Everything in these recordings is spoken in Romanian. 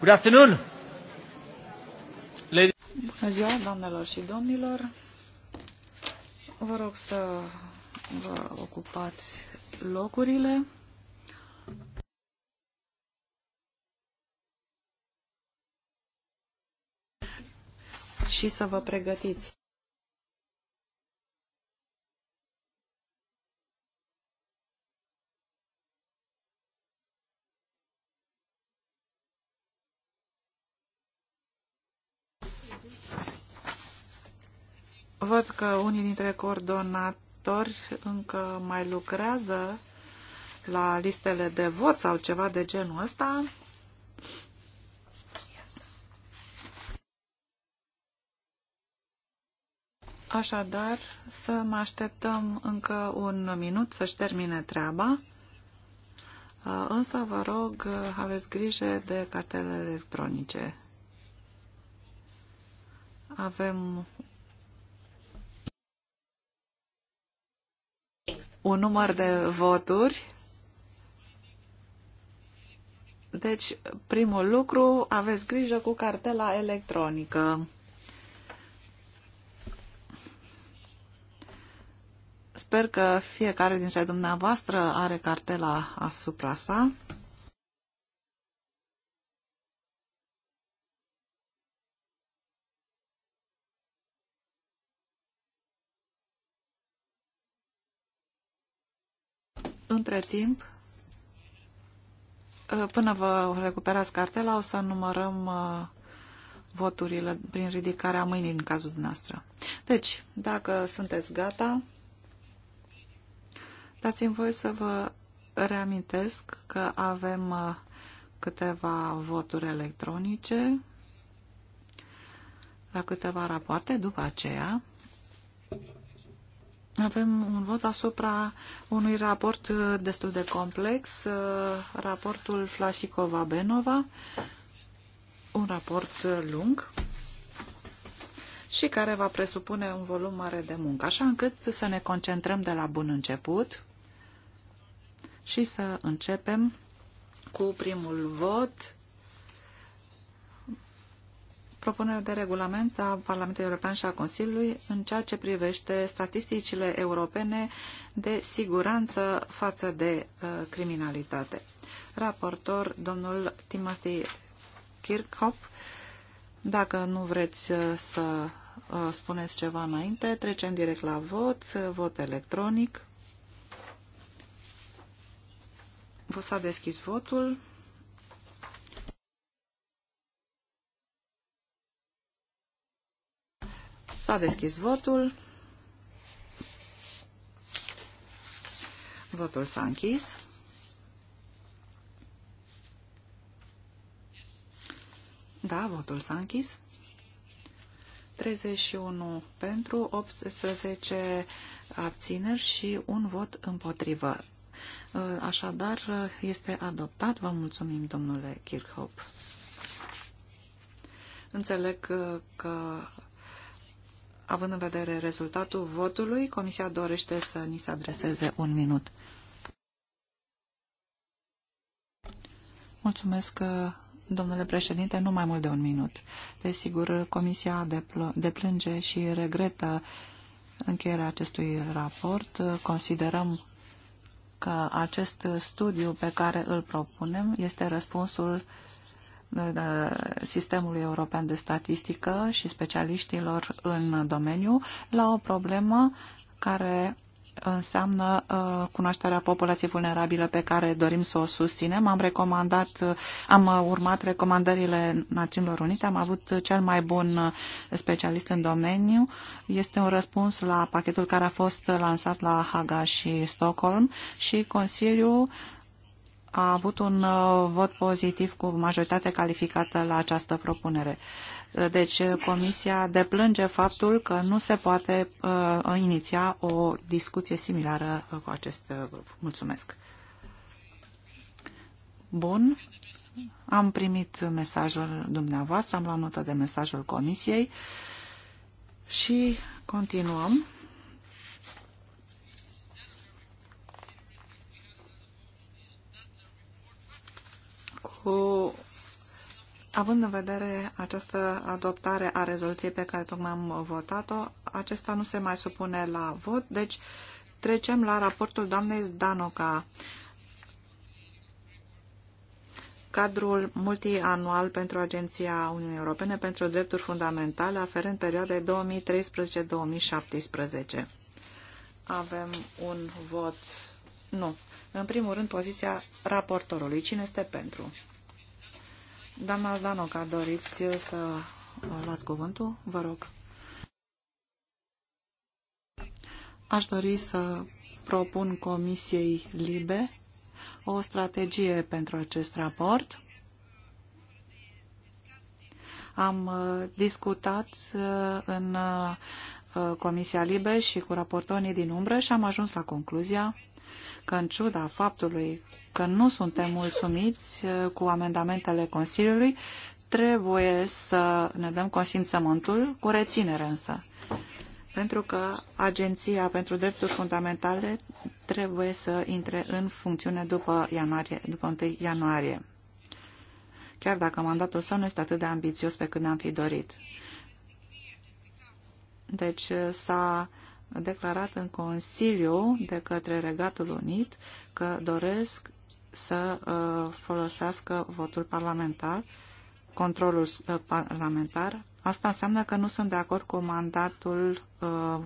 Good afternoon. Bună ziua, doamnelor și domnilor. Vă rog să vă ocupați locurile. Și să vă pregătiți. Văd că unii dintre coordonatori încă mai lucrează la listele de vot sau ceva de genul ăsta. Așadar, să mă așteptăm încă un minut să-și termine treaba, uh, însă vă rog, uh, aveți grijă de cartelele electronice. Avem un număr de voturi. Deci, primul lucru, aveți grijă cu cartela electronică. Sper că fiecare dintre dumneavoastră are cartela asupra sa. Între timp, uh, până vă recuperați cartela, o să numărăm uh, voturile prin ridicarea mâinii în cazul dumneavoastră. Deci, dacă sunteți gata, dați-mi voie să vă reamintesc că avem uh, câteva voturi electronice la câteva rapoarte după aceea. Avem un vot asupra unui raport uh, destul de complex, uh, raportul Flașicova-Benova, un raport uh, lung și care va presupune un volum mare de muncă, așa încât să ne concentrăm de la bun început și să începem cu primul vot propunerea de regulament a Parlamentului European și a Consiliului în ceea ce privește statisticile europene de siguranță față de uh, criminalitate. Raportor, domnul Timothy Kirchhoff, dacă nu vreți uh, să uh, spuneți ceva înainte, trecem direct la vot, uh, vot electronic. Vă s-a deschis votul. S-a deschis votul. Votul s-a închis. Da, votul s-a închis. 31 pentru, 18 abțineri și un vot împotrivă. Așadar, este adoptat. Vă mulțumim, domnule Kirchhoff. Înțeleg că având în vedere rezultatul votului, Comisia dorește să ni se adreseze un minut. Mulțumesc, domnule președinte, nu mai mult de un minut. Desigur, Comisia deplânge și regretă încheierea acestui raport. Considerăm că acest studiu pe care îl propunem este răspunsul Uh, sistemului european de statistică și specialiștilor în domeniu la o problemă care înseamnă uh, cunoașterea populației vulnerabile pe care dorim să o susținem. Am recomandat, uh, am urmat recomandările Națiunilor Unite, am avut cel mai bun specialist în domeniu. Este un răspuns la pachetul care a fost lansat la Haga și Stockholm și Consiliul a avut un uh, vot pozitiv cu majoritate calificată la această propunere. Uh, deci uh, Comisia deplânge faptul că nu se poate uh, iniția o discuție similară cu acest grup. Mulțumesc. Bun. Am primit mesajul dumneavoastră, am luat notă de mesajul Comisiei și continuăm. cu Având în vedere această adoptare a rezoluției pe care tocmai am votat-o, acesta nu se mai supune la vot, deci trecem la raportul doamnei Zdanoca. Cadrul multianual pentru Agenția Uniunii Europene pentru Drepturi Fundamentale aferent perioadei 2013-2017. Avem un vot. Nu. În primul rând, poziția raportorului. Cine este pentru? Doamna Zdanoca, doriți să luați cuvântul? Vă rog. Aș dori să propun Comisiei Libe o strategie pentru acest raport. Am uh, discutat uh, în uh, Comisia Libe și cu raportorii din umbră și am ajuns la concluzia că în ciuda faptului că nu suntem mulțumiți uh, cu amendamentele Consiliului, trebuie să ne dăm consimțământul cu reținere însă. Pentru că Agenția pentru Drepturi Fundamentale trebuie să intre în funcțiune după, ianuarie, după 1 ianuarie. Chiar dacă mandatul său nu este atât de ambițios pe cât ne am fi dorit. Deci uh, s-a declarat în Consiliu de către Regatul Unit că doresc să uh, folosească votul parlamentar, controlul uh, parlamentar. Asta înseamnă că nu sunt de acord cu mandatul uh,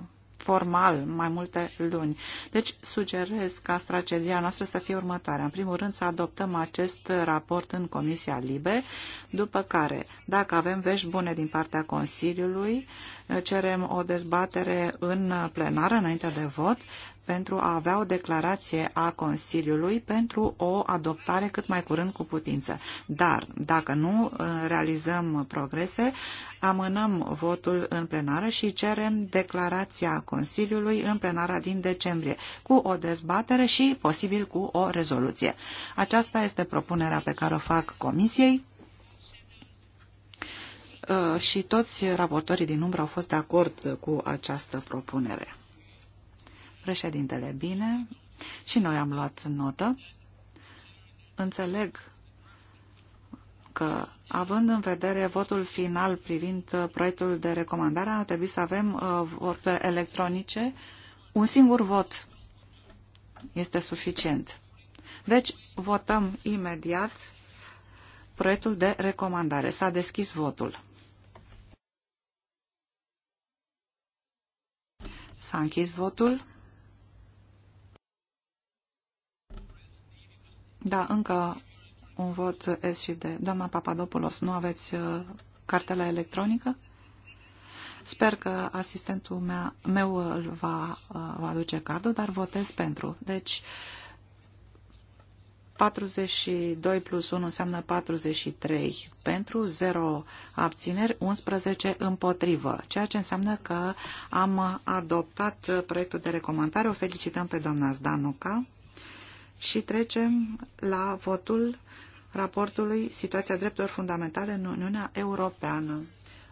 formal mai multe luni. Deci sugerez ca strategia noastră să fie următoarea. În primul rând să adoptăm acest raport în Comisia Libe, după care, dacă avem vești bune din partea Consiliului, cerem o dezbatere în plenară înainte de vot pentru a avea o declarație a Consiliului pentru o adoptare cât mai curând cu putință. Dar, dacă nu uh, realizăm progrese, amânăm votul în plenară și cerem declarația Consiliului în plenara din decembrie, cu o dezbatere și, posibil, cu o rezoluție. Aceasta este propunerea pe care o fac Comisiei uh, și toți raportorii din umbră au fost de acord cu această propunere. Președintele, bine. Și noi am luat notă. Înțeleg că, având în vedere votul final privind uh, proiectul de recomandare, ar trebui să avem uh, voturi electronice. Un singur vot este suficient. Deci, votăm imediat proiectul de recomandare. S-a deschis votul. S-a închis votul. Da, încă un vot S și D. Doamna Papadopoulos, nu aveți uh, cartela electronică? Sper că asistentul mea, meu îl va, uh, va aduce cardul, dar votez pentru. Deci, 42 plus 1 înseamnă 43 pentru, 0 abțineri, 11 împotrivă, ceea ce înseamnă că am adoptat proiectul de recomandare. O felicităm pe doamna Zdanuca și trecem la votul raportului Situația drepturilor fundamentale în Uniunea Europeană.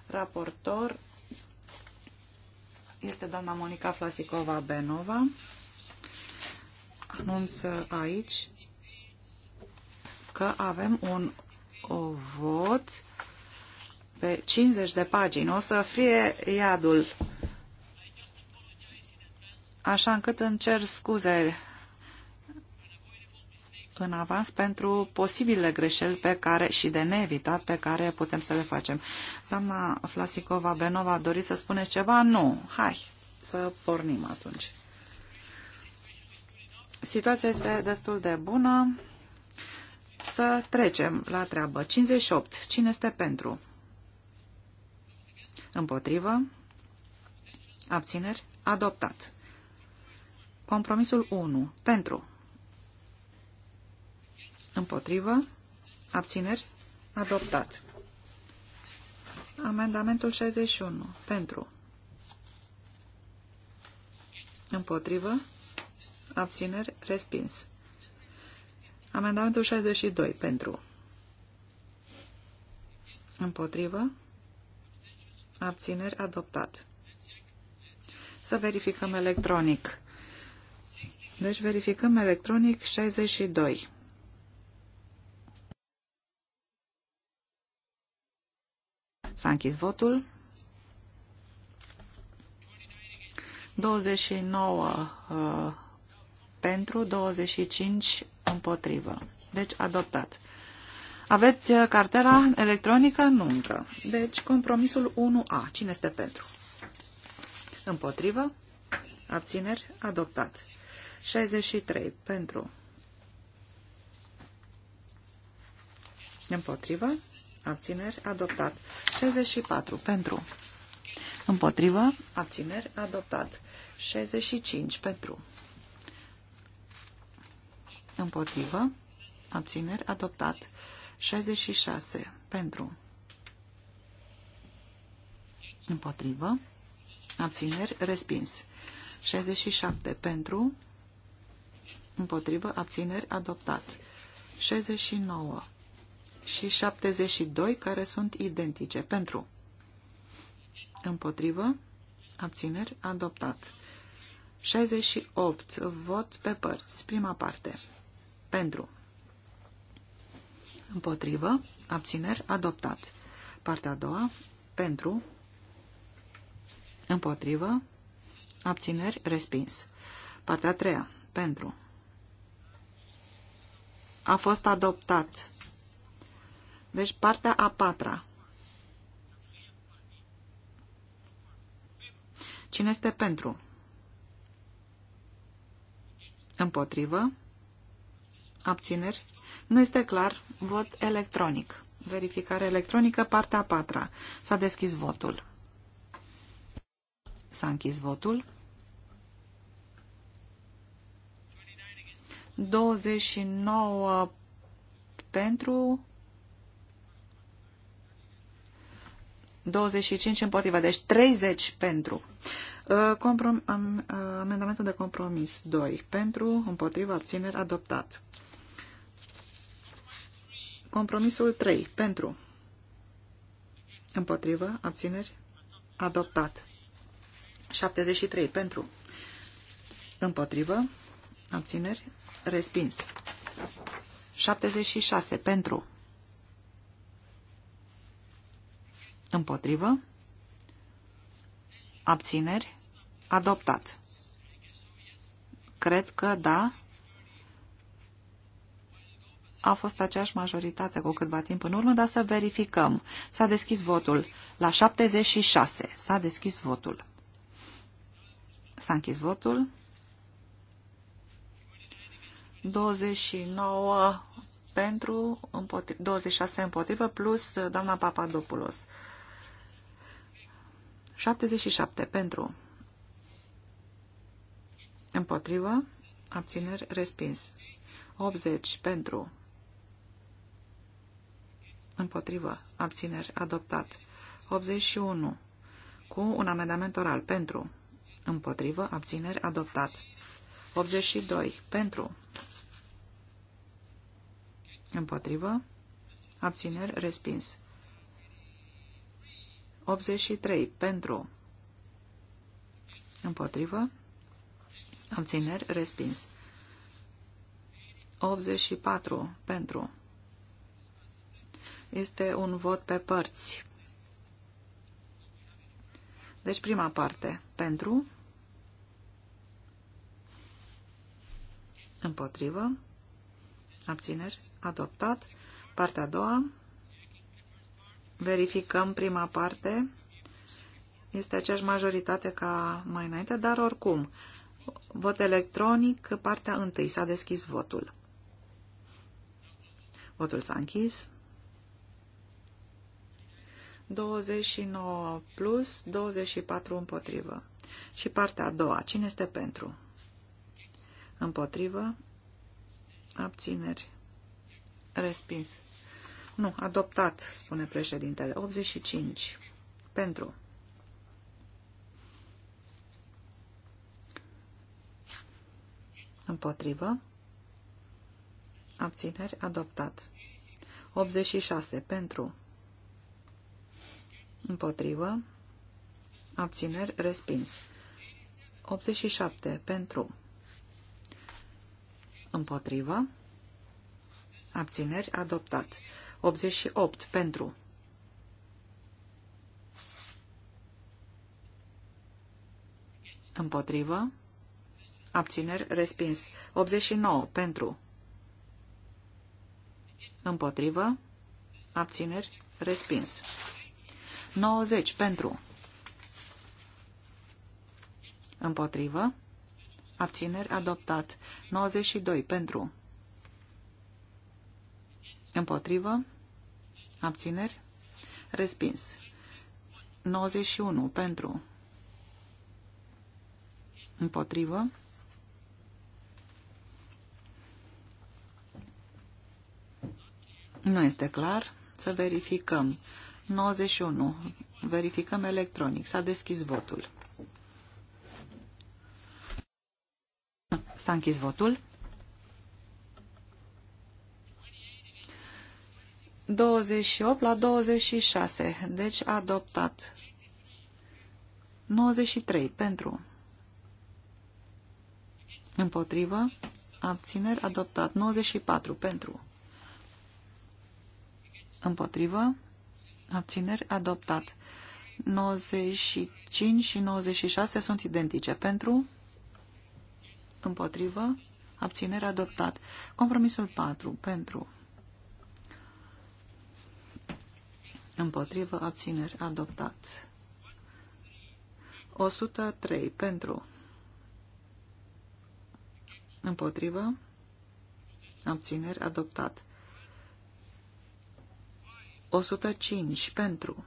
Raportor este doamna Monica Flasicova Benova. Anunț aici că avem un o vot pe 50 de pagini. O să fie iadul. Așa încât îmi cer scuze în avans pentru posibile greșeli pe care și de neevitat pe care putem să le facem. Doamna Flasicova Benova, doriți să spune ceva? Nu. Hai să pornim atunci. Situația este destul de bună. Să trecem la treabă. 58. Cine este pentru? Împotrivă? Abțineri? Adoptat. Compromisul 1. Pentru. Împotrivă. Abțineri. Adoptat. Amendamentul 61. Pentru. Împotrivă. Abțineri. Respins. Amendamentul 62. Pentru. Împotrivă. Abțineri. Adoptat. Să verificăm electronic. Deci verificăm electronic 62. S-a închis votul. 29 uh, pentru, 25 împotrivă. Deci adoptat. Aveți uh, cartela electronică? Nu încă. Deci compromisul 1A. Cine este pentru? Împotrivă? Abțineri? Adoptat. 63 pentru. Împotrivă? abțineri, adoptat. 64 pentru, împotrivă, abțineri, adoptat. 65 pentru, împotrivă, abțineri, adoptat. 66 pentru, împotrivă, abțineri, respins. 67 pentru, împotrivă, abțineri, adoptat. 69 și 72 care sunt identice. Pentru. Împotrivă. Abțineri. Adoptat. 68. Vot pe părți. Prima parte. Pentru. Împotrivă. Abțineri. Adoptat. Partea a doua. Pentru. Împotrivă. Abțineri. Respins. Partea a treia. Pentru. A fost adoptat deci partea a patra. Cine este pentru? Împotrivă? Abțineri? Nu este clar. Vot electronic. Verificare electronică, partea a patra. S-a deschis votul. S-a închis votul. 29 pentru, 25 împotriva, deci 30 pentru. Uh, comprom am, uh, amendamentul de compromis 2 pentru, împotriva, abțineri, adoptat. Compromisul 3 pentru, împotriva, abțineri, adoptat. 73 pentru, împotriva, abțineri, respins. 76 pentru, Împotrivă. Abțineri. Adoptat. Cred că da. A fost aceeași majoritate cu câtva timp în urmă, dar să verificăm. S-a deschis votul. La 76 s-a deschis votul. S-a închis votul. 29 pentru, împotri, 26 împotrivă, plus doamna Papadopoulos. 77 pentru. Împotrivă. Abțineri respins. 80 pentru. Împotrivă. Abțineri adoptat. 81. Cu un amendament oral. Pentru. Împotrivă. Abțineri adoptat. 82. Pentru. Împotrivă. Abțineri respins. 83 pentru împotrivă abțineri respins 84 pentru este un vot pe părți deci prima parte pentru împotrivă abțineri adoptat partea a doua verificăm prima parte. Este aceeași majoritate ca mai înainte, dar oricum, vot electronic, partea întâi s-a deschis votul. Votul s-a închis. 29 plus, 24 împotrivă. Și partea a doua, cine este pentru? Împotrivă, abțineri, respins. Nu, adoptat, spune președintele. 85. Pentru. Împotrivă. Abțineri. Adoptat. 86. Pentru. Împotrivă. Abțineri. Respins. 87. Pentru. Împotrivă. Abțineri. Adoptat. 88 pentru. Împotrivă. Abțineri respins. 89 pentru. Împotrivă. Abțineri respins. 90 pentru. Împotrivă. Abțineri adoptat. 92 pentru. Împotrivă. Abțineri. Respins. 91 pentru. Împotrivă. Nu este clar. Să verificăm. 91. Verificăm electronic. S-a deschis votul. S-a închis votul. 28 la 26, deci adoptat. 93 pentru. Împotrivă. Abțineri adoptat. 94 pentru. Împotrivă. Abțineri adoptat. 95 și 96 sunt identice. Pentru. Împotrivă. Abțineri adoptat. Compromisul 4 pentru. Împotrivă. Abțineri. Adoptat. 103. Pentru. Împotrivă. Abțineri. Adoptat. 105. Pentru.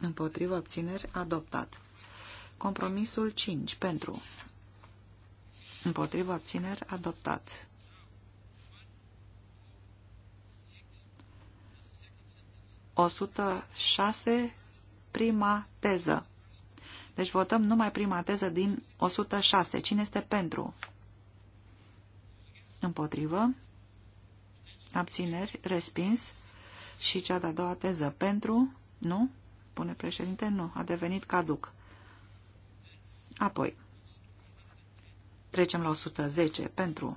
Împotrivă. Abțineri. Adoptat. Compromisul 5. Pentru. Împotrivă. Abțineri. Adoptat. 106, prima teză. Deci votăm numai prima teză din 106. Cine este pentru? Împotrivă. Abțineri. Respins. Și cea de-a doua teză. Pentru? Nu? Pune președinte? Nu. A devenit caduc. Apoi. Trecem la 110. Pentru?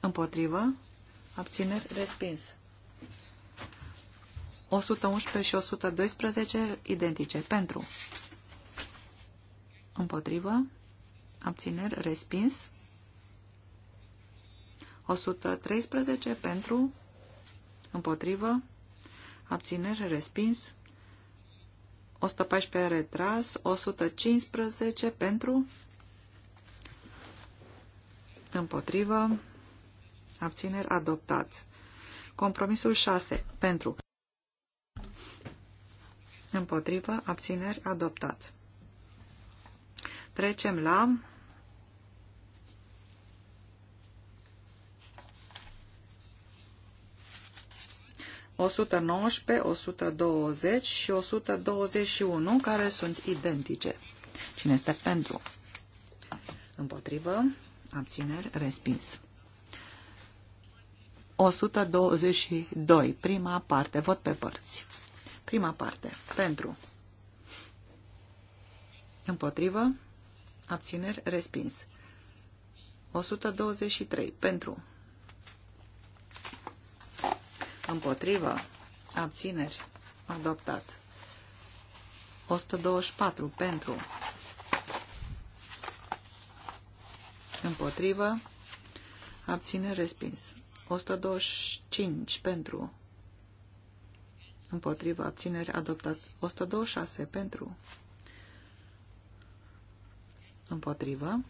Împotrivă abțineri, respins. 111 și 112 identice. Pentru. Împotrivă. Abțineri. Respins. 113 pentru. Împotrivă. Abțineri. Respins. 114 retras. 115 pentru. Împotrivă abțineri, adoptat. Compromisul 6, pentru, împotrivă, abțineri, adoptat. Trecem la o 119, 120 și 121, care sunt identice. Cine este pentru? Împotrivă, abțineri, respins. 122, prima parte, vot pe părți. Prima parte, pentru, împotrivă, abțineri, respins. 123, pentru, împotrivă, abțineri, adoptat. 124, pentru, împotrivă, Abține respins. 125 pentru. împotriva abțineri adoptat. 126 pentru. împotriva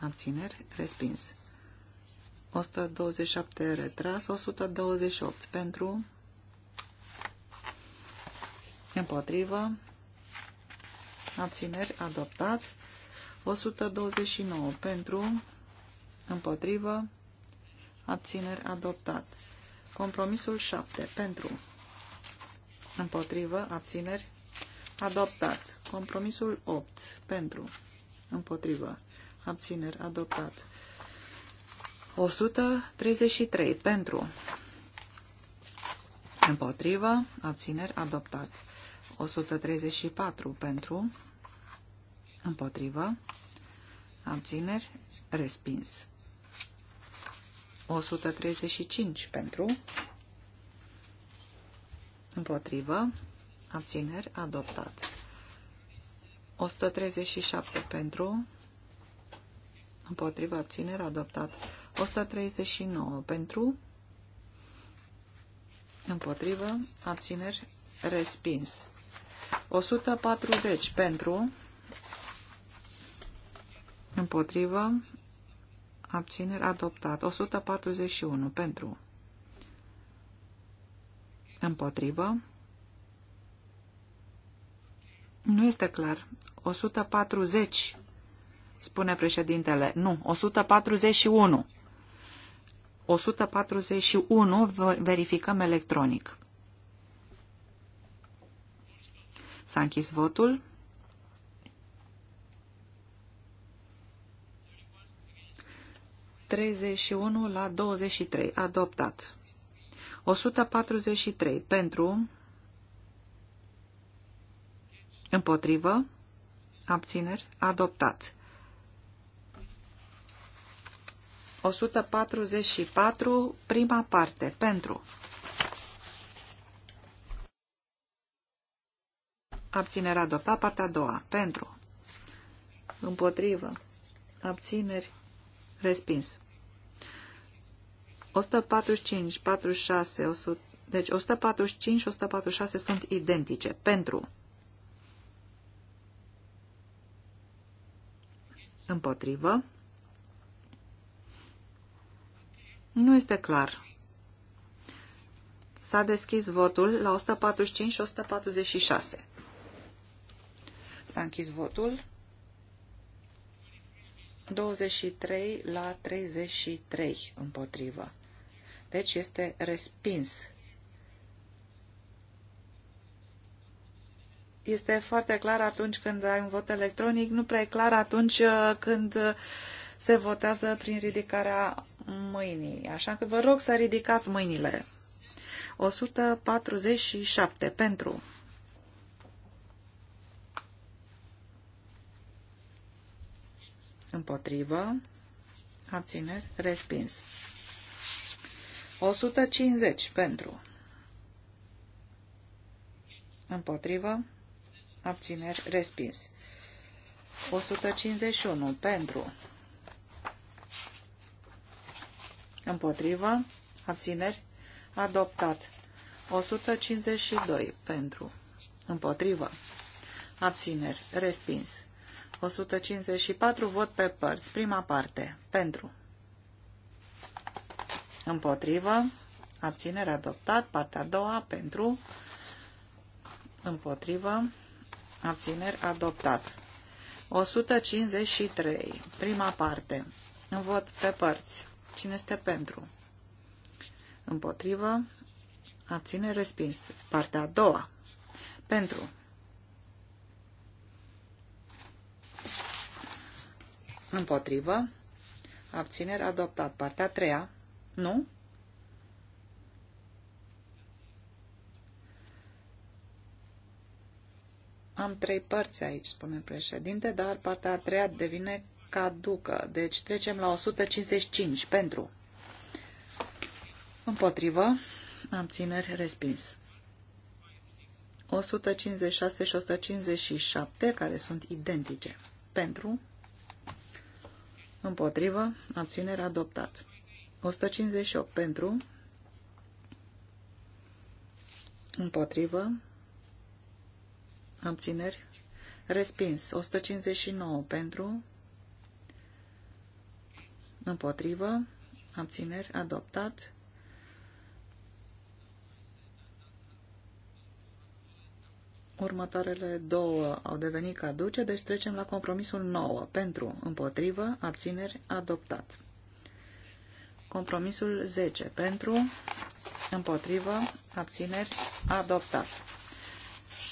Abțineri respins. 127 retras. 128 pentru. împotriva Abțineri adoptat. 129 pentru. împotriva abțineri adoptat. Compromisul 7 pentru, împotrivă, abțineri adoptat. Compromisul 8 pentru, împotrivă, abțineri adoptat. 133 pentru, împotrivă, abțineri adoptat. 134 pentru, împotrivă, abțineri, respins. 135 pentru, împotrivă, abțineri, adoptat. 137 pentru, împotrivă, abțineri, adoptat. 139 pentru, împotrivă, abțineri, respins. 140 pentru, împotrivă, abțineri, adoptat. 141 pentru, împotrivă, nu este clar. 140, spune președintele. Nu, 141. 141 verificăm electronic. S-a închis votul. 31 la 23. Adoptat. 143. Pentru. Împotrivă. Abțineri. Adoptat. 144. Prima parte. Pentru. Abținere adoptat. Partea a doua. Pentru. Împotrivă. Abțineri. Respins. 145, 46, 100, deci 145 și 146 sunt identice. Pentru. Împotrivă. Nu este clar. S-a deschis votul la 145 și 146. S-a închis votul. 23 la 33 împotrivă. Deci este respins. Este foarte clar atunci când ai un vot electronic, nu prea e clar atunci uh, când uh, se votează prin ridicarea mâinii. Așa că vă rog să ridicați mâinile. 147 pentru. Împotrivă. Abțineri. Respins. 150 pentru. Împotrivă. Abțineri. Respins. 151 pentru. Împotrivă. Abțineri. Adoptat. 152 pentru. Împotrivă. Abțineri. Respins. 154 vot pe părți. Prima parte. Pentru împotrivă, abținere adoptat, partea a doua pentru, împotrivă, abțineri adoptat. 153, prima parte, în vot pe părți, cine este pentru, împotrivă, Abține respins, partea a doua, pentru, împotrivă, abțineri adoptat, partea a treia, nu? Am trei părți aici, spune președinte, dar partea a treia devine caducă. Deci trecem la 155 pentru. Împotrivă, abțineri respins. 156 și 157, care sunt identice. Pentru, împotrivă, abținere adoptat. 158 pentru, împotrivă, abțineri, respins. 159 pentru, împotrivă, abțineri, adoptat. Următoarele două au devenit caduce, deci trecem la compromisul 9. Pentru, împotrivă, abțineri, adoptat. Compromisul 10 pentru, împotrivă, abțineri, adoptat.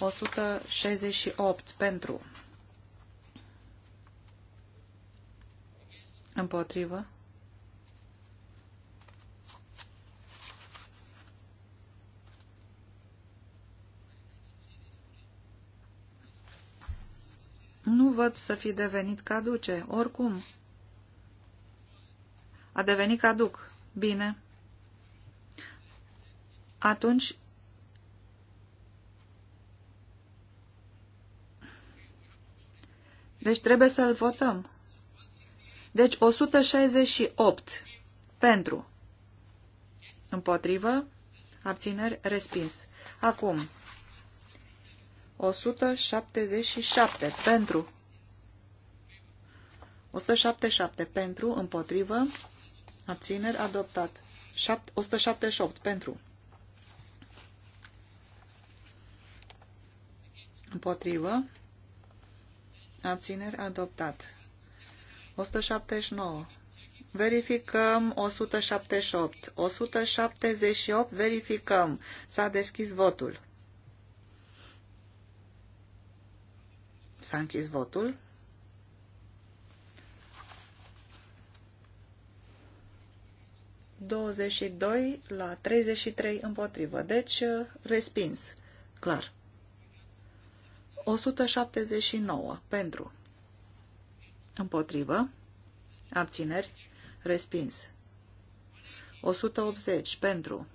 168 pentru, împotrivă, Nu văd să fi devenit caduce, oricum. A devenit caduc. Bine. Atunci Deci trebuie să-l votăm. Deci 168 pentru. Împotrivă. Abțineri. Respins. Acum. 177 pentru. 177 pentru. Împotrivă abțineri, adoptat. 178 pentru. Împotrivă. Abțineri adoptat. 179. Verificăm 178. 178 verificăm. S-a deschis votul. S-a închis votul. 22 la 33 împotrivă. Deci, uh, respins. Clar. 179 pentru. Împotrivă. Abțineri. Respins. 180 pentru.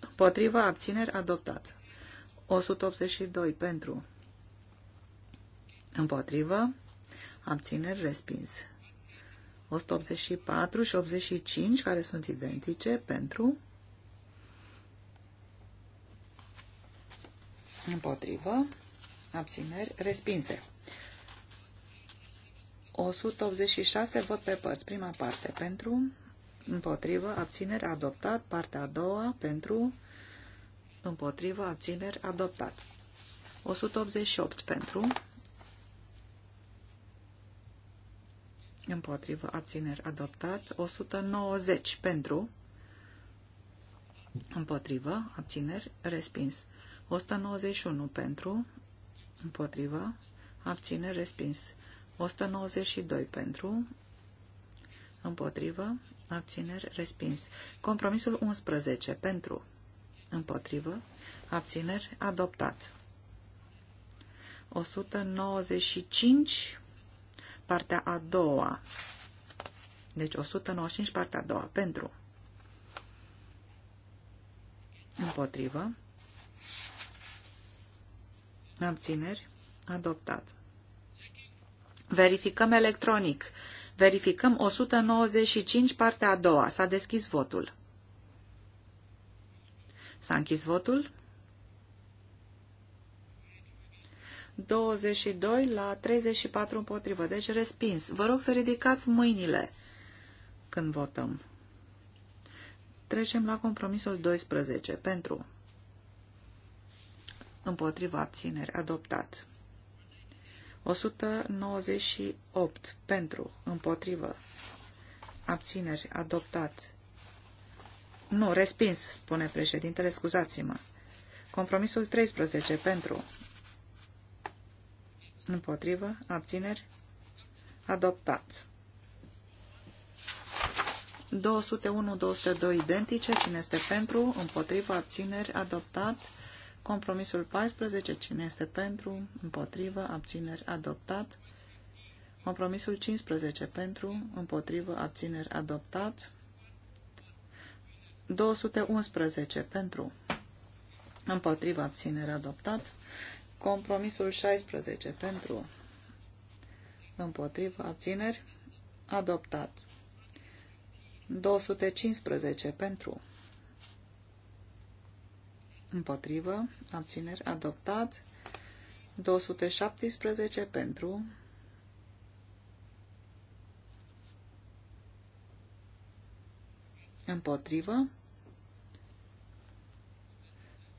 Împotriva abțineri adoptat. 182 pentru. Împotrivă. Abțineri respins. 184 și 85, care sunt identice, pentru, împotrivă, abțineri, respinse. 186 vot pe părți. Prima parte pentru, împotrivă, abțineri, adoptat. Partea a doua pentru, împotrivă, abțineri, adoptat. 188 pentru, Împotrivă. Abțineri. Adoptat. 190 pentru. Împotrivă. Abțineri. Respins. 191 pentru. Împotrivă. Abțineri. Respins. 192 pentru. Împotrivă. Abțineri. Respins. Compromisul 11 pentru. Împotrivă. Abțineri. Adoptat. 195 partea a doua. Deci 195, partea a doua. Pentru. Împotrivă. Abțineri. Adoptat. Verificăm electronic. Verificăm 195, partea a doua. S-a deschis votul. S-a închis votul. 22 la 34 împotrivă, deci respins. Vă rog să ridicați mâinile când votăm. Trecem la compromisul 12. Pentru. Împotriva abțineri. Adoptat. 198. Pentru. Împotrivă. Abțineri. Adoptat. Nu, respins, spune președintele, scuzați-mă. Compromisul 13. Pentru. Împotrivă. Abțineri. Adoptat. 201-202 identice. Cine este pentru? Împotrivă. Abțineri. Adoptat. Compromisul 14. Cine este pentru? Împotrivă. Abțineri. Adoptat. Compromisul 15. Pentru. Împotrivă. Abțineri. Adoptat. 211. Pentru. Împotrivă. Abțineri. Adoptat. Compromisul 16 pentru împotriva abțineri adoptat. 215 pentru împotrivă abțineri adoptat. 217 pentru împotrivă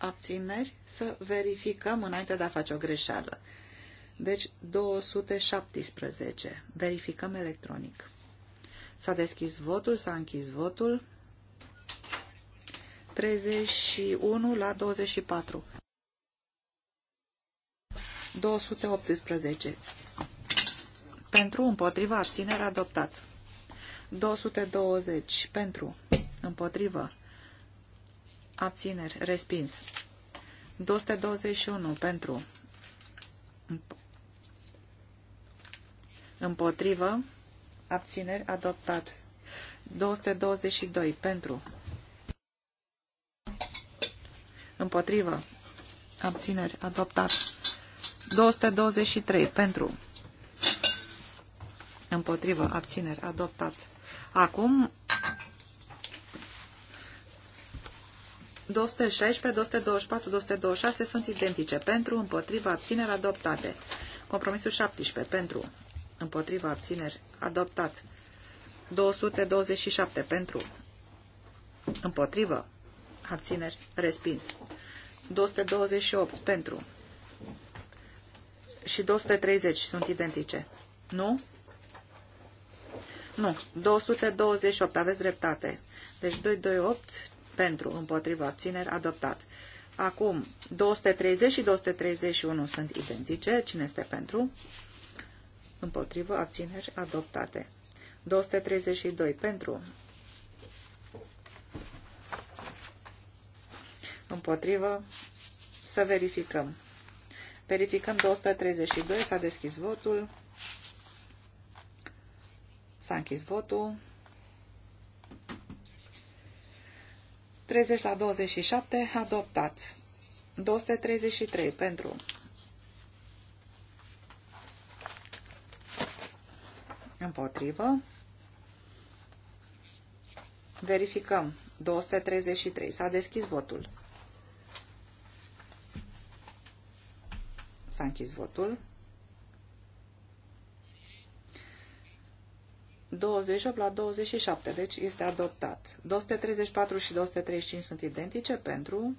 abțineri, să verificăm înainte de a face o greșeală. Deci 217. Verificăm electronic. S-a deschis votul, s-a închis votul. 31 la 24. 218. Pentru, împotriva, abținere, adoptat. 220. Pentru, împotriva abțineri, respins. 221 pentru, împotrivă, abțineri, adoptat. 222 pentru, împotrivă, abțineri, adoptat. 223 pentru, împotrivă, abțineri, adoptat. Acum 216, 224, 226 sunt identice. Pentru, împotriva, abțineri, adoptate. Compromisul 17. Pentru, împotriva, abțineri, adoptat. 227. Pentru, împotriva abțineri, respins. 228. Pentru și 230 sunt identice. Nu? Nu. 228. Aveți dreptate. Deci 228 pentru, împotrivă, abțineri, adoptat. Acum, 230 și 231 sunt identice. Cine este pentru? Împotrivă, abțineri, adoptate. 232 pentru. Împotrivă, să verificăm. Verificăm 232, s-a deschis votul. S-a închis votul. 30 la 27, adoptat. 233 pentru. Împotrivă. Verificăm. 233. S-a deschis votul. S-a închis votul. 28 la 27, deci este adoptat. 234 și 235 sunt identice pentru,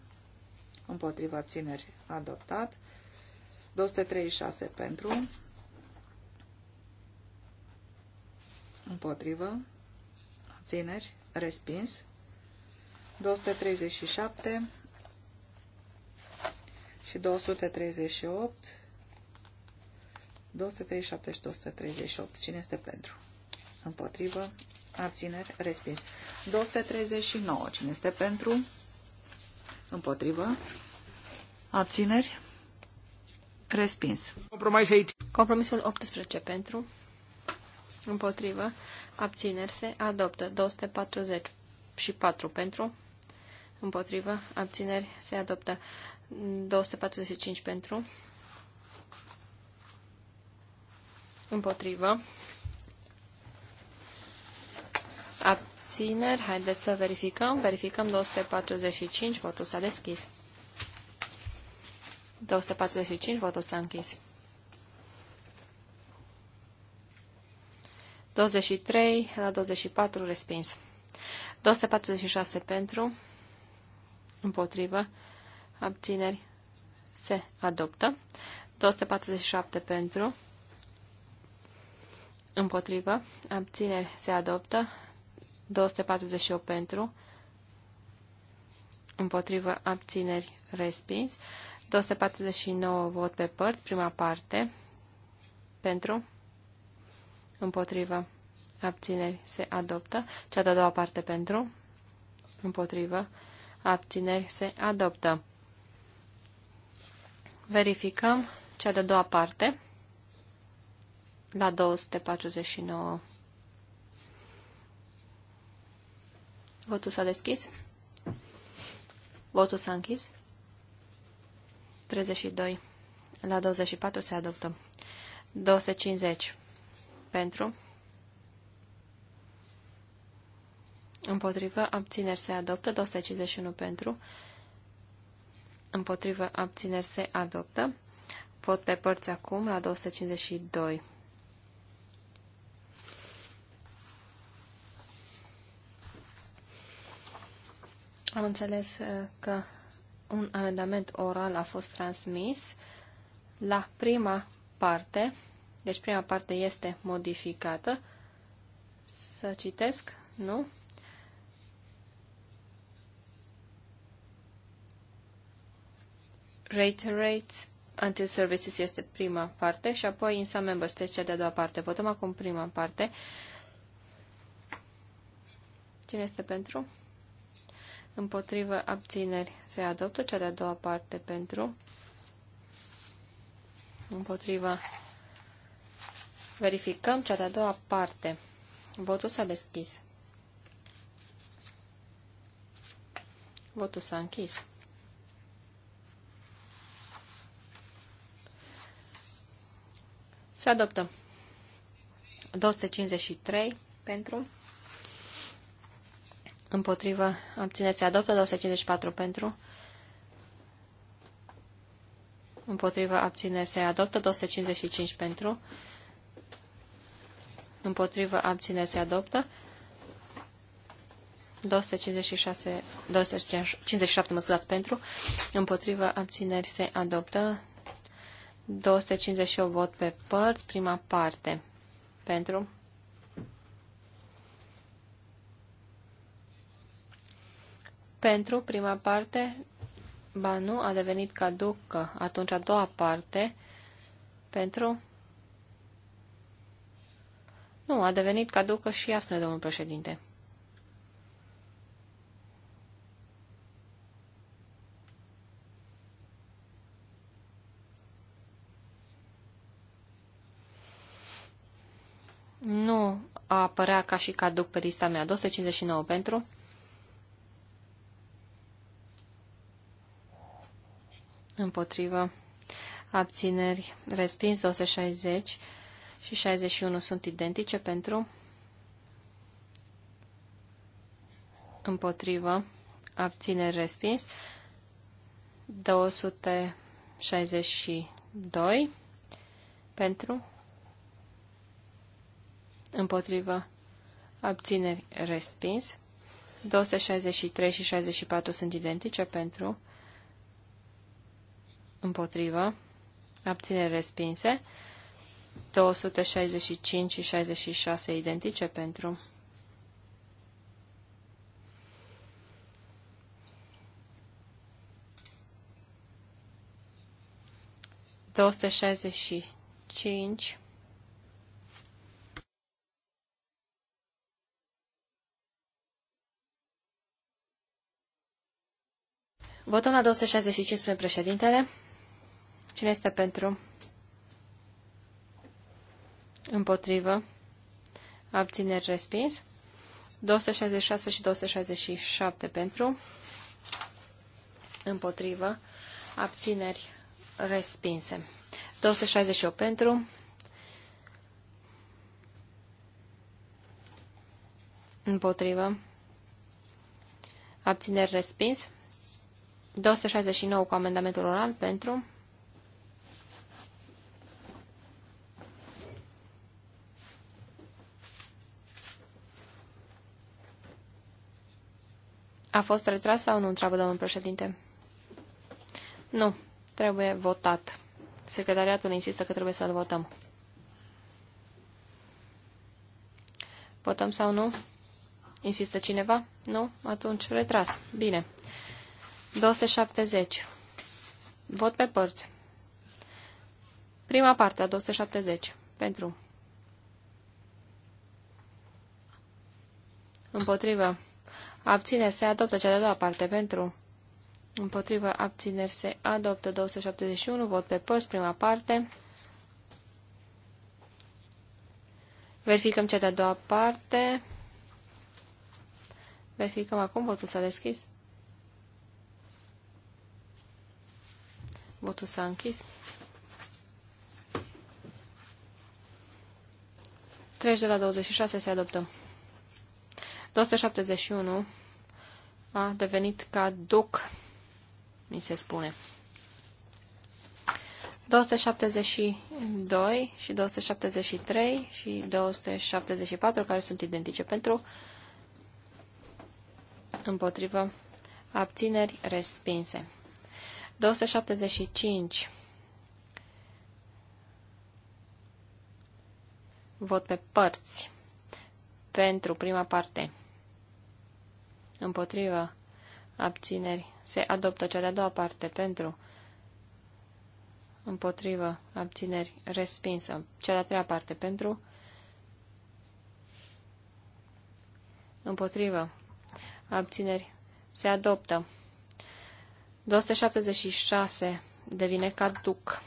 împotriva țineri, adoptat. 236 pentru, împotrivă, țineri, respins. 237 și 238, 237 și 238, cine este pentru? împotrivă, abțineri, respins. 239. Cine este pentru? Împotrivă, abțineri, respins. Compromisul 18 pentru, împotrivă, abțineri se adoptă. 240 și 4 pentru, împotrivă, abțineri se adoptă. 245 pentru, împotrivă, Abțineri. Haideți să verificăm. Verificăm 245. Votul s-a deschis. 245. Votul s-a închis. 23 la 24 respins. 246 pentru, împotrivă, abțineri, se adoptă. 247 pentru, împotrivă, abțineri, se adoptă. 248 pentru, împotrivă abțineri respins, 249 vot pe părți, prima parte, pentru, împotrivă abțineri se adoptă, cea de-a doua parte pentru, împotrivă abțineri se adoptă. Verificăm cea de-a doua parte la 249. Votul s-a deschis. Votul s-a închis. 32. La 24 se adoptă. 250. Pentru. Împotrivă, abțineri se adoptă. 251 pentru. Împotrivă, abțineri se adoptă. Vot pe părți acum la 252. Am înțeles uh, că un amendament oral a fost transmis la prima parte, deci prima parte este modificată. Să citesc, nu? Reiterates until services este prima parte și apoi in some members este deci cea de-a doua parte. Votăm acum prima parte. Cine este pentru? împotrivă, abțineri, se adoptă. Cea de-a doua parte pentru, împotrivă, verificăm cea de-a doua parte. Votul s-a deschis. Votul s-a închis. Se adoptă. 253 pentru, împotrivă, Abțineți. se adoptă, 254 pentru, împotrivă, Abțineți. se adoptă, 255 pentru, împotrivă, Abțineți. se adoptă, 256, 257 măsurați pentru, împotrivă, abțineri se adoptă, 258 vot pe părți, prima parte, pentru, Pentru prima parte, ba nu, a devenit caducă. Atunci a doua parte, pentru... Nu, a devenit caducă și ea, spune domnul președinte. Nu a apărea ca și caduc pe lista mea. 259 pentru, împotrivă, abțineri, respins 260 și 61 sunt identice pentru, împotrivă, abțineri, respins 262 pentru, împotrivă, abțineri, respins 263 și 64 sunt identice pentru, împotrivă, abțineri respinse, 265 și 66 identice pentru, Doste șaizeci și cinci. Votul la 265, spune președintele. Cine este pentru? Împotrivă. Abțineri respins. 266 și 267 pentru. Împotrivă. Abțineri respinse. 268 pentru. Împotrivă. Abțineri respins. 269 cu amendamentul oral pentru. A fost retras sau nu, întreabă domnul președinte? Nu, trebuie votat. Secretariatul insistă că trebuie să-l votăm. Votăm sau nu? Insistă cineva? Nu? Atunci retras. Bine. 270. Vot pe părți. Prima parte a 270. Pentru. Împotrivă. Abține se adoptă cea de-a doua parte pentru. Împotrivă abțineri se adoptă 271, vot pe post prima parte. Verificăm cea de-a doua parte. Verificăm acum, votul s-a deschis. Votul s-a închis. 3 de la 26 se adoptă. 271 a devenit caduc, mi se spune. 272 și 273 și 274, care sunt identice pentru, împotrivă, abțineri respinse. 275 vot pe părți pentru prima parte împotrivă, abțineri, se adoptă cea de-a doua parte pentru, împotrivă, abțineri, respinsă, cea de-a treia parte pentru, împotrivă, abțineri, se adoptă. 276 devine caduc.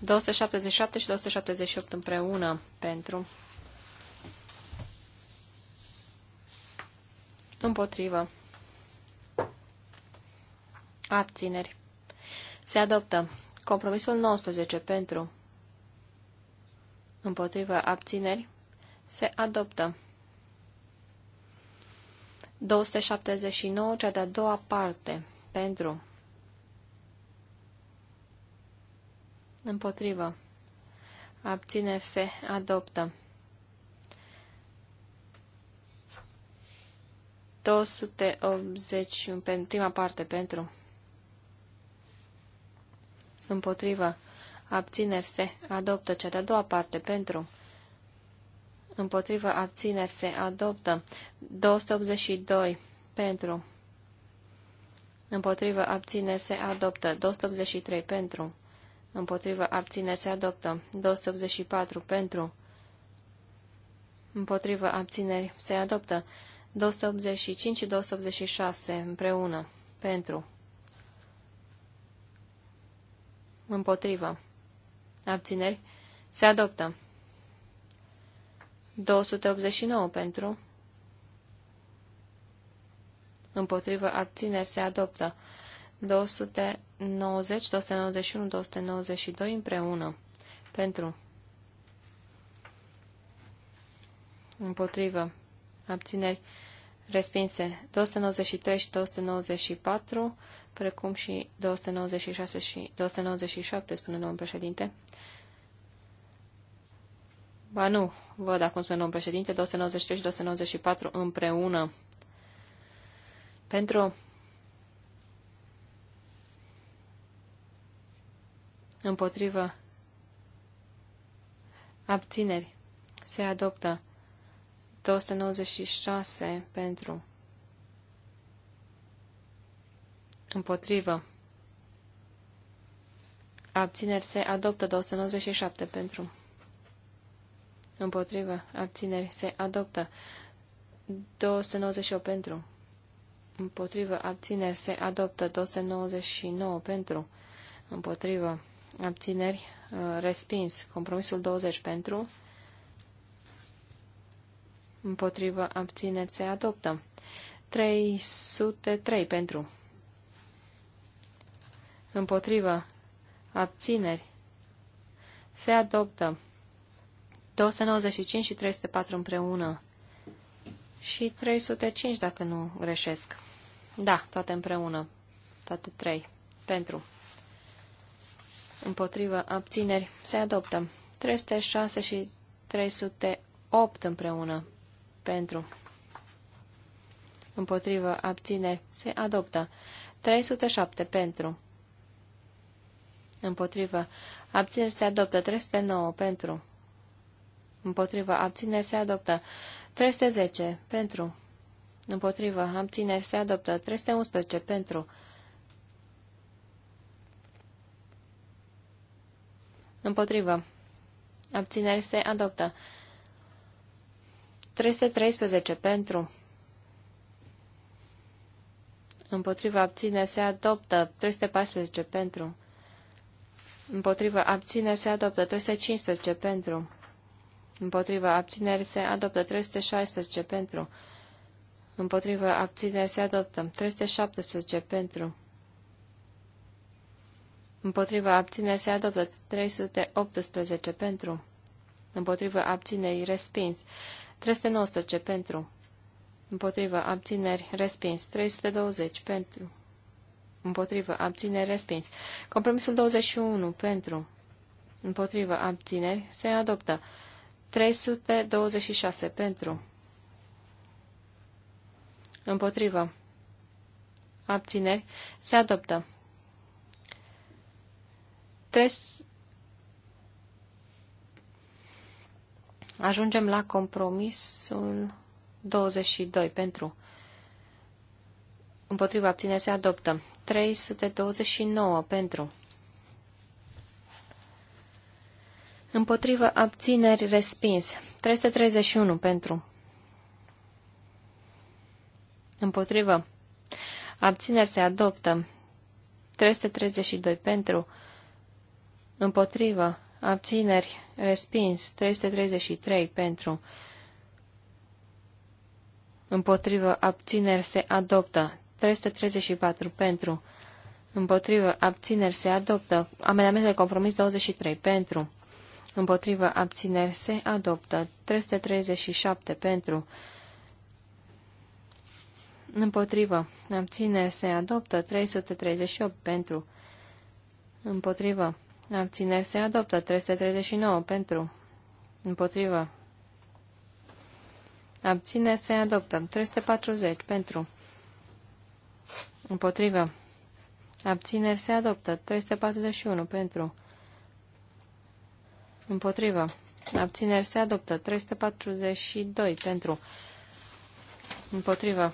277 și 278 împreună pentru Împotrivă. Abțineri. Se adoptă. Compromisul 19 pentru. Împotrivă abțineri. Se adoptă. 279, cea de-a doua parte. Pentru. Împotrivă. Abțineri se adoptă. 280 în prima parte pentru împotrivă abțineri se adoptă cea de-a doua parte pentru împotrivă abțineri se adoptă 282 pentru împotrivă abțineri se adoptă 283 pentru împotrivă abțineri se adoptă 284 pentru împotrivă abțineri se adoptă 285 și 286 împreună. Pentru. Împotrivă. Abțineri. Se adoptă. 289 pentru. Împotrivă abțineri se adoptă. 290, 291, 292 împreună. Pentru. Împotrivă. Abțineri respinse 293 și 294, precum și 296 și 297, spune domnul președinte. Ba nu, văd acum spune domnul președinte, 293 și 294 împreună. Pentru împotrivă abțineri se adoptă 296 pentru. Împotrivă. Abțineri se adoptă 297 pentru. Împotrivă. Abțineri se adoptă 298 pentru. Împotrivă. Abțineri se adoptă 299 pentru. Împotrivă. Abțineri uh, respins. Compromisul 20 pentru împotrivă, abțineri, se adoptă. 303 pentru, împotrivă, abțineri, se adoptă. 295 și 304 împreună. Și 305, dacă nu greșesc. Da, toate împreună. Toate trei. Pentru. Împotrivă abțineri. Se adoptă. 306 și 308 împreună pentru. Împotrivă, abține, se adoptă. 307 pentru. Împotrivă, abține, se adoptă. 309 pentru. Împotrivă, abține, se adoptă. 310 pentru. Împotrivă, abține, se adoptă. 311 pentru. Împotrivă, abțineri, se adoptă. 313 pentru. Împotriva abține se adoptă. 314 pentru. Împotriva abține se adoptă. 315 pentru. Împotriva abțineri se adoptă. 316 pentru. Împotriva abțineri se adoptă. 317 pentru. Împotriva abțineri se adoptă 318 pentru. Împotriva abținerii respins. 319 pentru. Împotrivă abțineri respins. 320 pentru. Împotrivă abțineri respins. Compromisul 21 pentru. Împotrivă abțineri se adoptă. 326 pentru. Împotrivă. Abțineri se adoptă. 3 Ajungem la compromisul 22 pentru. Împotriva abține se adoptă. 329 pentru. Împotrivă abțineri respins. 331 pentru. Împotrivă. Abțineri se adoptă. 332 pentru. Împotrivă abțineri, respins, 333 pentru, împotrivă, abțineri, se adoptă, 334 pentru, împotrivă, abțineri, se adoptă, amendamentul de compromis 23 pentru, împotrivă, abțineri, se adoptă, 337 pentru, Împotrivă. Abțineri se adoptă 338 pentru. Împotrivă. Abțineri se adoptă. 339 pentru. Împotrivă. Abțineri se adoptă. 340 pentru. Împotrivă. Abțineri se adoptă. 341 pentru. Împotrivă. Abțineri se adoptă. 342 pentru. Împotrivă.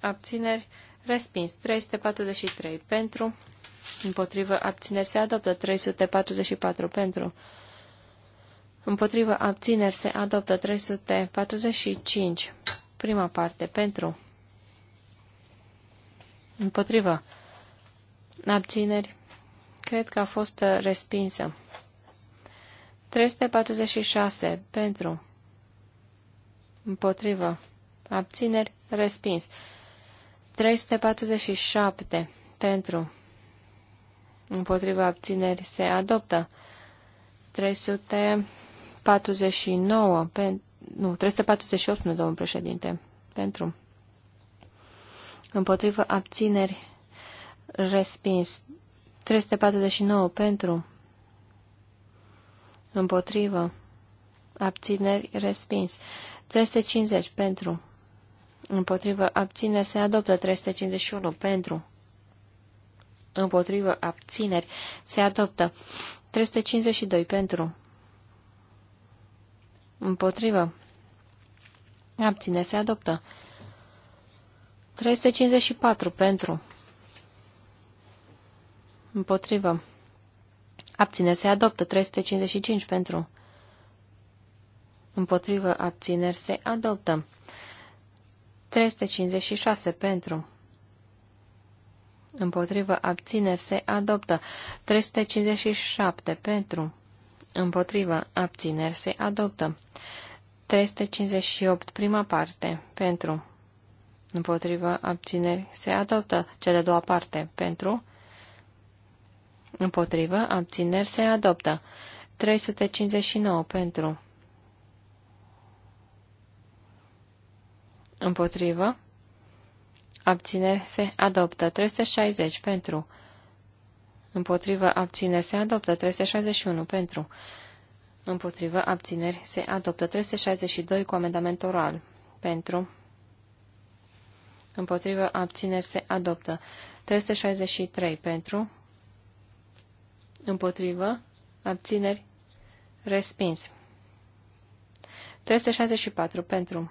Abțineri respins. 343 pentru. Împotrivă abțineri se adoptă 344 pentru. Împotrivă abțineri se adoptă 345. Prima parte pentru. Împotrivă abțineri. Cred că a fost uh, respinsă. 346 pentru. Împotrivă. Abțineri. Respins. 347 pentru împotriva abțineri se adoptă. 349, pe, nu, 348, nu, domnul președinte, pentru. Împotriva abțineri, respins. 349, pentru. Împotrivă, abțineri, respins. 350, pentru. Împotrivă, abțineri, se adoptă. 351, pentru împotrivă, abțineri, se adoptă. 352 pentru, împotrivă, abține, se adoptă. 354 pentru, împotrivă, abține, se adoptă. 355 pentru, împotrivă, abțineri, se adoptă. 356 pentru, împotrivă, abțineri, se adoptă. 357 pentru, împotrivă, abțineri, se adoptă. 358, prima parte, pentru, împotrivă, abțineri, se adoptă. Cea de doua parte, pentru, împotrivă, abțineri, se adoptă. 359, pentru, împotrivă, Abținere se adoptă. 360 pentru. Împotrivă abținere se adoptă. 361 pentru. Împotrivă abțineri se adoptă. 362 cu amendament oral. Pentru. Împotrivă abțineri se adoptă. 363 pentru. Împotrivă abțineri respins. 364 pentru.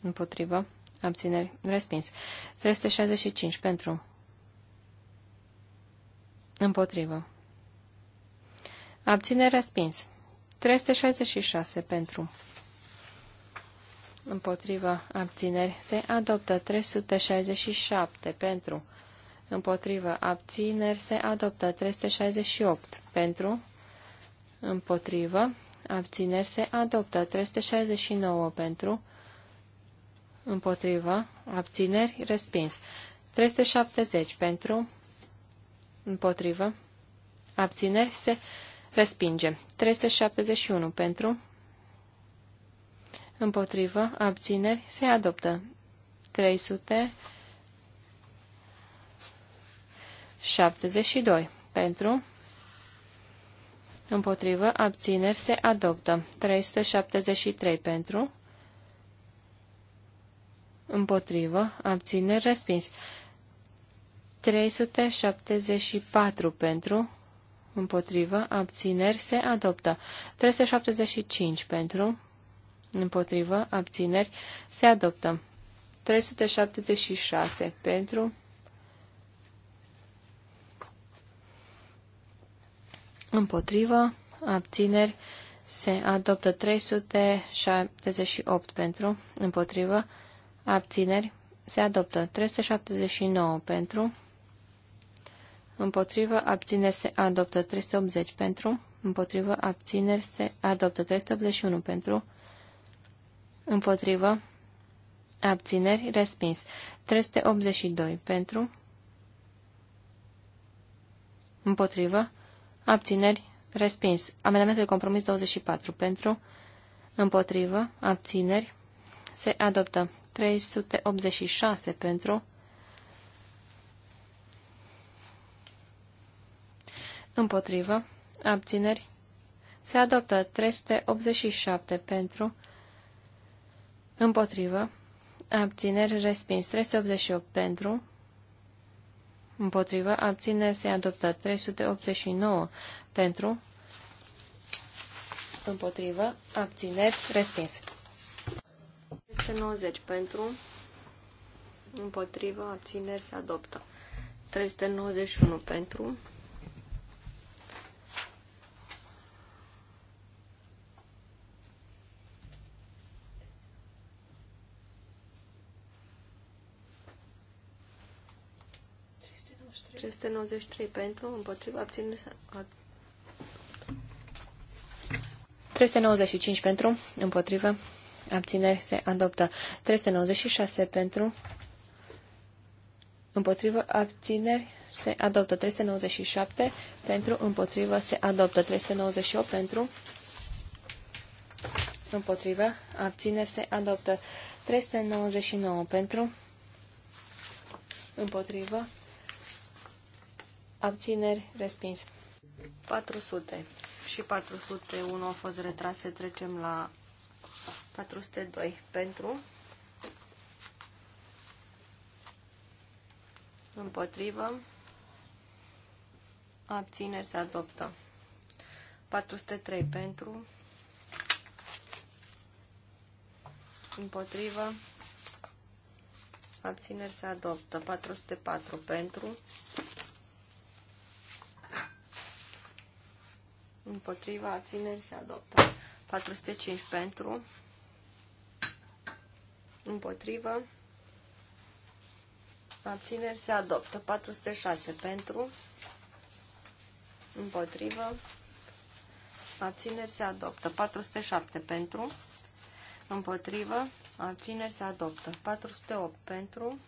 Împotrivă abțineri, respins. 365 pentru, împotrivă, abțineri, respins. 366 pentru, împotriva, abțineri, se adoptă. 367 pentru, împotriva, abțineri, se adoptă. 368 pentru, împotrivă, abțineri, se adoptă. 369 pentru, împotrivă, abțineri, respins. 370 pentru, împotrivă, abțineri, se respinge. 371 pentru, împotrivă, abțineri, se adoptă. 372 pentru, împotrivă, abțineri, se adoptă. 373 pentru, împotrivă, abțineri, respins. 374 pentru, împotrivă, abțineri, se adoptă. 375 pentru, împotrivă, abțineri, se adoptă. 376 pentru, împotrivă, abțineri, se adoptă. 378 pentru, împotrivă, abțineri, Abțineri. Se adoptă. 379 pentru. Împotrivă. Abțineri. Se adoptă. 380 pentru. Împotrivă. Abțineri. Se adoptă. 381 pentru. Împotrivă. Abțineri. Respins. 382 pentru. Împotrivă. Abțineri. Respins. Amendamentul de compromis 24 pentru. Împotrivă. Abțineri se adoptă. 386 pentru, împotrivă, abțineri, se adoptă. 387 pentru, împotrivă, abțineri, respins. 388 pentru, împotrivă, abțineri, se adoptă. 389 pentru, împotrivă, abțineri, respins. 390 pentru, împotrivă, abțineri, se adoptă. 391 pentru, este 93 pentru, împotriva, abținere 395 pentru, împotrivă, abțineri se adoptă. 396 pentru, împotrivă, abțineri se adoptă. 397 pentru, împotrivă, se adoptă. 398 pentru, împotrivă, abțineri se adoptă. 399 pentru, împotrivă, abțineri, respins. 400 și 401 au fost retrase, trecem la 402 pentru, împotrivă, abțineri se adoptă. 403 pentru, împotrivă, abțineri se adoptă. 404 pentru, împotriva, abțineri se adoptă. 405 pentru, împotrivă, abțineri se adoptă. 406 pentru, împotrivă, abțineri se adoptă. 407 pentru, împotrivă, abțineri se adoptă. 408 pentru,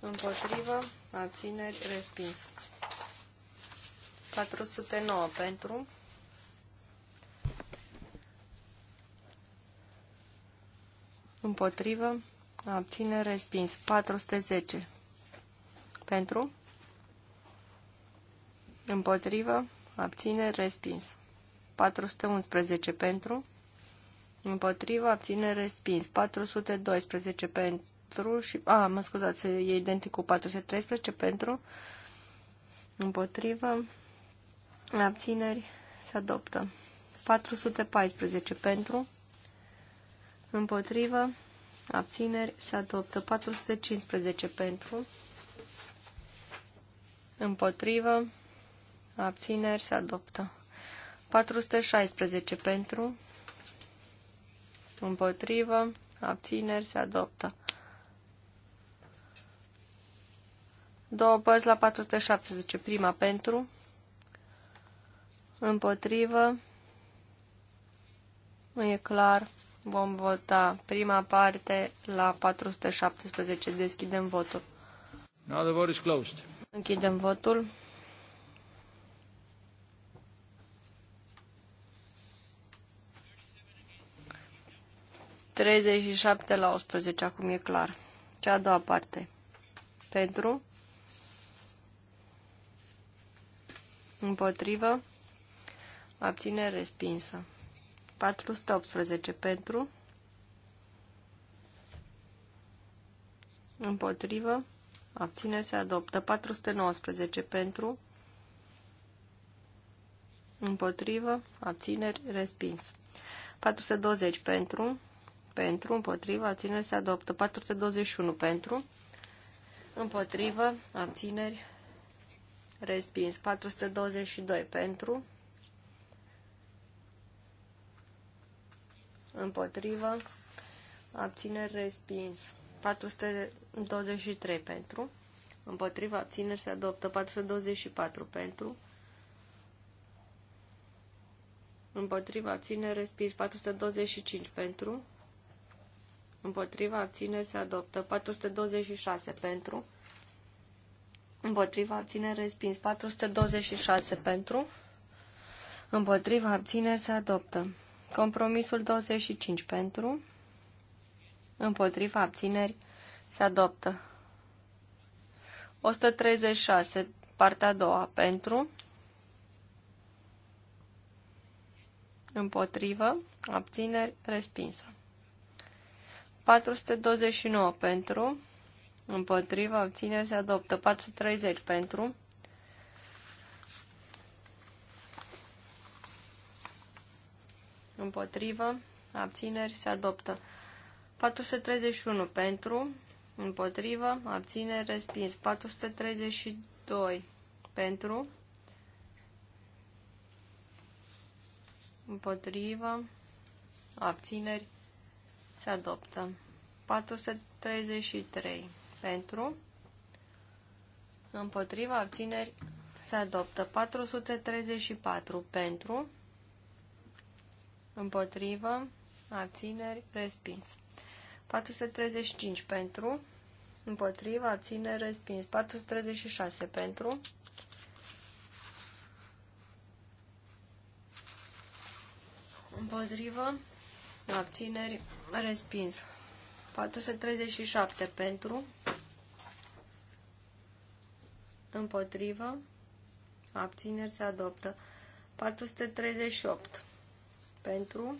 împotrivă, abțineri respins. 409 pentru, Împotrivă. Abține respins. 410. Pentru. Împotrivă. Abține respins. 411 pentru. Împotrivă. Abține respins. 412 pentru. Și, a, mă scuzați, e identic cu 413 pentru. Împotrivă. Abțineri. Se adoptă. 414 pentru împotrivă, abțineri, se adoptă 415 pentru, împotrivă, abțineri, se adoptă 416 pentru, împotrivă, abțineri, se adoptă. Două părți la 417, prima pentru, împotrivă, nu e clar, Vom vota prima parte la 417. Deschidem votul. Now the vote is closed. Închidem votul. Treizeci și șapte la 11, acum e clar. Cea a doua parte. Pentru. Împotrivă. Abține respinsă. 418 pentru, împotrivă, abține, se adoptă. 419 pentru, împotrivă, abțineri, respins. 420 pentru, pentru, împotrivă, abțineri, se adoptă. 421 pentru, împotrivă, abțineri, respins. 422 pentru, împotrivă, abțineri respins. 423 pentru, împotrivă, abțineri se adoptă. 424 pentru, împotrivă, abțineri respins. 425 pentru, împotrivă, abțineri se adoptă. 426 pentru, împotrivă, abțineri respins. 426 pentru, împotriva abțineri se adoptă. Compromisul 25 pentru, împotriva abțineri, se adoptă. 136, partea a doua, pentru, împotrivă, abțineri, respinsă. 429 pentru, împotrivă, abțineri, se adoptă. 430 pentru, împotrivă, abțineri, se adoptă. 431 pentru, împotrivă, abțineri, respins. 432 pentru, împotrivă, abțineri, se adoptă. 433 pentru, împotriva abțineri, se adoptă. 434 pentru, împotrivă, abțineri, respins. 435 pentru, împotrivă, abțineri, respins. 436 pentru, împotrivă, abțineri, respins. 437 pentru, împotrivă, abțineri se adoptă. 438 pentru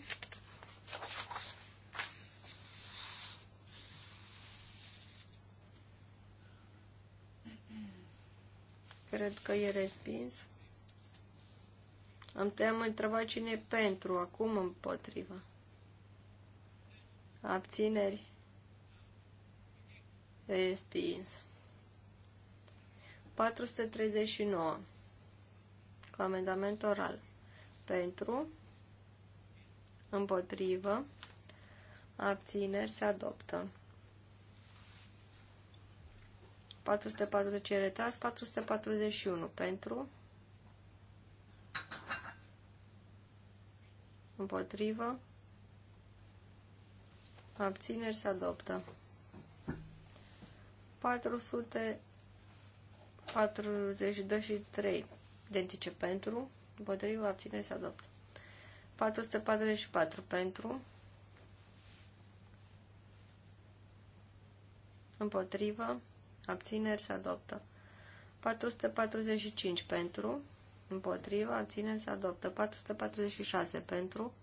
Cred că e respins. Am te-am întrebat cine e pentru, acum împotriva. Abțineri. Respins. 439. Cu amendament oral. Pentru împotrivă, abțineri, se adoptă. 440 retras, 441 pentru, împotrivă, abțineri, se adoptă. 442 și 3 identice pentru, împotrivă, abțineri, se adoptă. 444 pentru, împotrivă, abțineri se adoptă. 445 pentru, împotrivă, abțineri se adoptă. 446 pentru,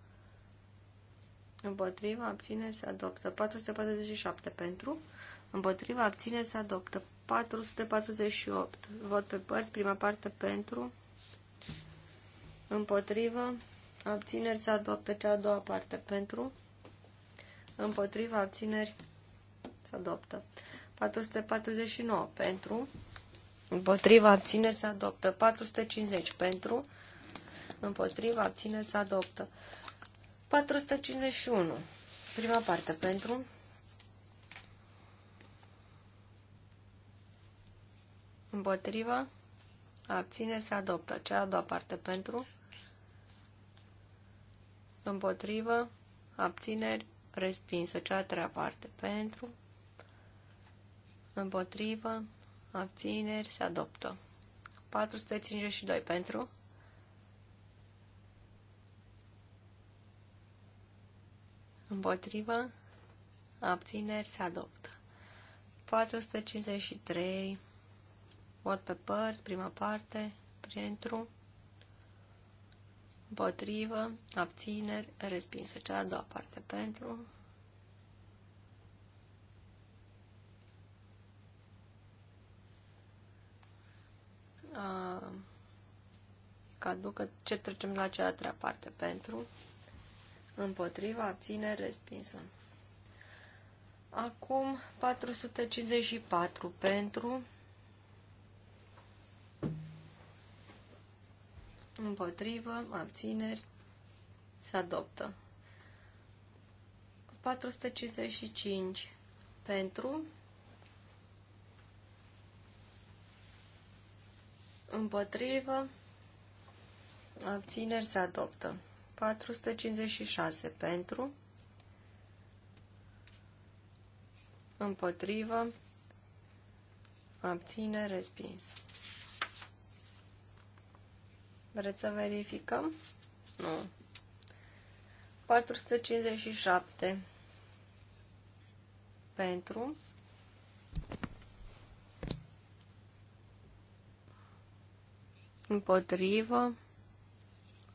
împotrivă, abțineri se adoptă. 447 pentru, împotrivă, abțineri se adoptă. 448, vot pe părți, prima parte pentru, împotrivă, abțineri se pe cea a doua parte pentru, împotriva abțineri se adoptă. 449 pentru, împotriva abțineri se adoptă. 450 pentru, împotriva abțineri se adoptă. 451 prima parte pentru, împotriva abțineri se adoptă. Cea a doua parte pentru, împotrivă, abțineri, respinsă. Cea a treia parte pentru, împotrivă, abțineri, se adoptă. 452 pentru, împotrivă, abțineri, se adoptă. 453, vot pe părți, prima parte, pentru, împotrivă, abțineri, respinsă. Cea a doua parte pentru, uh, caducă ce trecem la cea a treia parte pentru Împotrivă, abține respinsă acum 454 pentru împotrivă, abțineri, se adoptă. 455 pentru, împotrivă, abțineri, se adoptă. 456 pentru, împotrivă, abține, respins. Vreți să verificăm? Nu. 457 pentru împotrivă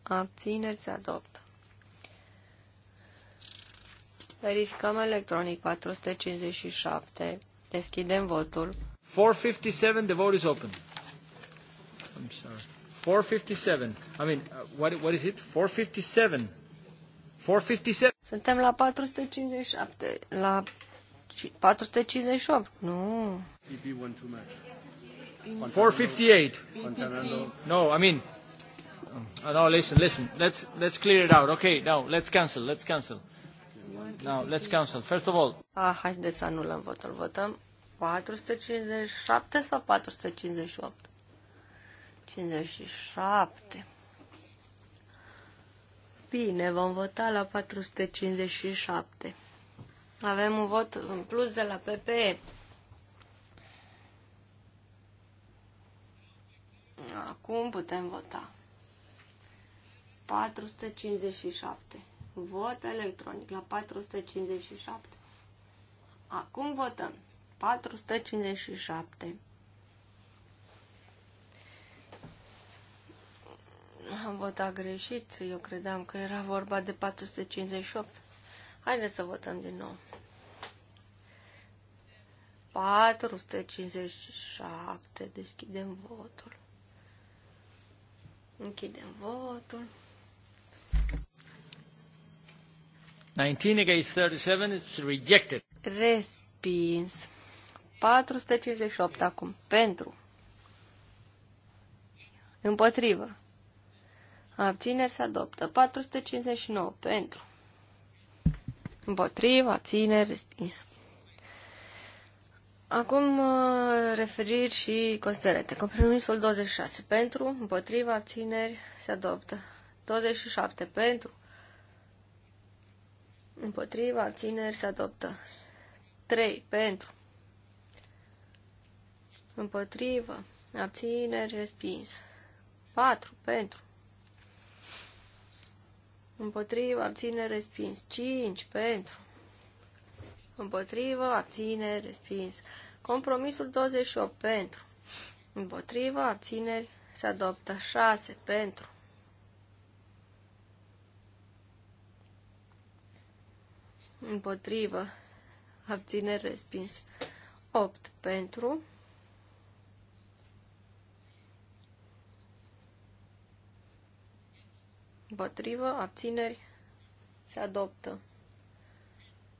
abțineri se adoptă. Verificăm electronic 457. Deschidem votul. 457, the vote is open. I'm sorry. 457. I mean, uh, what, what is it? 457. 457. Suntem la 457, la 458, nu. 458. No, I mean, uh, no, listen, listen. Let's, let's clear it out. Okay, now, let's cancel, let's cancel. Now, let's cancel. First of all. Ah, haideți să anulăm votul. Votăm 457 sau 458? 57. Bine, vom vota la 457. Avem un vot în plus de la PPE. Acum putem vota. 457. Vot electronic la 457. Acum votăm. 457. Am votat greșit. Eu credeam că era vorba de 458. Haideți să votăm din nou. 457. Deschidem votul. Închidem votul. 1937 against it's rejected. Respins. 458 acum. Pentru. Împotrivă. Abțineri se adoptă. 459 pentru. Împotriva, abțineri, respins. Acum uh, referiri și considerente. Compromisul 26 pentru, împotriva, abțineri, se adoptă. 27 pentru, împotriva, abțineri, se adoptă. 3 pentru, împotriva, abțineri, respins. 4 pentru, Împotrivă, abține, respins. 5 pentru. Împotrivă, abține, respins. Compromisul 28 pentru. Împotrivă, abțineri, se adoptă 6 pentru. Împotrivă, abține, respins. 8 pentru. Împotrivă, abțineri, se adoptă.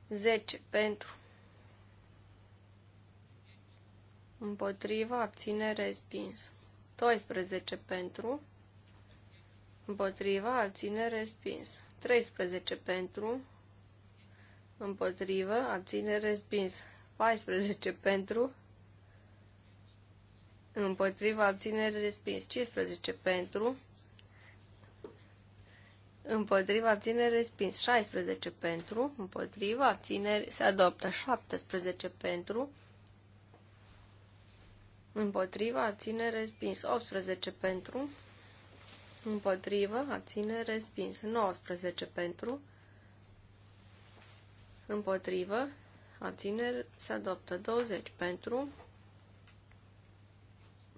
10 pentru. Împotrivă, abțineri, respins. 12 pentru. Împotrivă, abțineri, respins. 13 pentru. Împotrivă, abțineri, respins. 14 pentru. Împotrivă, abțineri, respins. 15 pentru împotriva abțineri respins 16 pentru, împotriva abțineri se adoptă 17 pentru, împotriva abțineri respins 18 pentru, împotriva abțineri respins 19 pentru, împotriva abțineri se adoptă 20 pentru,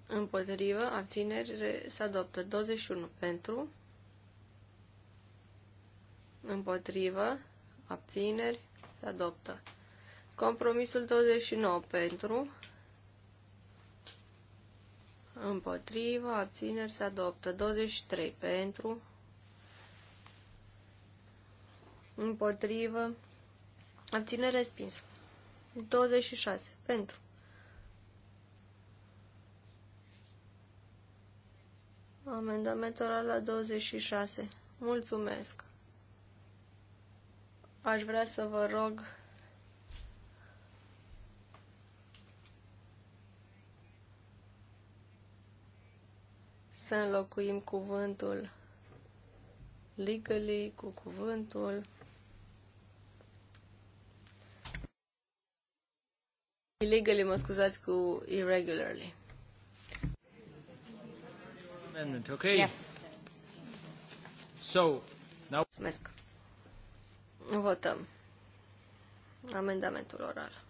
împotriva abțineri se adoptă 21 pentru, împotrivă, abțineri, se adoptă. Compromisul 29 pentru, împotrivă, abțineri, se adoptă. 23 pentru, împotrivă, abținere, respins. 26 pentru. Amendamentul oral la 26. Mulțumesc. Aș vrea să vă rog să înlocuim cuvântul legally cu cuvântul illegally, mă scuzați, cu irregularly. Amendment, okay? Yes. So, now... Mulțumesc. Votăm. Amendamentul oral.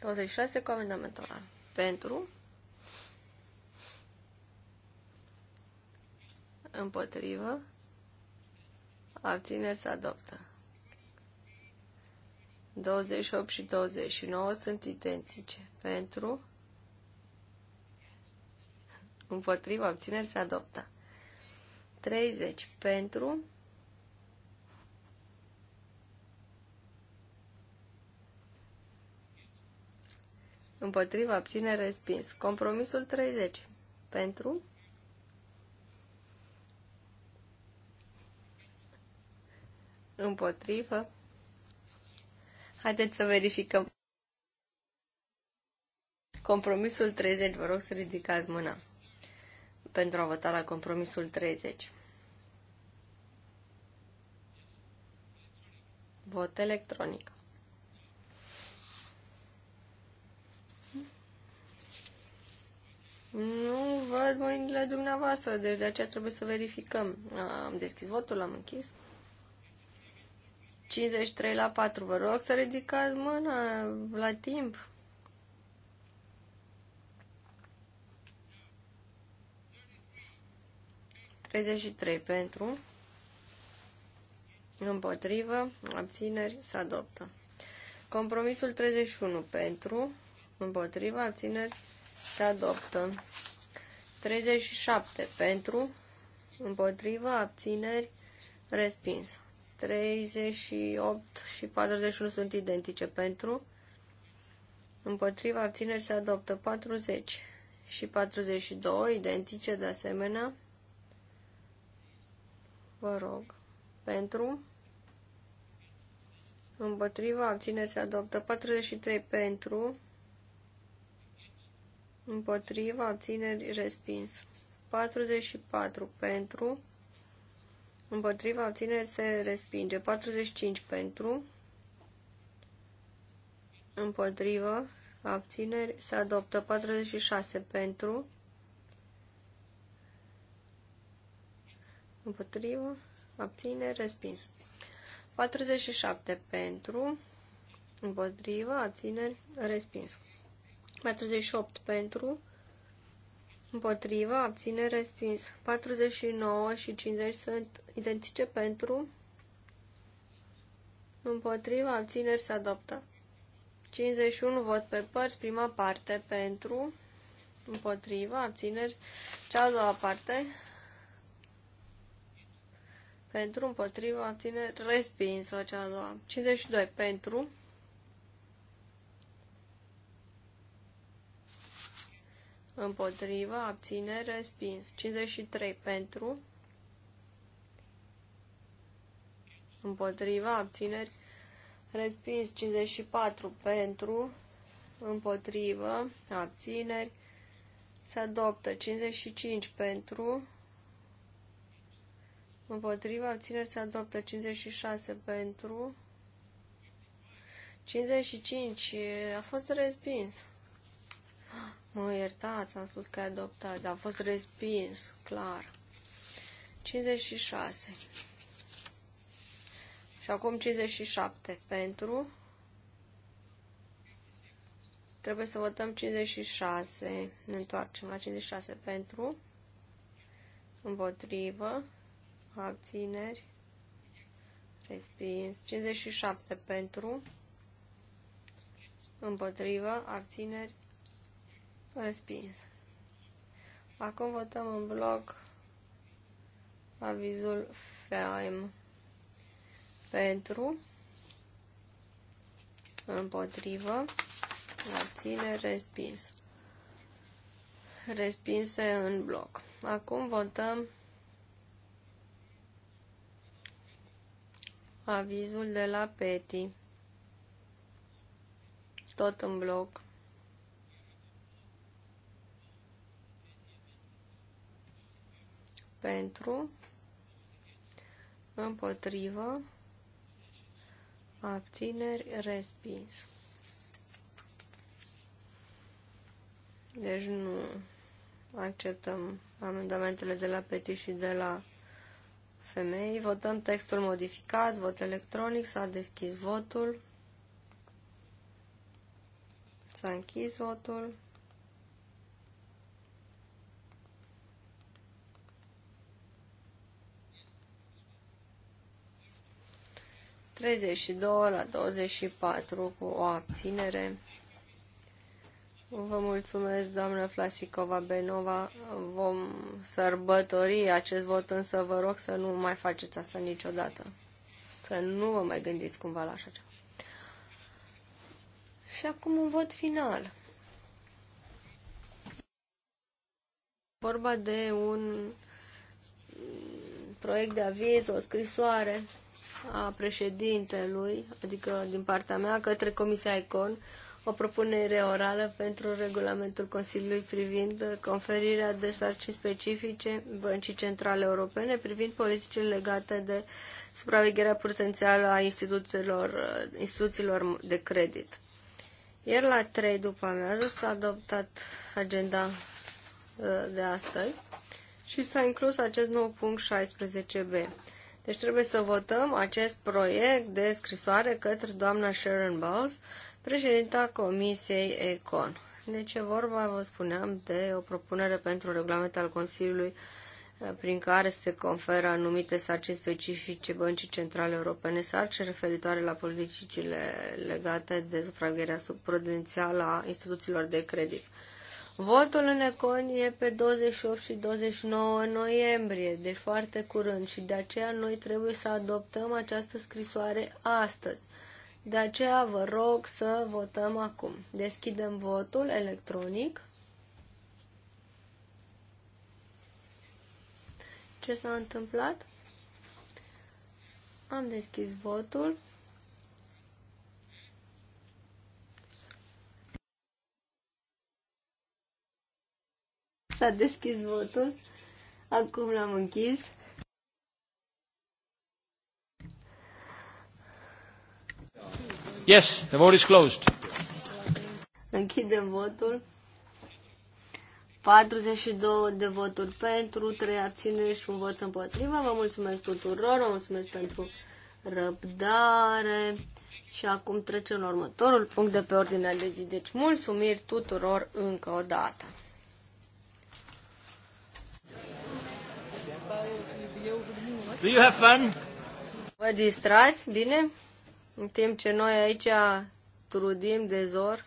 26 cu amendamentul oral. Pentru. Împotrivă. Abțineri se adoptă. 28 și 29 sunt identice. Pentru. Împotrivă. Abțineri se adoptă. 30. Pentru. Împotriva abține, respins. Compromisul 30. Pentru. Împotrivă. Haideți să verificăm. Compromisul 30, vă rog să ridicați mâna pentru a vota la compromisul 30. Vot electronic. Nu văd mâinile dumneavoastră, deci de aceea trebuie să verificăm. Am deschis votul, l-am închis. 53 la 4, vă rog să ridicați mâna la timp. Treizeci trei pentru, împotrivă, abțineri, se adoptă. Compromisul 31 pentru, împotrivă, abțineri, se adoptă. 37 pentru, împotriva, abțineri, respins. 38 și 41 sunt identice pentru, împotriva, abțineri, se adoptă. 40 și 42 identice de asemenea. Vă rog. Pentru. Împotriva, abțineri, se adoptă. 43 pentru împotriva, abțineri, respins. 44 pentru, împotriva, abțineri, se respinge. 45 pentru, Împotriva, abțineri, se adoptă. 46 pentru, Împotriva, abțineri, respins. 47 pentru, Împotriva, abțineri, respins. 48 pentru, împotrivă, abține, respins. 49 și 50 sunt identice pentru, împotrivă, abțineri, se adoptă. 51 vot pe părți, prima parte pentru, împotrivă, abțineri, cea a doua parte pentru, împotrivă, abțineri, respinsă cea a doua. 52 pentru, împotrivă, abține, respins. 53 pentru, Împotrivă, abțineri, respins 54 pentru, împotrivă, abțineri, se adoptă 55 pentru, Împotrivă, abțineri, se adoptă 56 pentru, 55 a fost respins. Mă iertați, am spus că e adoptat, dar a fost respins, clar. 56. Și acum 57. Pentru. Trebuie să votăm 56. Ne întoarcem la 56. Pentru. Împotrivă. Abțineri. Respins. 57 pentru. Împotrivă. Abțineri. Respins. Acum votăm în bloc avizul FEAM pentru împotrivă abține respins. Respinse în bloc. Acum votăm avizul de la PETI tot în bloc. pentru, împotrivă, abțineri, respins. Deci nu acceptăm amendamentele de la Peti și de la femei. Votăm textul modificat, vot electronic, s-a deschis votul, s-a închis votul. 32 la 24 cu o abținere. Vă mulțumesc, doamnă Flasicova Benova. Vom sărbători acest vot, însă vă rog să nu mai faceți asta niciodată. Să nu vă mai gândiți cumva la așa ceva. Și acum un vot final. Vorba de un proiect de aviz, o scrisoare a președintelui, adică din partea mea, către Comisia ICON, o propunere orală pentru regulamentul Consiliului privind conferirea de sarcini specifice Băncii Centrale Europene privind politicile legate de supravegherea potențială a instituțiilor, instituțiilor de credit. Ieri la 3 după amiază s-a adoptat agenda uh, de astăzi și s-a inclus acest nou punct 16b. Deci trebuie să votăm acest proiect de scrisoare către doamna Sharon Bowles, președinta Comisiei Econ. Deci e vorba, vă spuneam, de o propunere pentru regulament al Consiliului eh, prin care se conferă anumite sarcini specifice băncii centrale europene sarcini referitoare la politicile legate de supravegherea subprudențială a instituțiilor de credit. Votul în Econ e pe 28 și 29 noiembrie, de deci foarte curând, și de aceea noi trebuie să adoptăm această scrisoare astăzi. De aceea vă rog să votăm acum. Deschidem votul electronic. Ce s-a întâmplat? Am deschis votul. S-a deschis votul. Acum l-am închis. Yes, the vote is closed. Închidem votul. 42 de voturi pentru, 3 abțineri și un vot împotriva. Vă mulțumesc tuturor, vă mulțumesc pentru răbdare. Și acum trecem la următorul punct de pe ordinea de zi. Deci mulțumiri tuturor încă o dată. Do you have fun? Vă distrați, bine? În timp ce noi aici trudim de zor.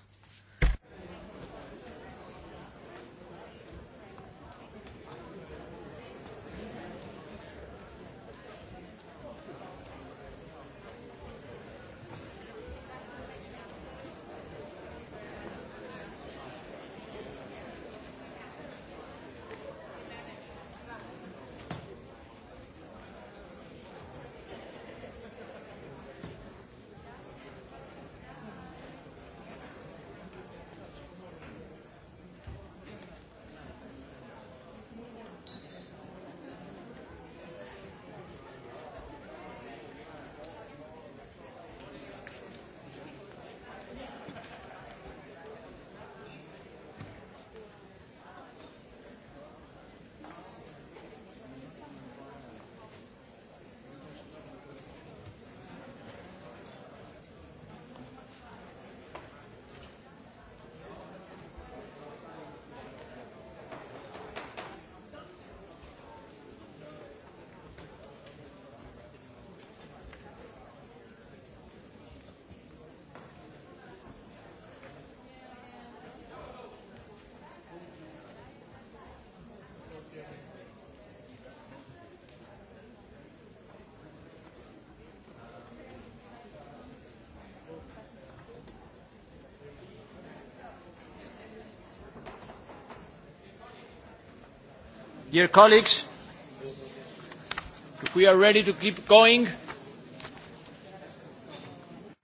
Dear colleagues, if we are ready to keep going.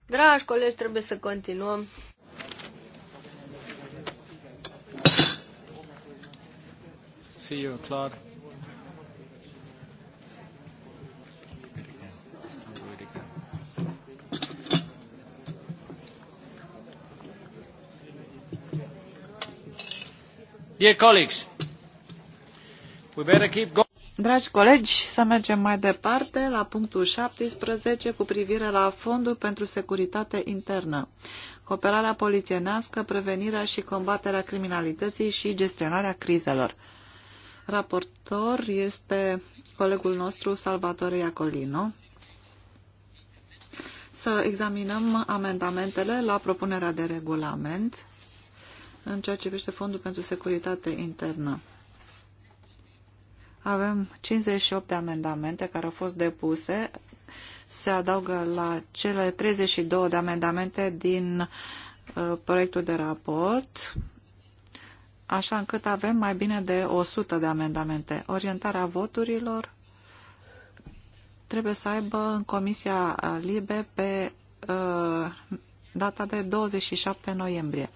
Dragi colegi, trebuie să continuăm. See you, Claude. Dear colleagues, Dragi colegi, să mergem mai departe la punctul 17 cu privire la Fondul pentru Securitate Internă, cooperarea polițienească, prevenirea și combaterea criminalității și gestionarea crizelor. Raportor este colegul nostru Salvatore Iacolino. Să examinăm amendamentele la propunerea de regulament în ceea ce privește Fondul pentru Securitate Internă. Avem 58 de amendamente care au fost depuse. Se adaugă la cele 32 de amendamente din uh, proiectul de raport, așa încât avem mai bine de 100 de amendamente. Orientarea voturilor trebuie să aibă în Comisia uh, Libe pe uh, data de 27 noiembrie.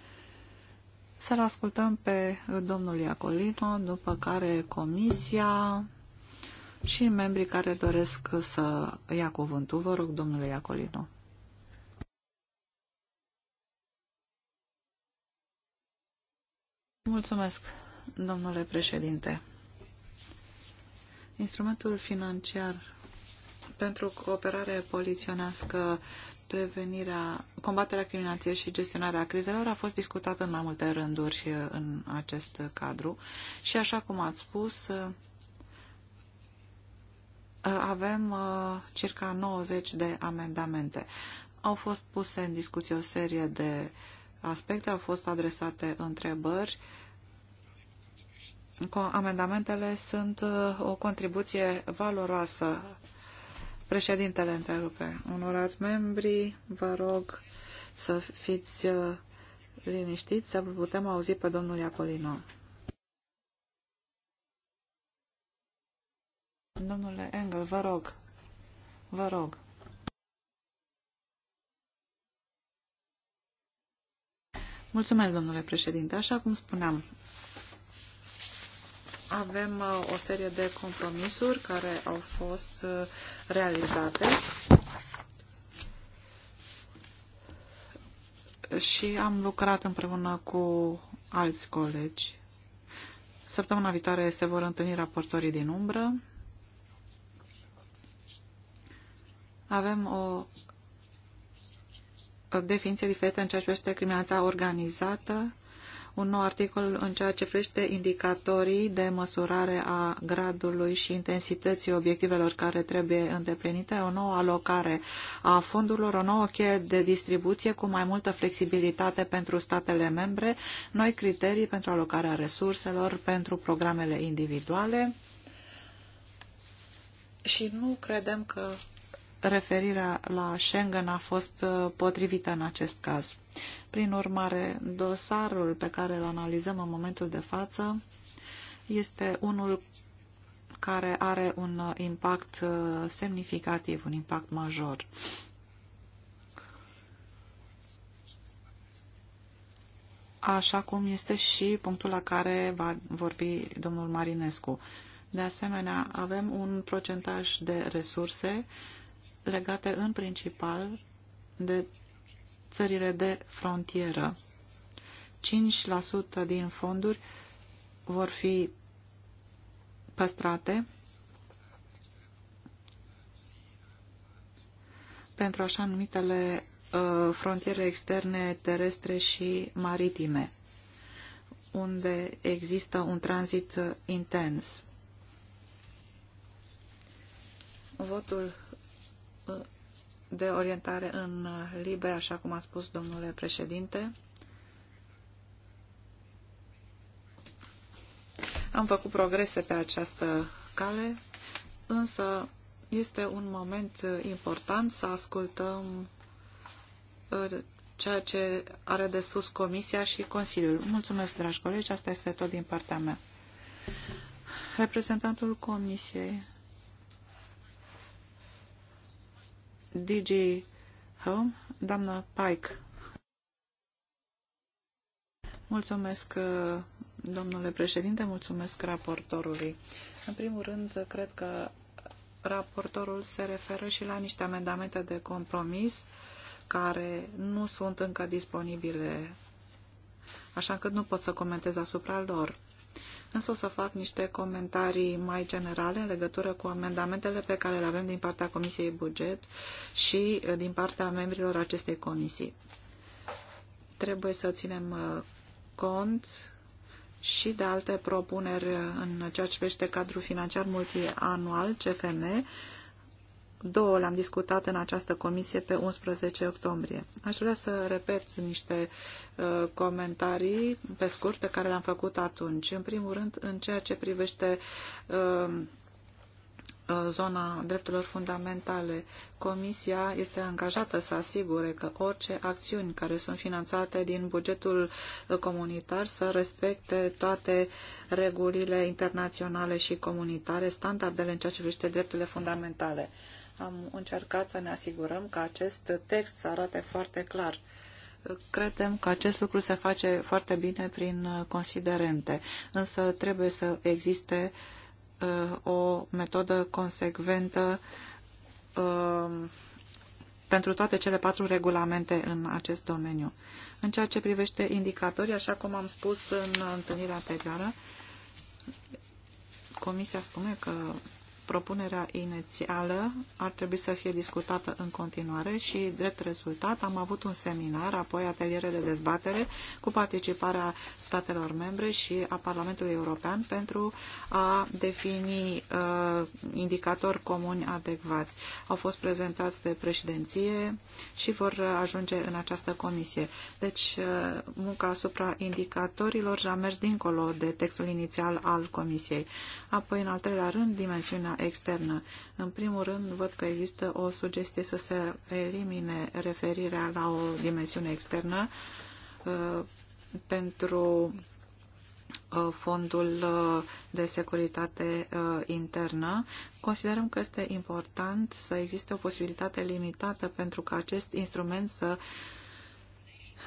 Să-l ascultăm pe uh, domnul Iacolino, după care comisia și membrii care doresc să ia cuvântul. Vă rog, domnule Iacolino. Mulțumesc, domnule președinte. Instrumentul financiar pentru cooperare poliționească prevenirea, combaterea criminalității și gestionarea crizelor a fost discutată în mai multe rânduri uh, în acest cadru și așa cum ați spus, uh, uh, avem circa 90 de amendamente. Au fost puse în discuție o serie de aspecte, au fost adresate întrebări. Amendamentele sunt o contribuție valoroasă Președintele întrerupe. Onorați membri, vă rog să fiți uh, liniștiți, să putem auzi pe domnul Iacolino. Domnule Engel, vă rog, vă rog. Mulțumesc, domnule președinte. Așa cum spuneam, avem uh, o serie de compromisuri care au fost uh, realizate și am lucrat împreună cu alți colegi. Săptămâna viitoare se vor întâlni raportorii din umbră. Avem o definiție diferită în ceea ce privește criminalitatea organizată un nou articol în ceea ce privește indicatorii de măsurare a gradului și intensității obiectivelor care trebuie îndeplinite, o nouă alocare a fondurilor, o nouă cheie de distribuție cu mai multă flexibilitate pentru statele membre, noi criterii pentru alocarea resurselor, pentru programele individuale și nu credem că referirea la Schengen a fost uh, potrivită în acest caz. Prin urmare, dosarul pe care îl analizăm în momentul de față este unul care are un impact uh, semnificativ, un impact major. Așa cum este și punctul la care va vorbi domnul Marinescu. De asemenea, avem un procentaj de resurse legate în principal de țările de frontieră. 5% din fonduri vor fi păstrate pentru așa numitele uh, frontiere externe terestre și maritime, unde există un tranzit intens. Votul uh, de orientare în Libe, așa cum a spus domnule președinte. Am făcut progrese pe această cale, însă este un moment important să ascultăm uh, ceea ce are de spus Comisia și Consiliul. Mulțumesc, dragi colegi, asta este tot din partea mea. Reprezentantul Comisiei. DG Home, doamna Pike. Mulțumesc, uh, domnule președinte, mulțumesc raportorului. În primul rând, cred că raportorul se referă și la niște amendamente de compromis care nu sunt încă disponibile, așa că nu pot să comentez asupra lor însă o să fac niște comentarii mai generale în legătură cu amendamentele pe care le avem din partea Comisiei Buget și eh, din partea membrilor acestei comisii. Trebuie să ținem eh, cont și de alte propuneri eh, în ceea ce privește cadrul financiar multianual, CFM, Două l-am discutat în această comisie pe 11 octombrie. Aș vrea să repet niște uh, comentarii pe scurt pe care le-am făcut atunci. În primul rând, în ceea ce privește uh, uh, zona drepturilor fundamentale. Comisia este angajată să asigure că orice acțiuni care sunt finanțate din bugetul comunitar să respecte toate regulile internaționale și comunitare, standardele în ceea ce privește drepturile fundamentale. Am încercat să ne asigurăm că acest text să arate foarte clar. Credem că acest lucru se face foarte bine prin uh, considerente, însă trebuie să existe uh, o metodă consecventă uh, pentru toate cele patru regulamente în acest domeniu. În ceea ce privește indicatorii, așa cum am spus în întâlnirea anterioară, Comisia spune că propunerea inițială ar trebui să fie discutată în continuare și, drept rezultat, am avut un seminar, apoi ateliere de dezbatere cu participarea statelor membre și a Parlamentului European pentru a defini uh, indicatori comuni adecvați. Au fost prezentați de președinție și vor ajunge în această comisie. Deci, uh, munca asupra indicatorilor a mers dincolo de textul inițial al comisiei. Apoi, în al treilea rând, dimensiunea externă. În primul rând, văd că există o sugestie să se elimine referirea la o dimensiune externă uh, pentru uh, fondul uh, de securitate internă. Considerăm că este important să existe o posibilitate limitată pentru ca acest instrument să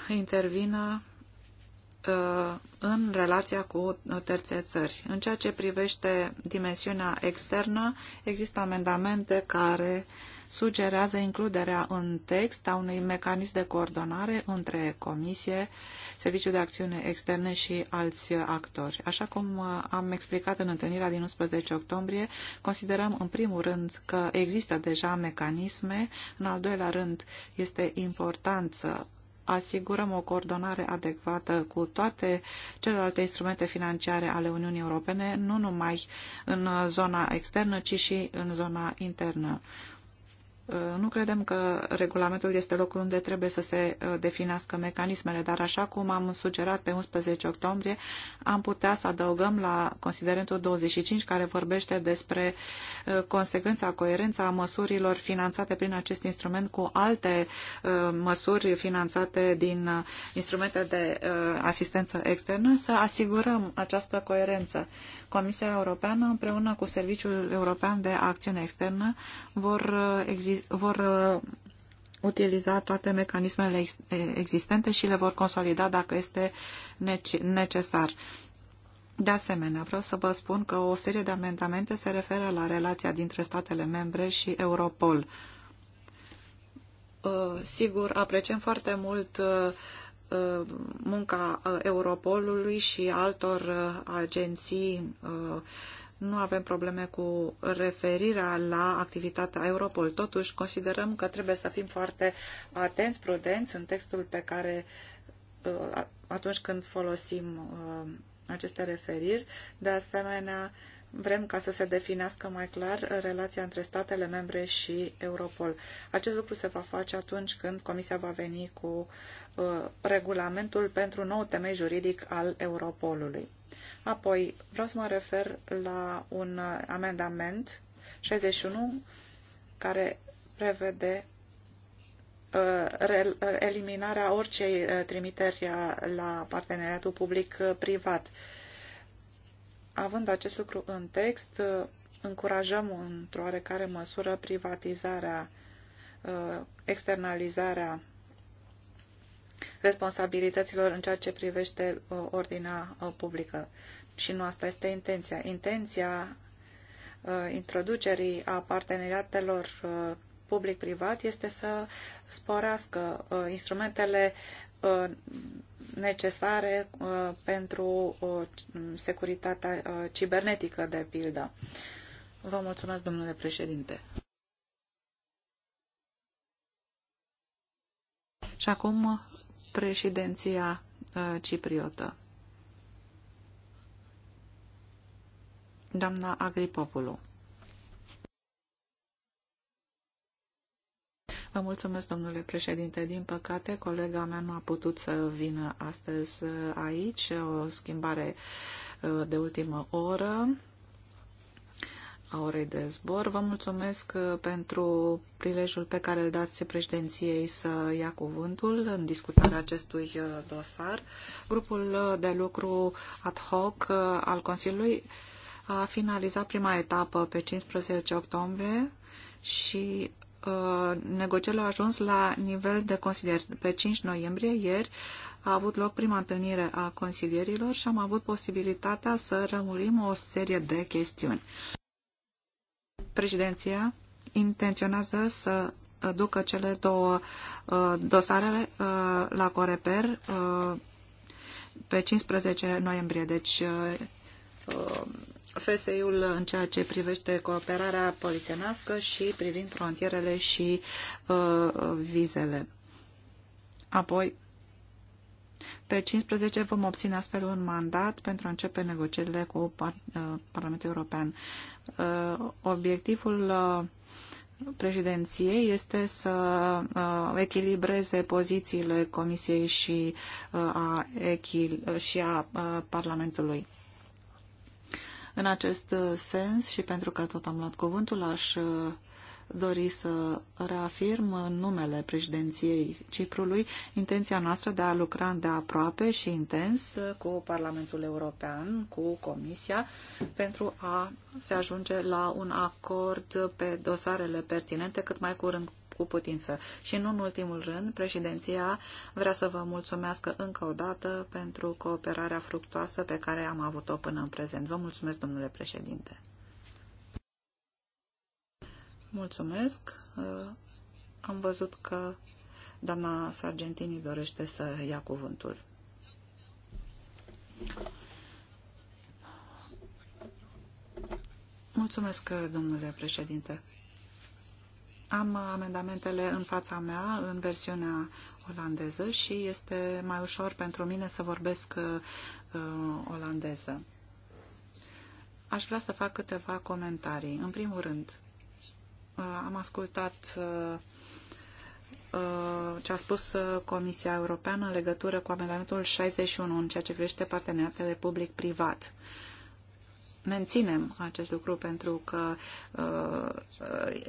intervină Uh, în relația cu uh, terțe țări. În ceea ce privește dimensiunea externă, există amendamente care sugerează includerea în text a unui mecanism de coordonare între Comisie, Serviciul de Acțiune Externe și alți actori. Așa cum uh, am explicat în întâlnirea din 11 octombrie, considerăm în primul rând că există deja mecanisme, în al doilea rând este important să asigurăm o coordonare adecvată cu toate celelalte instrumente financiare ale Uniunii Europene, nu numai în zona externă, ci și în zona internă. Uh, nu credem că regulamentul este locul unde trebuie să se uh, definească mecanismele, dar așa cum am sugerat pe 11 octombrie, am putea să adăugăm la considerentul 25 care vorbește despre uh, consecvența, coerența măsurilor finanțate prin acest instrument cu alte măsuri finanțate din instrumente de asistență externă, să asigurăm această coerență. Comisia Europeană împreună cu Serviciul European de Acțiune Externă vor, eh, vor eh, utiliza toate mecanismele eh, existente și le vor consolida dacă este necesar. De asemenea, vreau să vă spun că o serie de amendamente se referă la relația dintre statele membre și Europol. Sigur, apreciem foarte mult Uh, munca uh, Europolului și altor uh, agenții nu avem probleme cu referirea la activitatea Europol. Totuși, considerăm că trebuie să fim foarte atenți, prudenți în textul pe care atunci când folosim aceste referiri. De asemenea, vrem ca să se definească mai clar relația între statele membre și Europol. Acest lucru se va face atunci când Comisia va veni cu Uh, regulamentul pentru nou temei juridic al Europolului. Apoi, vreau să mă refer la un amendament 61 care prevede uh, uh, eliminarea oricei trimiteri la parteneriatul public-privat. Având acest lucru în text, încurajăm într-o oarecare măsură privatizarea, externalizarea responsabilităților în ceea ce privește uh, ordinea uh, publică. Și nu asta este intenția. Intenția uh, introducerii a parteneriatelor public-privat este să sporească instrumentele necesare pentru securitatea cibernetică, de pildă. Vă mulțumesc, domnule președinte. Și acum președinția uh, cipriotă. Doamna Agripopulu. Vă mulțumesc, domnule președinte. Din păcate, colega mea nu a putut să vină astăzi uh, aici. O schimbare uh, de ultimă oră a orei de zbor. Vă mulțumesc uh, pentru prilejul pe care îl dați președinției să ia cuvântul în discutarea acestui uh, dosar. Grupul uh, de lucru ad hoc al Consiliului a finalizat prima etapă pe 15 octombrie și negocierile au ajuns la nivel de consilier. Pe 5 noiembrie, ieri, a avut loc prima întâlnire a consilierilor și am avut posibilitatea să rămurim o serie de chestiuni. Președinția intenționează să uh, ducă cele două uh, dosare uh, la Coreper pe 15 noiembrie. Deci FSI-ul în ceea ce privește cooperarea poliționească și privind frontierele și vizele. Apoi, pe 15 vom obține astfel un mandat pentru a începe negocierile cu Parlamentul European. Uh, obiectivul uh, președinției este să uh, echilibreze pozițiile Comisiei și a, echil și a Parlamentului. În acest sens și pentru că tot am luat cuvântul, aș dori să reafirm în numele președinției Ciprului intenția noastră de a lucra de aproape și intens cu Parlamentul European, cu Comisia, pentru a se ajunge la un acord pe dosarele pertinente cât mai curând cu putință. Și nu în ultimul rând, președinția vrea să vă mulțumesc încă o dată pentru cooperarea fructoasă pe care am avut-o până în prezent. Vă mulțumesc, domnule președinte. Mulțumesc. Uh, am văzut că doamna Sargentini dorește să ia cuvântul. Mulțumesc, domnule președinte. Am amendamentele în fața mea, în versiunea olandeză și este mai ușor pentru mine să vorbesc uh, olandeză. Aș vrea să fac câteva comentarii. În primul rând, Uh, am ascultat uh, uh, ce a spus Comisia Europeană în legătură cu amendamentul 61 în ceea ce privește parteneriatele public-privat. Menținem acest lucru pentru că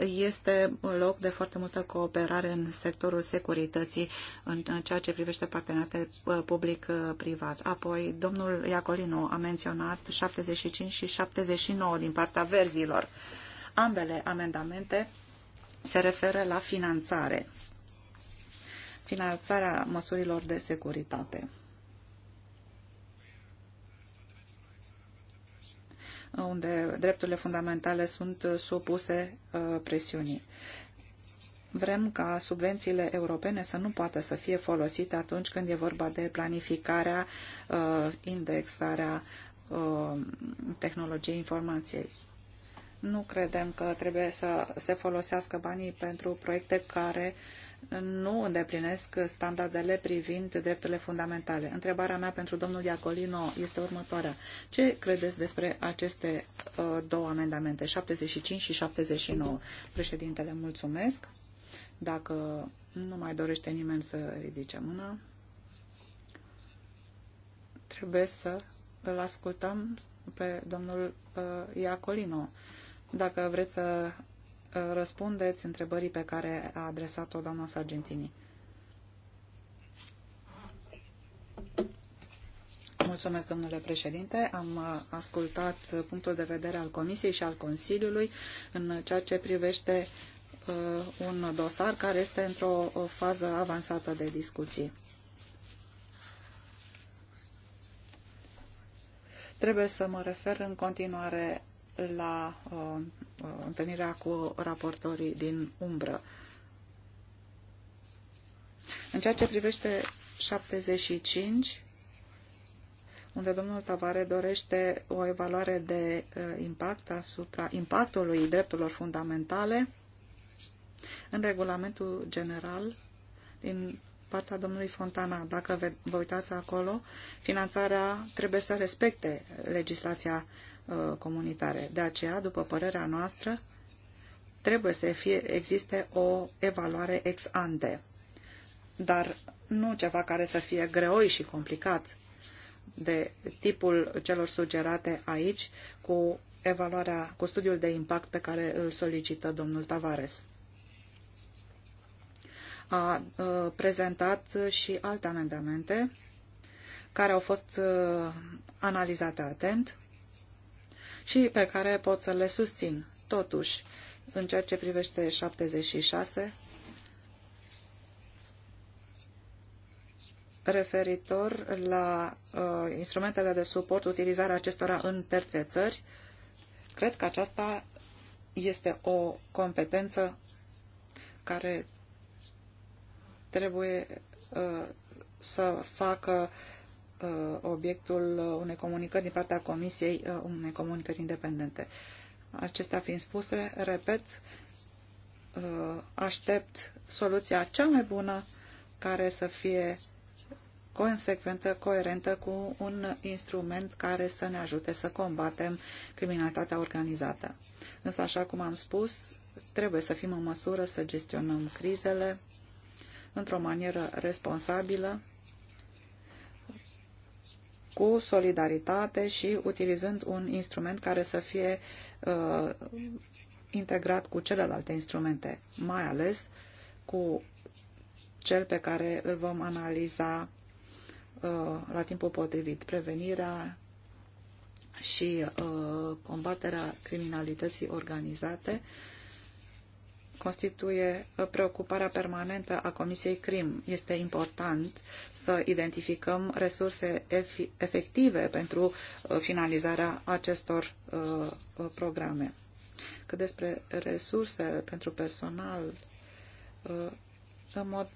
este loc de foarte multă cooperare în sectorul securității în ceea ce privește parteneriatele public-privat. Apoi, domnul Iacolino a menționat 75 și 79 din partea verzilor. Ambele amendamente se referă la finanțare, finanțarea măsurilor de securitate. unde drepturile fundamentale sunt supuse uh, presiunii. Vrem ca subvențiile europene să nu poată să fie folosite atunci când e vorba de planificarea, uh, indexarea uh, tehnologiei informației. Nu credem că trebuie să se folosească banii pentru proiecte care nu îndeplinesc standardele privind drepturile fundamentale. Întrebarea mea pentru domnul Iacolino este următoarea. Ce credeți despre aceste uh, două amendamente, 75 și 79? Președintele, mulțumesc. Dacă nu mai dorește nimeni să ridice mâna, trebuie să îl ascultăm pe domnul uh, Iacolino dacă vreți să uh, răspundeți întrebării pe care a adresat-o doamna Sargentini. Mulțumesc, domnule președinte. Am uh, ascultat punctul de vedere al Comisiei și al Consiliului în ceea ce privește uh, un dosar care este într-o fază avansată de discuții. Trebuie să mă refer în continuare la uh, uh, întâlnirea cu raportorii din umbră. În ceea ce privește 75, unde domnul Tavare dorește o evaluare de uh, impact asupra impactului drepturilor fundamentale în regulamentul general din partea domnului Fontana, dacă vă uitați acolo, finanțarea trebuie să respecte legislația Uh, comunitare. De aceea, după părerea noastră, trebuie să fie, existe o evaluare ex ante, dar nu ceva care să fie greoi și complicat de tipul celor sugerate aici cu evaluarea, cu studiul de impact pe care îl solicită domnul Tavares. A, a uh, prezentat și alte amendamente care au fost a, uh, analizate atent și pe care pot să le susțin. Totuși, în ceea ce privește 76, referitor la uh, instrumentele de suport, utilizarea acestora în terțe țări, cred că aceasta este o competență care trebuie uh, să facă Uh, obiectul uh, unei comunicări din partea Comisiei, uh, unei comunicări independente. Acestea fiind spuse, repet, aștept soluția cea mai bună care să fie consecventă, coerentă cu un instrument care să ne ajute să combatem criminalitatea organizată. Însă, așa cum am spus, trebuie să fim în măsură să gestionăm crizele într-o manieră responsabilă cu solidaritate și utilizând un instrument care să fie uh, integrat cu celelalte instrumente, mai ales cu cel pe care îl vom analiza uh, la timpul potrivit, prevenirea și uh, combaterea criminalității organizate uh, constituie uh, preocuparea permanentă a Comisiei CRIM. Este important să identificăm resurse efective pentru uh, finalizarea acestor uh, programe. Cât despre resurse pentru personal, în mod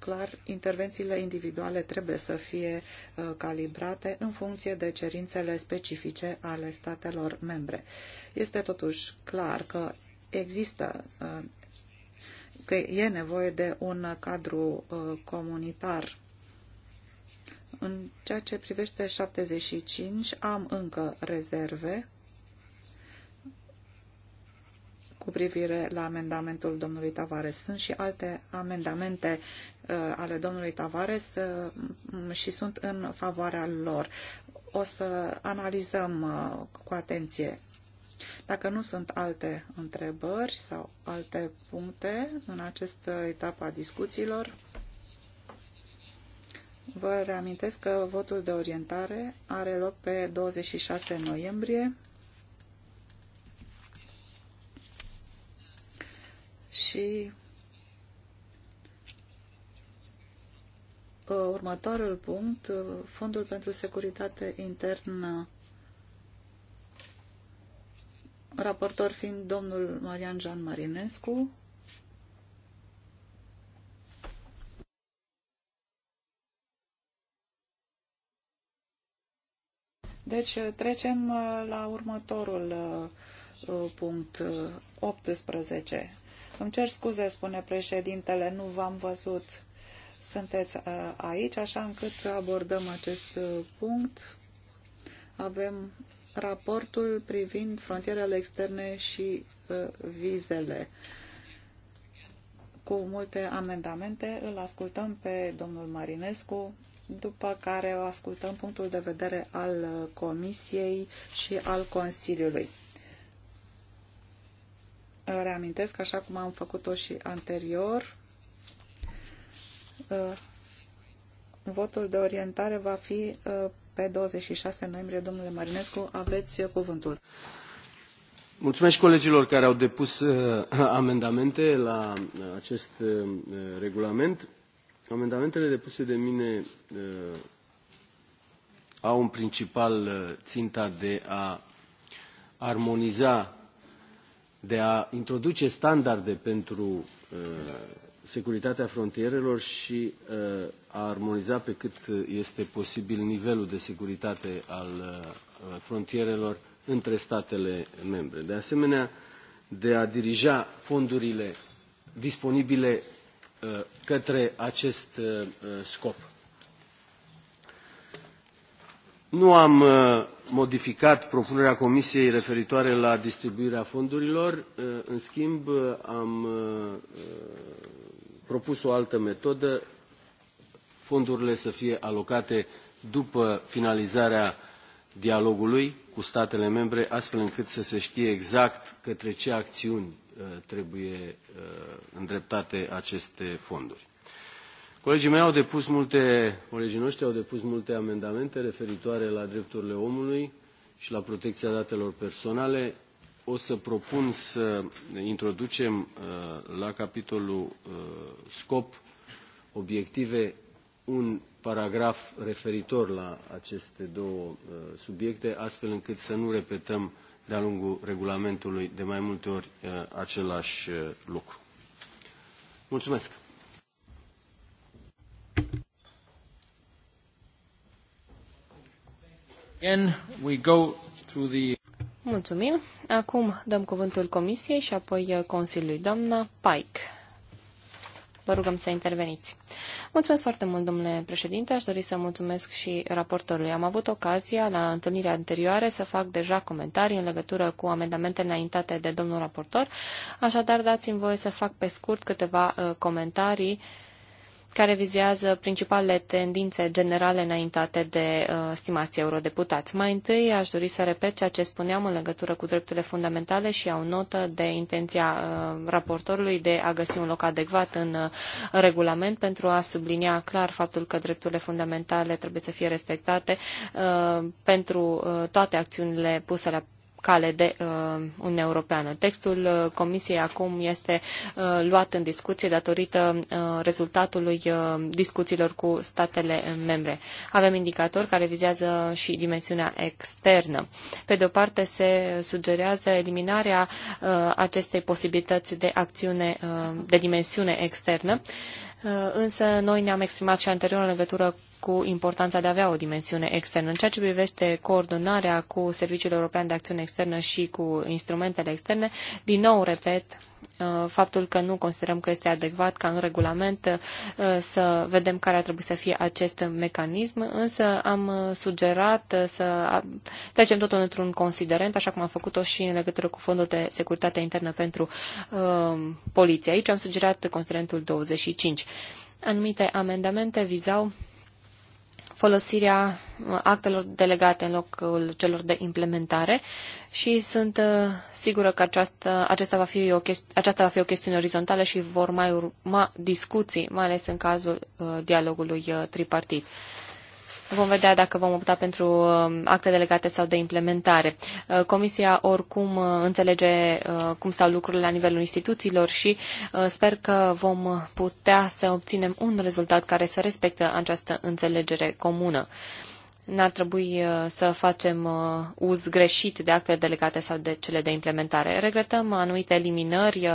clar, intervențiile individuale trebuie să fie calibrate în funcție de cerințele specifice ale statelor membre. Este totuși clar că există că e nevoie de un cadru uh, comunitar. În ceea ce privește 75, am încă rezerve cu privire la amendamentul domnului Tavares. Sunt și alte amendamente uh, ale domnului Tavares uh, și sunt în favoarea lor. O să analizăm uh, cu atenție dacă nu sunt alte întrebări sau alte puncte în această etapă a discuțiilor, vă reamintesc că votul de orientare are loc pe 26 noiembrie și uh, următorul punct, uh, Fondul pentru Securitate Internă raportor fiind domnul Marian Jean Marinescu. Deci eh, trecem eh, la următorul eh, punct 18. Îmi cer scuze, spune președintele, nu v-am văzut. Sunteți aici, așa încât abordăm acest punct. Avem raportul privind frontierele externe și uh, vizele. Cu multe amendamente îl ascultăm pe domnul Marinescu, după care ascultăm punctul de vedere al uh, Comisiei și al Consiliului. Reamintesc, așa cum am făcut-o și anterior, uh, votul de orientare va fi pe 26 noiembrie. Domnule Marinescu, aveți cuvântul. Mulțumesc colegilor care au depus uh, amendamente la uh, acest uh, regulament. Amendamentele depuse de mine au un principal ținta de a armoniza, de a introduce standarde pentru securitatea frontierelor și a armoniza pe cât uh, este posibil nivelul de securitate uh, al frontierelor între statele membre. De asemenea, de a dirija fondurile disponibile uh, către acest scop. Nu am modificat propunerea Comisiei referitoare la distribuirea fondurilor. În schimb, am propus o altă metodă fondurile să fie alocate după finalizarea dialogului cu statele membre, astfel încât să se știe exact către ce acțiuni uh, trebuie uh, îndreptate aceste fonduri. Colegii mei au depus multe, colegii noștri au depus multe amendamente referitoare la drepturile omului și la protecția datelor personale. O să propun să introducem uh, la capitolul scop, obiective, un paragraf referitor la aceste două uh, subiecte, astfel încât să nu repetăm de-a lungul regulamentului de mai multe ori uh, același uh, lucru. Mulțumesc! Mulțumim. Acum dăm cuvântul Comisiei și apoi Consiliului. Doamna Pike. Vă rugăm să interveniți. Mulțumesc foarte mult, domnule președinte. Aș dori să mulțumesc și raportorului. Am avut ocazia la întâlnirea anterioare să fac deja comentarii în legătură cu amendamentele înaintate de domnul raportor. Așadar, dați-mi voie să fac pe scurt câteva uh, comentarii uh, care vizează principalele tendințe generale înaintate de uh, stimații eurodeputați. Mai întâi aș dori să repet ceea ce spuneam în legătură cu drepturile fundamentale și iau notă de intenția uh, raportorului de a găsi un loc adecvat în uh, regulament pentru a sublinia clar faptul că drepturile fundamentale trebuie să fie respectate uh, pentru uh, toate acțiunile puse la cale de uh, Uniunea Europeană. Textul uh, Comisiei acum este uh, luat în discuție datorită uh, rezultatului uh, discuțiilor cu statele membre. Avem indicatori care vizează și dimensiunea externă. Pe de o parte se sugerează eliminarea uh, acestei posibilități de acțiune uh, de dimensiune externă, uh, însă noi ne-am exprimat și anterior în legătură cu importanța de a avea o dimensiune externă. În ceea ce privește coordonarea cu Serviciul European de Acțiune Externă și cu instrumentele externe, din nou repet uh, faptul că nu considerăm că este adecvat ca în regulament uh, să vedem care ar trebui să fie acest mecanism, însă am uh, sugerat să trecem totul într-un considerent, așa cum am făcut-o și în legătură cu Fondul de Securitate Internă pentru uh, Poliție. Aici am sugerat considerentul 25. Anumite amendamente vizau folosirea uh, actelor delegate în locul celor de implementare și sunt uh, sigură că aceasta, aceasta, va fi o aceasta va fi o chestiune orizontală și vor mai urma discuții, mai ales în cazul uh, dialogului tripartit. Vom vedea dacă vom opta pentru um, acte delegate sau de implementare. Uh, comisia oricum uh, înțelege uh, cum stau lucrurile la nivelul instituțiilor și sper că vom putea să obținem un rezultat care să respectă această înțelegere comună n-ar trebui uh, să facem uh, uz greșit de actele delegate sau de cele de implementare. Regretăm anumite eliminări uh,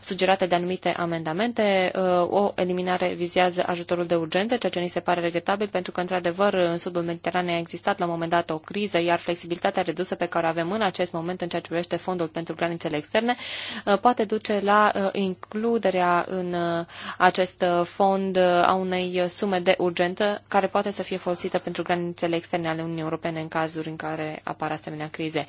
sugerate de anumite amendamente. O eliminare vizează ajutorul de urgență, ceea ce ni se pare regretabil pentru că, într-adevăr, în sudul Mediteranei a existat la un moment dat o criză, iar flexibilitatea redusă pe care o avem în acest moment în ceea ce privește fondul pentru granițele externe poate duce la includerea în acest fond a unei sume de urgență care poate să fie folosită pentru granițele granițele externe ale Uniunii Europene în cazuri în care apar asemenea crize.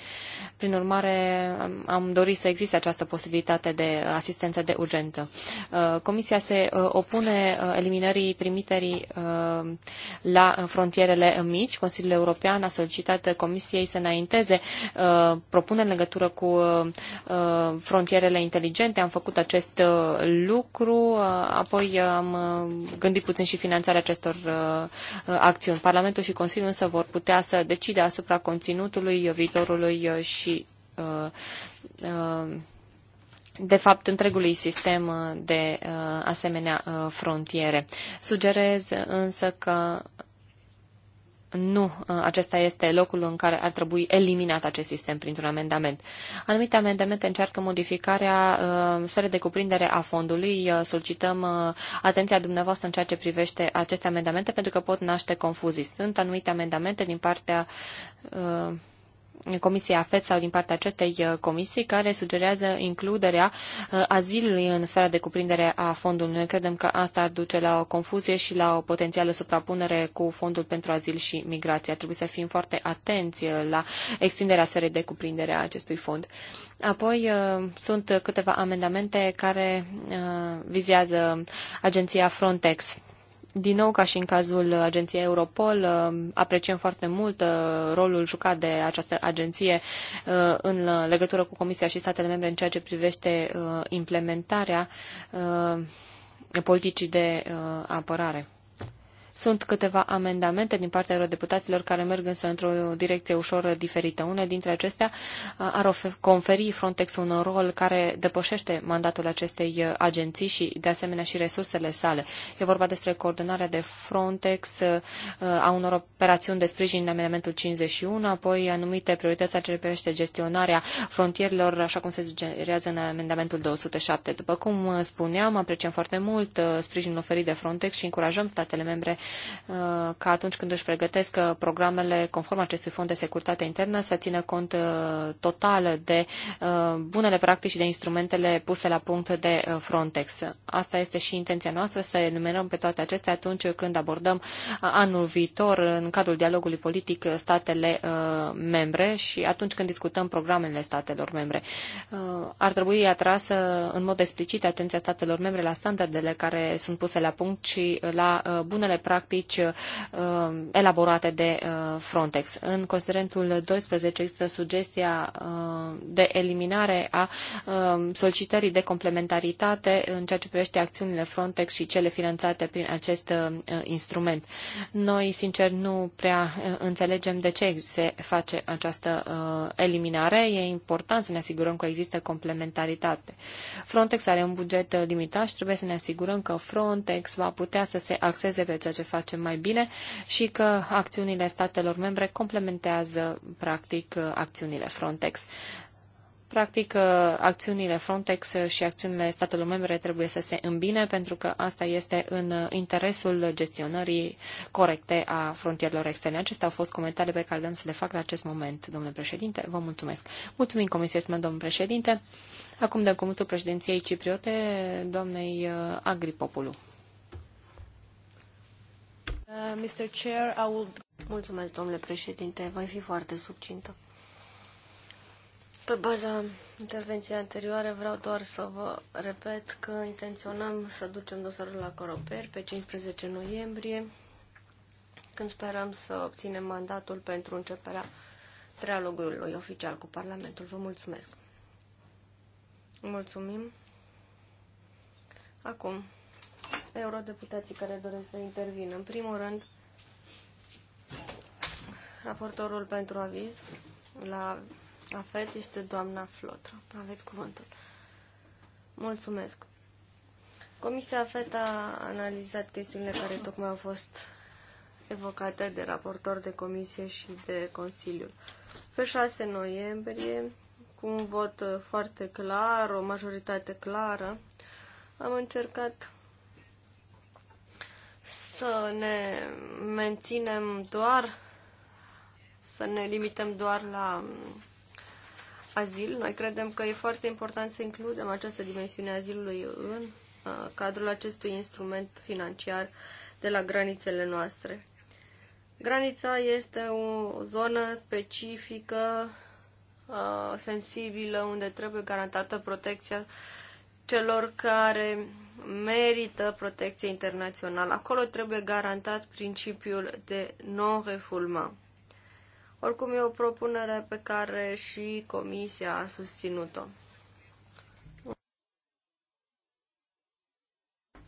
Prin urmare, am dorit să existe această posibilitate de asistență de urgență. Uh, Comisia se uh, opune uh, eliminării trimiterii la frontierele mici. Consiliul European a solicitat Comisiei să înainteze propuneri în legătură cu frontierele inteligente. Am făcut acest lucru, apoi am gândit puțin și finanțarea acestor acțiuni. Parlamentul și Consiliul însă vor putea să decide asupra conținutului viitorului uh, și uh, uh, de fapt, întregului sistem de asemenea frontiere. Sugerez însă că nu ă, acesta este locul în care ar trebui eliminat acest sistem printr-un amendament. Anumite amendamente încearcă modificarea ă, sferei de cuprindere a fondului. Ă, solicităm atenția dumneavoastră în ceea ce privește aceste amendamente pentru că pot naște confuzii. Sunt anumite amendamente din partea Comisiei AFET sau din partea acestei uh, comisii care sugerează includerea uh, azilului în sfera de cuprindere a fondului. Noi credem că asta ar duce la o confuzie și la o potențială suprapunere cu fondul pentru azil și migrație. Ar trebui să fim foarte atenți uh, la extinderea sferei de cuprindere a acestui fond. Apoi sunt câteva amendamente care vizează agenția Frontex din nou, ca și în cazul agenției Europol, uh, apreciem foarte mult uh, rolul jucat de această agenție uh, în legătură cu Comisia și statele membre în ceea ce privește implementarea politicii de apărare. Sunt câteva amendamente din partea eurodeputaților care merg însă într-o direcție ușor diferită. Una dintre acestea uh, ar conferi Frontex un rol care depășește mandatul acestei uh, agenții și de asemenea și resursele sale. E vorba despre coordonarea de Frontex uh, a unor operațiuni de sprijin în amendamentul 51, apoi anumite priorități ce privește gestionarea frontierelor, așa cum se sugerează în amendamentul 207. După cum spuneam, apreciem foarte mult sprijinul oferit de Frontex și încurajăm statele membre Uh, ca atunci când își pregătesc uh, programele conform acestui fond de securitate internă să țină cont uh, total de bunele practici și de instrumentele puse la punct de Frontex. Asta este și intenția noastră, să enumerăm pe toate acestea atunci când abordăm anul viitor în cadrul dialogului politic statele membre și atunci când discutăm programele statelor membre. Ar trebui atrasă în mod explicit atenția statelor membre la standardele care sunt puse la punct și la bunele practici practici uh, elaborate de uh, Frontex. În considerentul 12 există sugestia uh, de eliminare a um, solicitării de complementaritate în ceea ce privește acțiunile Frontex și cele finanțate prin acest instrument. Noi, sincer, nu prea înțelegem de ce se face această eliminare. E important să ne asigurăm că există complementaritate. Frontex are un buget limitat și trebuie să ne asigurăm că Frontex va putea să se axeze pe ceea ce facem mai bine și că acțiunile statelor membre complementează, practic, acțiunile Frontex. Practic, acțiunile Frontex și acțiunile statelor membre trebuie să se îmbine pentru că asta este în interesul gestionării corecte a frontierelor externe. Acestea au fost comentariile pe care le-am să le fac la acest moment, domnule președinte. Vă mulțumesc. Mulțumim, Comisiei domnule domnul președinte. Acum dăm cuvântul președinției cipriote, doamnei uh, Agripopulu. Uh, Mr. Chair, I will... Mulțumesc, domnule președinte. Voi fi foarte subcintă. Pe baza intervenției anterioare vreau doar să vă repet că intenționăm să ducem dosarul la Coroper pe 15 noiembrie, când sperăm să obținem mandatul pentru începerea trialogului oficial cu Parlamentul. Vă mulțumesc! Mulțumim! Acum, eurodeputații care doresc să intervină. În primul rând, raportorul pentru aviz la AFET este doamna Flotra. Aveți cuvântul. Mulțumesc. Comisia AFET a analizat chestiunile care tocmai au fost evocate de raportor de comisie și de Consiliu. Pe 6 noiembrie, cu un vot foarte clar, o majoritate clară, am încercat să ne menținem doar, să ne limităm doar la azil. Noi credem că e foarte important să includem această dimensiune a azilului în uh, cadrul acestui instrument financiar de la granițele noastre. Granița este o zonă specifică, uh, sensibilă, unde trebuie garantată protecția celor care merită protecție internațională. Acolo trebuie garantat principiul de non-refoulement. Oricum e o propunere pe care și Comisia a susținut-o.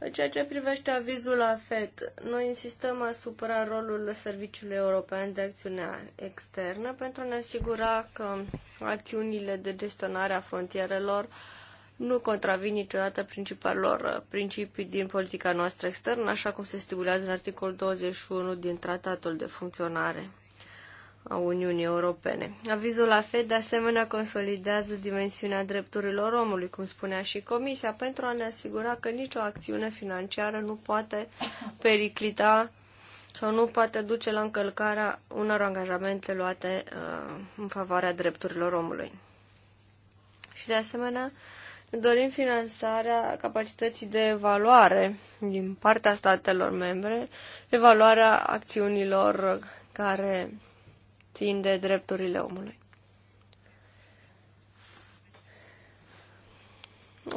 În ceea ce privește avizul FED, noi insistăm asupra rolului Serviciului European de Acțiune Externă pentru a ne asigura că acțiunile de gestionare a frontierelor uh, nu contravin niciodată principalor uh, principii din politica noastră externă, așa cum se stipulează în articolul 21 din Tratatul de Funcționare a Uniunii Europene. Avizul la FED, de asemenea, consolidează dimensiunea drepturilor omului, cum spunea și Comisia, pentru a ne asigura că nicio acțiune financiară nu poate periclita sau nu poate duce la încălcarea unor angajamente luate uh, în favoarea drepturilor omului. Și, de asemenea, dorim finanțarea capacității de evaluare din partea statelor membre, evaluarea acțiunilor care țin de drepturile omului.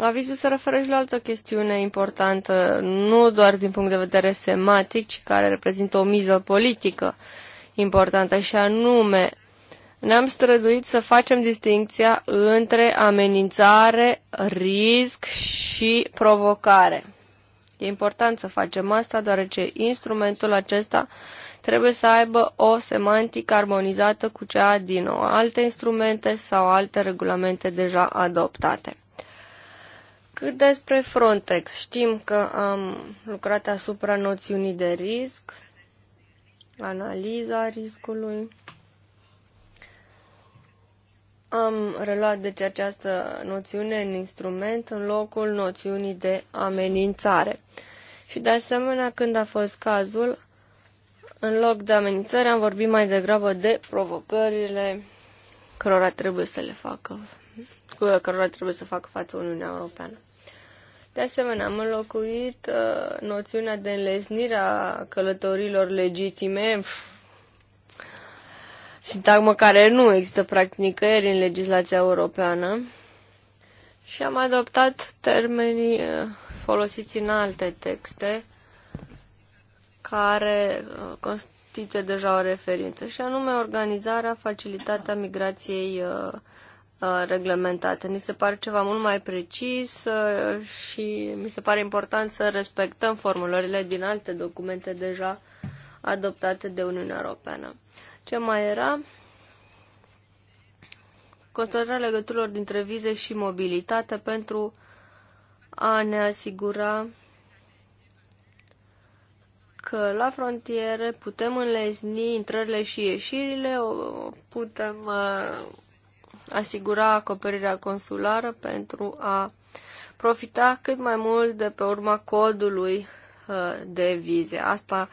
Avizul se referă și la altă chestiune importantă, nu doar din punct de vedere sematic, ci care reprezintă o miză politică importantă, și anume ne-am străduit să facem distinția între amenințare, risc și provocare. E important să facem asta, deoarece instrumentul acesta trebuie să aibă o semantică armonizată cu cea din alte instrumente sau alte regulamente deja adoptate. Cât despre Frontex, știm că am lucrat asupra noțiunii de risc, analiza riscului am reluat deci această noțiune în instrument în locul noțiunii de amenințare. Și de asemenea, când a fost cazul, în loc de amenințare, am vorbit mai degrabă de provocările cărora trebuie să le facă, cu cărora trebuie să facă față Uniunea Europeană. De asemenea, am înlocuit uh, noțiunea de înlesnire a călătorilor legitime, pf, sintagmă care nu există practic nicăieri în legislația europeană și am adoptat termenii eh, folosiți în alte texte care eh, constituie deja o referință și anume organizarea, facilitatea migrației eh, reglementate. Mi se pare ceva mult mai precis și mi se pare important să respectăm formulările din alte documente deja adoptate de Uniunea Europeană. Ce mai era? Consolidarea legăturilor dintre vize și mobilitate pentru a ne asigura că la frontiere putem înlezni intrările și ieșirile, putem uh, asigura acoperirea consulară pentru a profita cât mai mult de pe urma codului uh, de vize. Asta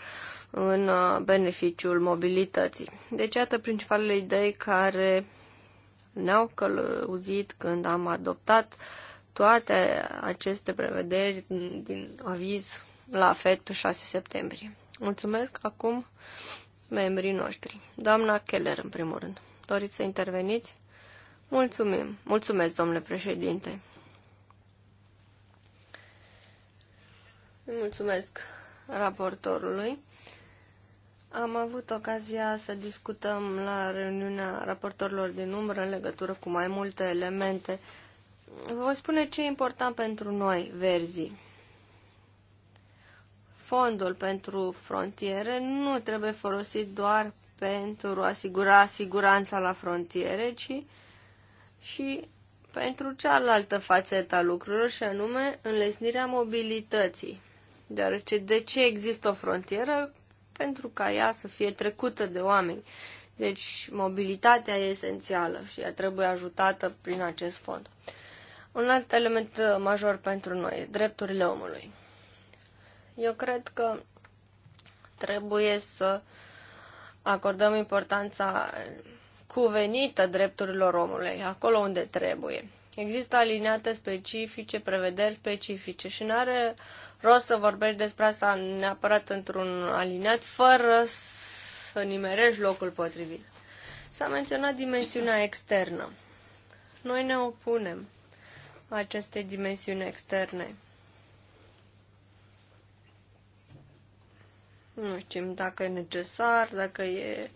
în uh, beneficiul mobilității. Deci, iată principalele idei care ne-au călăuzit când am adoptat toate aceste prevederi din aviz la FED pe 6 septembrie. Mulțumesc acum membrii noștri. Doamna Keller, în primul rând. Doriți să interveniți? Mulțumim. Mulțumesc, domnule președinte. Mulțumesc raportorului. Am avut ocazia să discutăm la reuniunea raportorilor din umbră în legătură cu mai multe elemente. Voi spune ce e important pentru noi, verzii. Fondul pentru frontiere nu trebuie folosit doar pentru a asigura siguranța la frontiere, ci și pentru cealaltă fațetă a lucrurilor, și anume înlesnirea mobilității. Deoarece de ce există o frontieră? pentru ca ea să fie trecută de oameni. Deci mobilitatea e esențială și ea trebuie ajutată prin acest fond. Un alt element uh, major pentru noi, drepturile omului. Eu cred că trebuie să acordăm importanța cuvenită drepturilor omului, acolo unde trebuie. Există alineate specifice, prevederi specifice și nu are rost să vorbești despre asta neapărat într-un aliniat, fără să nimerești locul potrivit. S-a menționat dimensiunea externă. Noi ne opunem acestei dimensiuni externe. Nu știm dacă e necesar, dacă e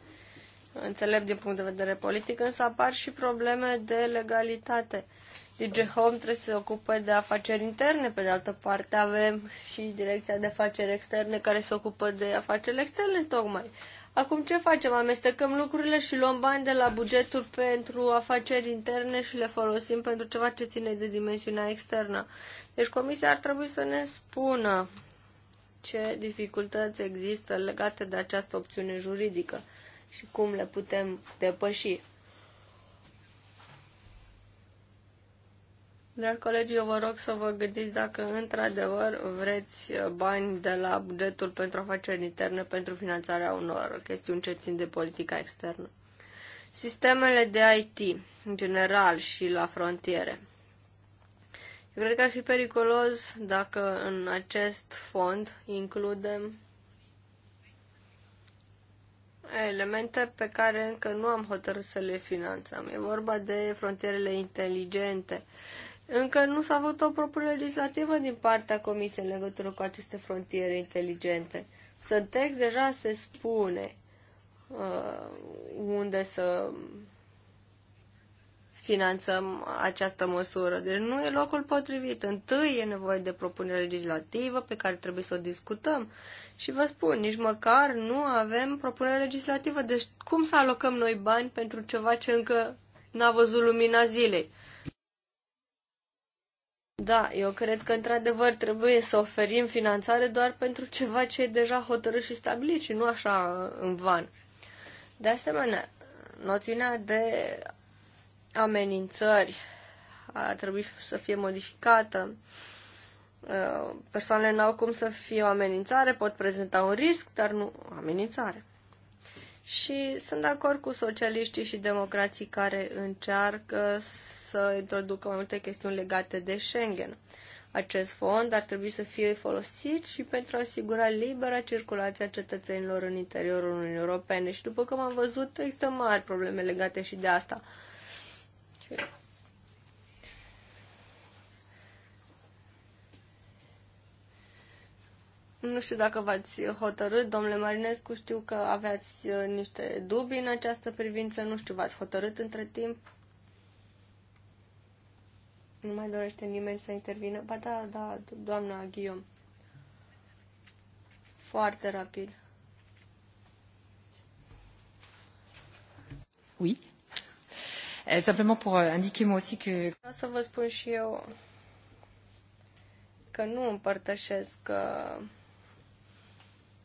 înțelept din punct de vedere politic, însă apar și probleme de legalitate. Uh, DJ Home trebuie să se ocupe de afaceri interne, pe de altă parte avem și direcția de afaceri externe care se ocupă de afaceri externe tocmai. Acum ce facem? Amestecăm lucrurile și luăm bani de la bugetul pentru afaceri interne și le folosim pentru ceva ce ține de dimensiunea externă. Deci comisia ar trebui să ne spună ce dificultăți există legate de această opțiune juridică și cum le putem depăși. Dragi colegi, eu vă rog să vă gândiți dacă într-adevăr vreți uh, bani de la bugetul pentru afaceri interne pentru finanțarea unor chestiuni ce țin de politica externă. Sistemele de IT, în general și la frontiere. Eu cred că ar fi periculos dacă în acest fond includem elemente pe care încă nu am hotărât să le finanțăm. E vorba de frontierele inteligente. Încă nu s-a avut o propunere legislativă din partea Comisiei în legătură cu aceste frontiere inteligente. Sunt text deja se spune uh, unde să finanțăm această măsură. Deci nu e locul potrivit. Întâi e nevoie de propunere legislativă pe care trebuie să o discutăm. Și vă spun, nici măcar nu avem propunere legislativă. Deci cum să alocăm noi bani pentru ceva ce încă n-a văzut lumina zilei? Da, eu cred că într-adevăr trebuie să oferim finanțare doar pentru ceva ce e deja hotărât și stabilit și nu așa în van. De asemenea, noțiunea de amenințări ar trebui să fie modificată. Uh, persoanele n-au cum să fie o amenințare, pot prezenta un risc, dar nu o amenințare. Și sunt de acord cu socialiștii și democrații care încearcă să să introducă mai multe chestiuni legate de Schengen. Acest fond ar trebui să fie folosit și pentru a asigura libera circulație a cetățenilor în interiorul Uniunii Europene. Și după cum am văzut, există mari probleme legate și de asta. Nu știu dacă v-ați hotărât, domnule Marinescu, știu că aveați uh, niște dubii în această privință, nu știu, v-ați hotărât între timp? Nu mai dorește nimeni să intervină? Ba da, da, doamna Ghiom. Foarte rapid. Oui. Euh, simplement pour euh, indiquer moi aussi que... Vreau să vă spun și eu că nu împărtășesc uh,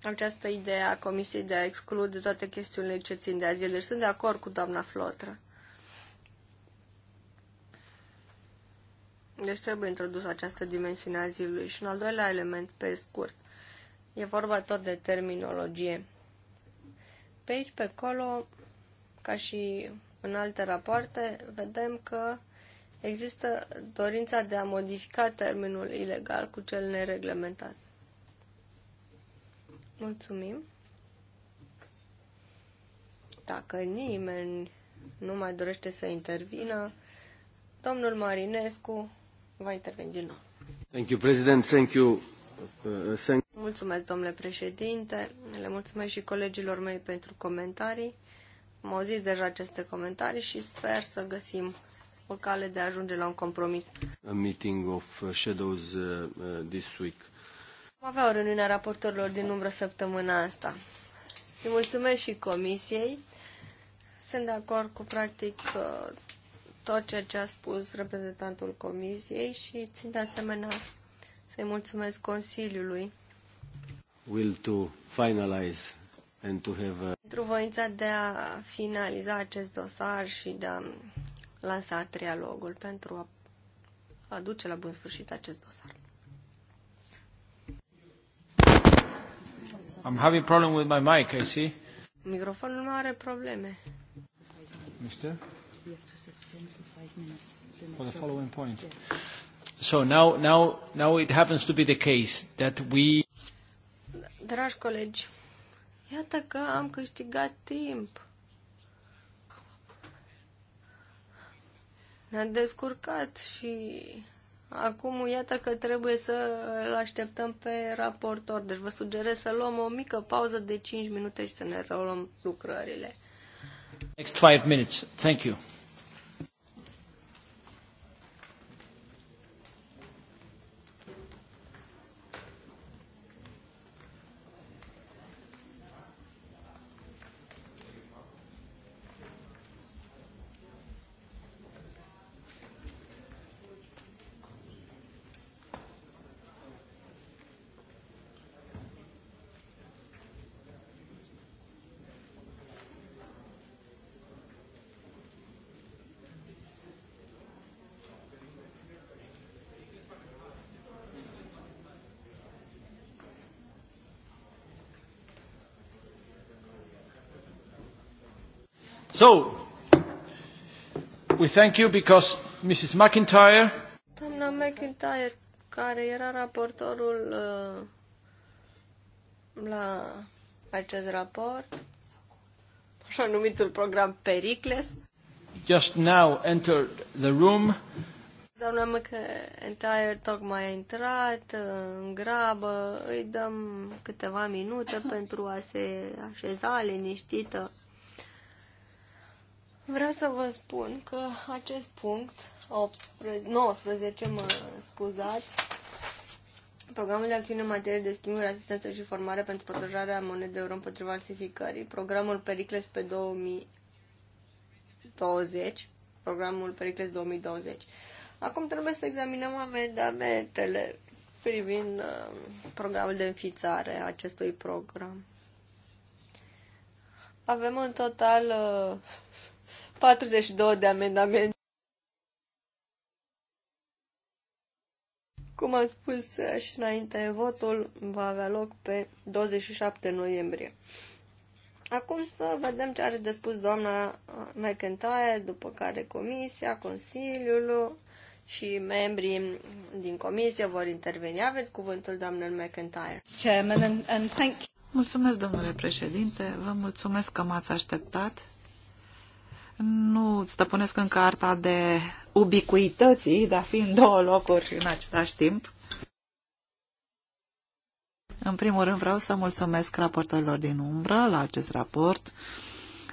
această idee a Comisiei de a exclude toate chestiunile ce țin de azi. Deci sunt de acord cu doamna Flotră. Deci trebuie introdus această dimensiune a zilului. Și un al doilea element, pe scurt, e vorba tot de terminologie. Pe aici, pe acolo, ca și în alte rapoarte, vedem că există dorința de a modifica termenul ilegal cu cel nereglementat. Mulțumim. Dacă nimeni nu mai dorește să intervină, domnul Marinescu va interveni din nou. Thank you, President. Thank you. Uh, thank... Mulțumesc, domnule președinte. Le mulțumesc și colegilor mei pentru comentarii. Am auzit deja aceste comentarii și sper să găsim o cale de a ajunge la un compromis. A meeting of uh, shadows uh, uh, this week. Vom avea o reuniune a raportorilor din umbră săptămâna asta. Îi mulțumesc și comisiei. Sunt de acord cu practic tot ceea ce a spus reprezentantul Comisiei și țin de asemenea să-i mulțumesc Consiliului will to finalize and to have a... pentru voința de a finaliza acest dosar și de a lansa trialogul pentru a aduce la bun sfârșit acest dosar. I'm having problem with my mic, I see. Microfonul nu are probleme. Mister? minutes. The for the following point. Yeah. So now, now, now it happens to be the case that we... Dragi colegi, iată că am câștigat timp. ne a descurcat și acum iată că trebuie să îl așteptăm pe raportor. Deci vă sugerez să luăm o mică pauză de 5 minute și să ne reluăm lucrările. Next five minutes. Thank you. So, we thank you because Mrs. McIntyre. Doamna McIntyre, care era raportorul uh, la acest raport, așa numitul program Pericles. Just now entered the room. Doamna McIntyre tocmai a intrat uh, în grabă, îi dăm câteva minute pentru a se așeza liniștită. Vreau să vă spun că acest punct, 18, 19, mă scuzați, Programul de acțiune în materie de schimburi, asistență și formare pentru protejarea monedei euro împotriva falsificării, programul Pericles pe 2020, programul Pericles 2020. Acum trebuie să examinăm amendamentele privind uh, programul de înfițare a acestui program. Avem în total uh, 42 de amendamente. Cum am spus și înainte, votul va avea loc pe 27 noiembrie. Acum să vedem ce are de spus doamna McIntyre, după care Comisia, Consiliul și membrii din Comisie vor interveni. Aveți cuvântul doamnei McIntyre. Chairman and, and thank you. Mulțumesc, domnule președinte, vă mulțumesc că m-ați așteptat nu stăpânesc încă arta de ubicuității, dar fi în două locuri în același timp. În primul rând vreau să mulțumesc raportorilor din umbră la acest raport,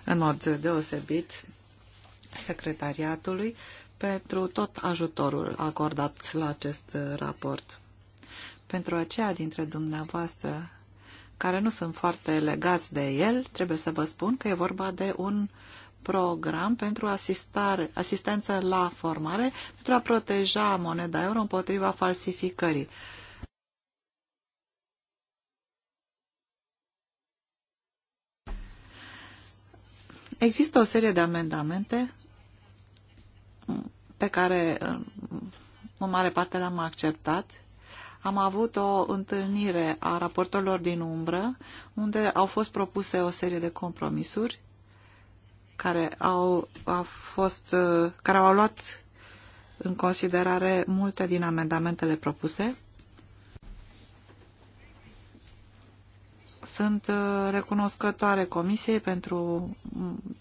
în mod deosebit secretariatului, pentru tot ajutorul acordat la acest raport. Pentru aceia dintre dumneavoastră care nu sunt foarte legați de el, trebuie să vă spun că e vorba de un uh, program pentru asistare, asistență la formare pentru a proteja moneda euro împotriva falsificării. Există o serie de amendamente pe care o mare parte le-am acceptat. Am avut o întâlnire a raportorilor din umbră, unde au fost propuse o serie de compromisuri care au, a fost, uh, care au luat în considerare multe din amendamentele propuse. Sunt uh, recunoscătoare Comisiei pentru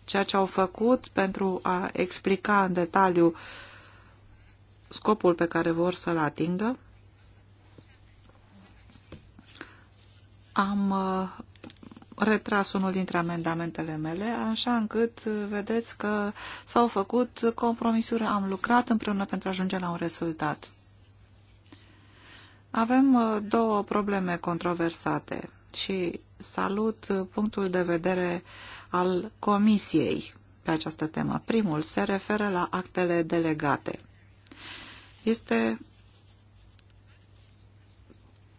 ceea ce au făcut, pentru a explica în detaliu scopul pe care vor să-l atingă. Am uh, retras unul dintre amendamentele mele, așa încât vedeți că s-au făcut compromisuri, am lucrat împreună pentru a ajunge la un rezultat. Avem uh, două probleme controversate și salut punctul de vedere al Comisiei pe această temă. Primul se referă la actele delegate. Este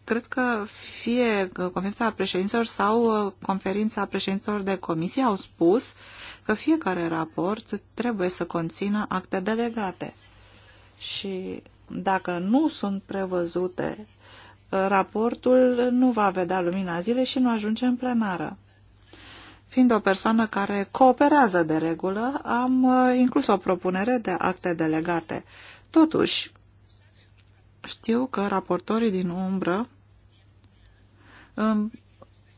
cred că fie conferința președinților sau uh, conferința președinților de comisie au spus că fiecare raport trebuie să conțină acte delegate. Și dacă nu sunt prevăzute, uh, raportul nu va vedea lumina zilei și nu ajunge în plenară. Fiind o persoană care cooperează de regulă, am uh, inclus o propunere de acte delegate. Totuși, știu că raportorii din umbră în,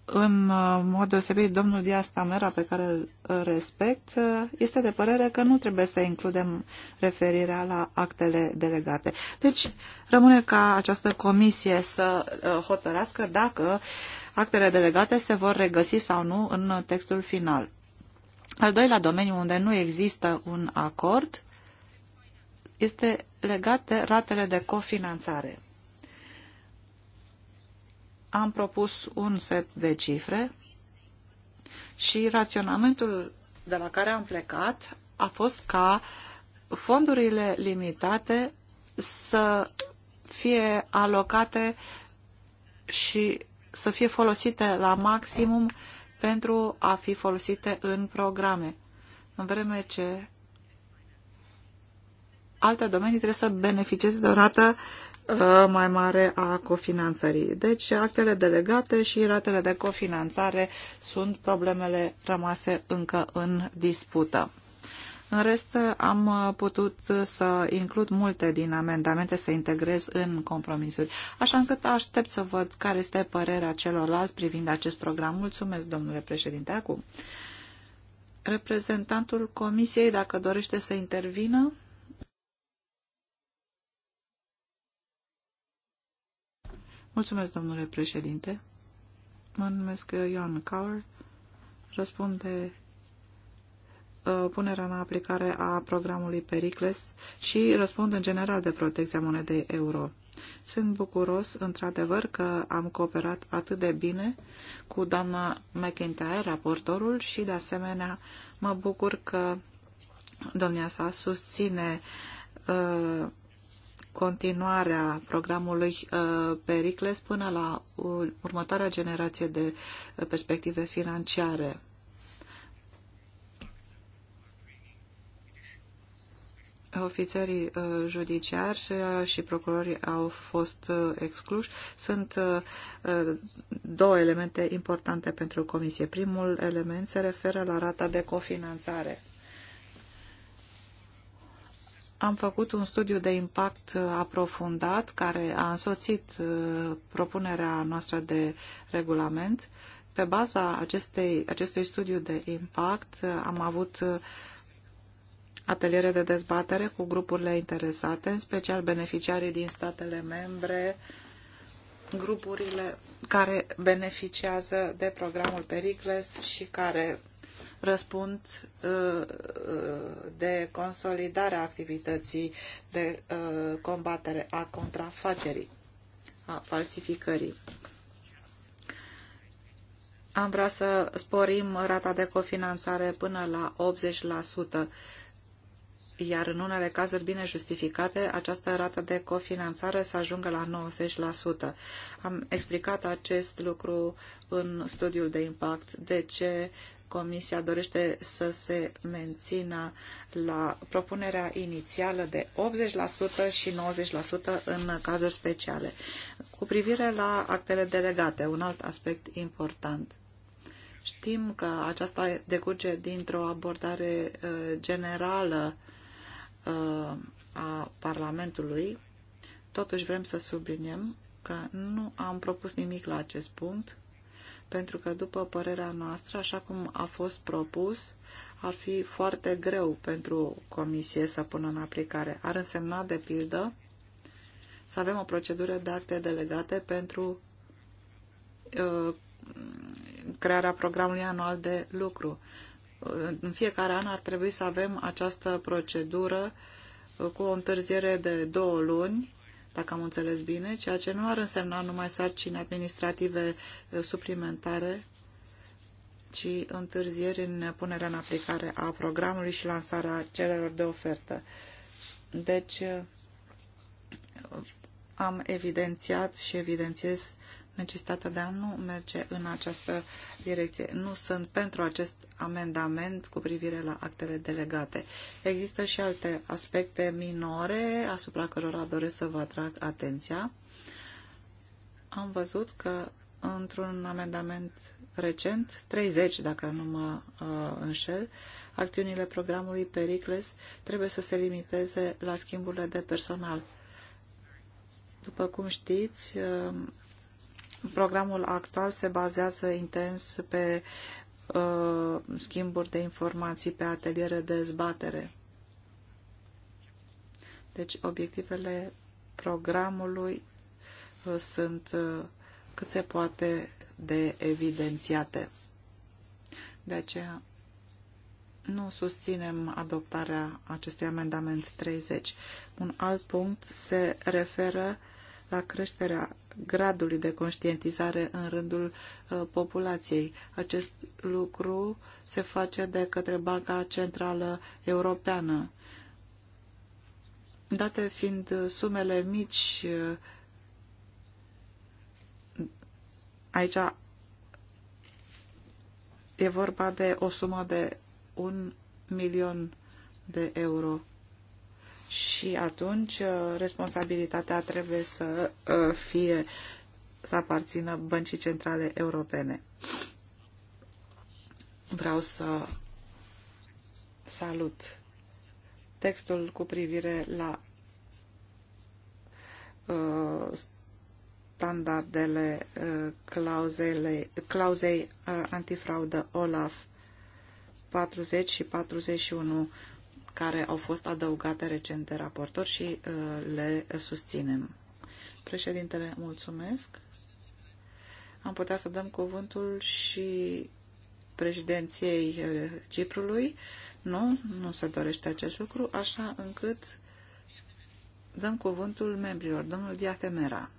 în uh, mod deosebit, domnul Dias Tamera, pe care îl respect, uh, este de părere că nu trebuie să includem referirea la actele delegate. Deci, rămâne ca această comisie să uh, hotărască dacă actele delegate se vor regăsi sau nu în textul final. Al doilea domeniu unde nu există un acord este legat de ratele de cofinanțare am propus un set de cifre și raționamentul de la care am plecat a fost ca fondurile limitate să fie alocate și să fie folosite la maximum pentru a fi folosite în programe. În vreme ce alte domenii trebuie să beneficieze de o rată uh, Uh, mai mare a cofinanțării. Deci actele delegate și ratele de cofinanțare sunt problemele rămase încă în dispută. În rest, am putut să includ multe din amendamente, să integrez în compromisuri. Așa încât aștept să văd care este părerea celorlalți privind acest program. Mulțumesc, domnule președinte. Acum, reprezentantul Comisiei, dacă dorește să intervină. Mulțumesc, domnule președinte. Mă numesc Ioan Kaur. Răspunde uh, punerea în aplicare a programului Pericles și răspund în general de protecția monedei euro. Sunt bucuros, într-adevăr, că am cooperat atât de bine cu doamna McIntyre, raportorul, și, de asemenea, mă bucur că domnia sa susține uh, continuarea programului uh, Pericles până la următoarea generație de uh, perspective financiare. ofițerii uh, judiciari și procurorii au fost excluși. Sunt două elemente importante pentru comisie. Primul element se referă la rata de cofinanțare. Am făcut un studiu de impact uh, aprofundat care a însoțit uh, propunerea noastră de regulament. Pe baza acestei, acestui studiu de impact uh, am avut ateliere de dezbatere cu grupurile interesate, în special beneficiarii din statele membre, grupurile care beneficiază de programul Pericles și care răspund uh, uh, de consolidarea activității de uh, combatere a contrafacerii, a falsificării. Am vrea să sporim rata de cofinanțare până la 80%, iar în unele cazuri bine justificate, această rată de cofinanțare să ajungă la 90%. Am explicat acest lucru în studiul de impact, de ce Comisia dorește să se mențină la propunerea inițială de 80% și 90% în cazuri speciale. Cu privire la actele delegate, un alt aspect important. Știm că aceasta decurge dintr-o abordare uh, generală uh, a Parlamentului. Totuși vrem să subliniem că nu am propus nimic la acest punct pentru că, după părerea noastră, așa cum a fost propus, ar fi foarte greu pentru comisie să pună în aplicare. Ar însemna, de pildă, să avem o procedură de acte delegate pentru uh, crearea programului anual de lucru. Uh, în fiecare an ar trebui să avem această procedură uh, cu o întârziere de două luni dacă am înțeles bine, ceea ce nu ar însemna numai sarcini administrative eh, suplimentare, ci întârzieri în punerea în aplicare a programului și lansarea cererilor de ofertă. Deci, eh, am evidențiat și evidențiez necesitatea de a nu merge în această direcție. Nu sunt pentru acest amendament cu privire la actele delegate. Există și alte aspecte minore asupra cărora doresc să vă atrag atenția. Am văzut că într-un amendament recent, 30 dacă nu mă uh, înșel, acțiunile programului Pericles trebuie să se limiteze la schimburile de personal. După cum știți, uh, Programul actual se bazează intens pe uh, schimburi de informații, pe ateliere de zbatere. Deci obiectivele programului uh, sunt uh, cât se poate de evidențiate. De aceea nu susținem adoptarea acestui amendament 30. Un alt punct se referă la creșterea gradului de conștientizare în rândul uh, populației. Acest lucru se face de către Banca Centrală Europeană. Date fiind uh, sumele mici, uh, aici e vorba de o sumă de un milion de euro și atunci uh, responsabilitatea trebuie să uh, fie să aparțină băncii centrale europene. Vreau să salut textul cu privire la uh, standardele uh, clauzele, clauzei uh, antifraudă OLAF 40 și 41 care au fost adăugate recent de raportor și uh, le susținem. Președintele, mulțumesc. Am putea să dăm cuvântul și președinției uh, Ciprului. Nu, nu se dorește acest lucru, așa încât dăm cuvântul membrilor. Domnul Diatemera.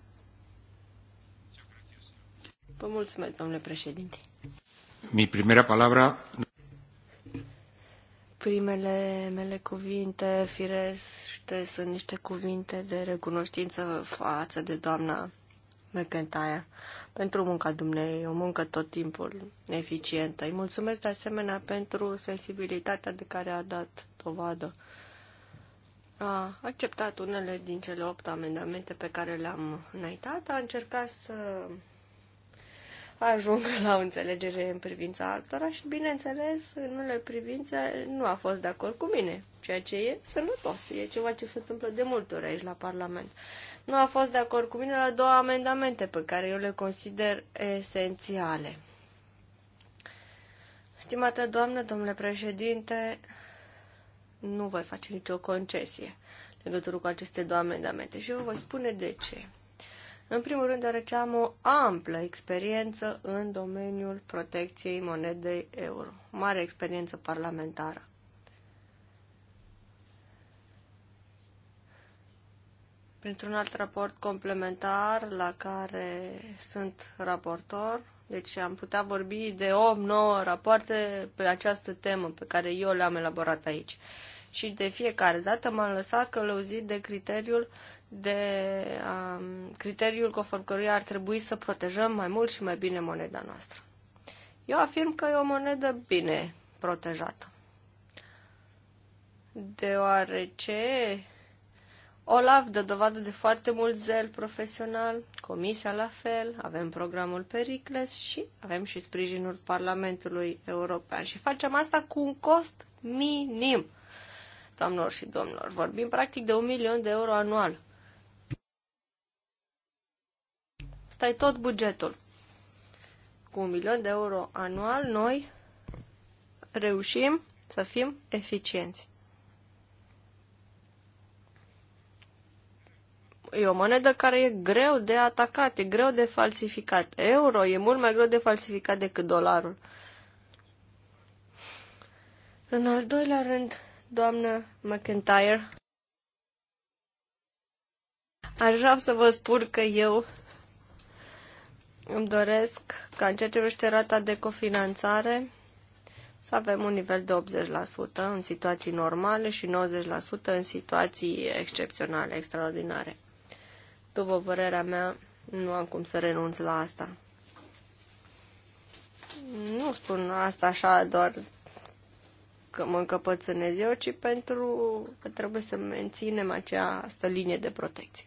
Vă mulțumesc, domnule președinte. Mi primera palabra... Primele mele cuvinte, firește, sunt niște cuvinte de recunoștință față de doamna McIntyre pentru munca dumnei, o muncă tot timpul eficientă. Îi mulțumesc de asemenea pentru sensibilitatea de care a dat dovadă. A acceptat unele din cele opt amendamente pe care le-am înaintat, a încercat să ajungă la o înțelegere în privința altora și, bineînțeles, în unele privințe nu a fost de acord cu mine, ceea ce e sănătos, e ceva ce se întâmplă de multe ori aici la Parlament. Nu a fost de acord cu mine la două amendamente pe care eu le consider esențiale. Stimată doamnă, domnule președinte, nu voi face nicio concesie legătură cu aceste două amendamente și eu voi spune de ce. În primul rând, deoarece am o amplă experiență în domeniul protecției monedei euro. Mare experiență parlamentară. Printr-un alt raport complementar la care sunt raportor, deci am putea vorbi de 8-9 rapoarte pe această temă pe care eu le-am elaborat aici. Și de fiecare dată m-am lăsat călăuzit de criteriul de um, criteriul conform căruia ar trebui să protejăm mai mult și mai bine moneda noastră. Eu afirm că e o monedă bine protejată, deoarece Olaf dă dovadă de foarte mult zel profesional, comisia la fel, avem programul Pericles și avem și sprijinul Parlamentului European. Și facem asta cu un cost minim, doamnelor și domnilor. Vorbim practic de un milion de euro anual Asta e tot bugetul. Cu un milion de euro anual, noi reușim să fim eficienți. E o monedă care e greu de atacat, e greu de falsificat. Euro e mult mai greu de falsificat decât dolarul. În al doilea rând, doamnă McIntyre, aș vrea să vă spun că eu îmi doresc ca în ceea ce privește rata de cofinanțare să avem un nivel de 80% în situații normale și 90% în situații excepționale, extraordinare. După părerea mea, nu am cum să renunț la asta. Nu spun asta așa doar că mă încăpățânez eu, ci pentru că trebuie să menținem această linie de protecție.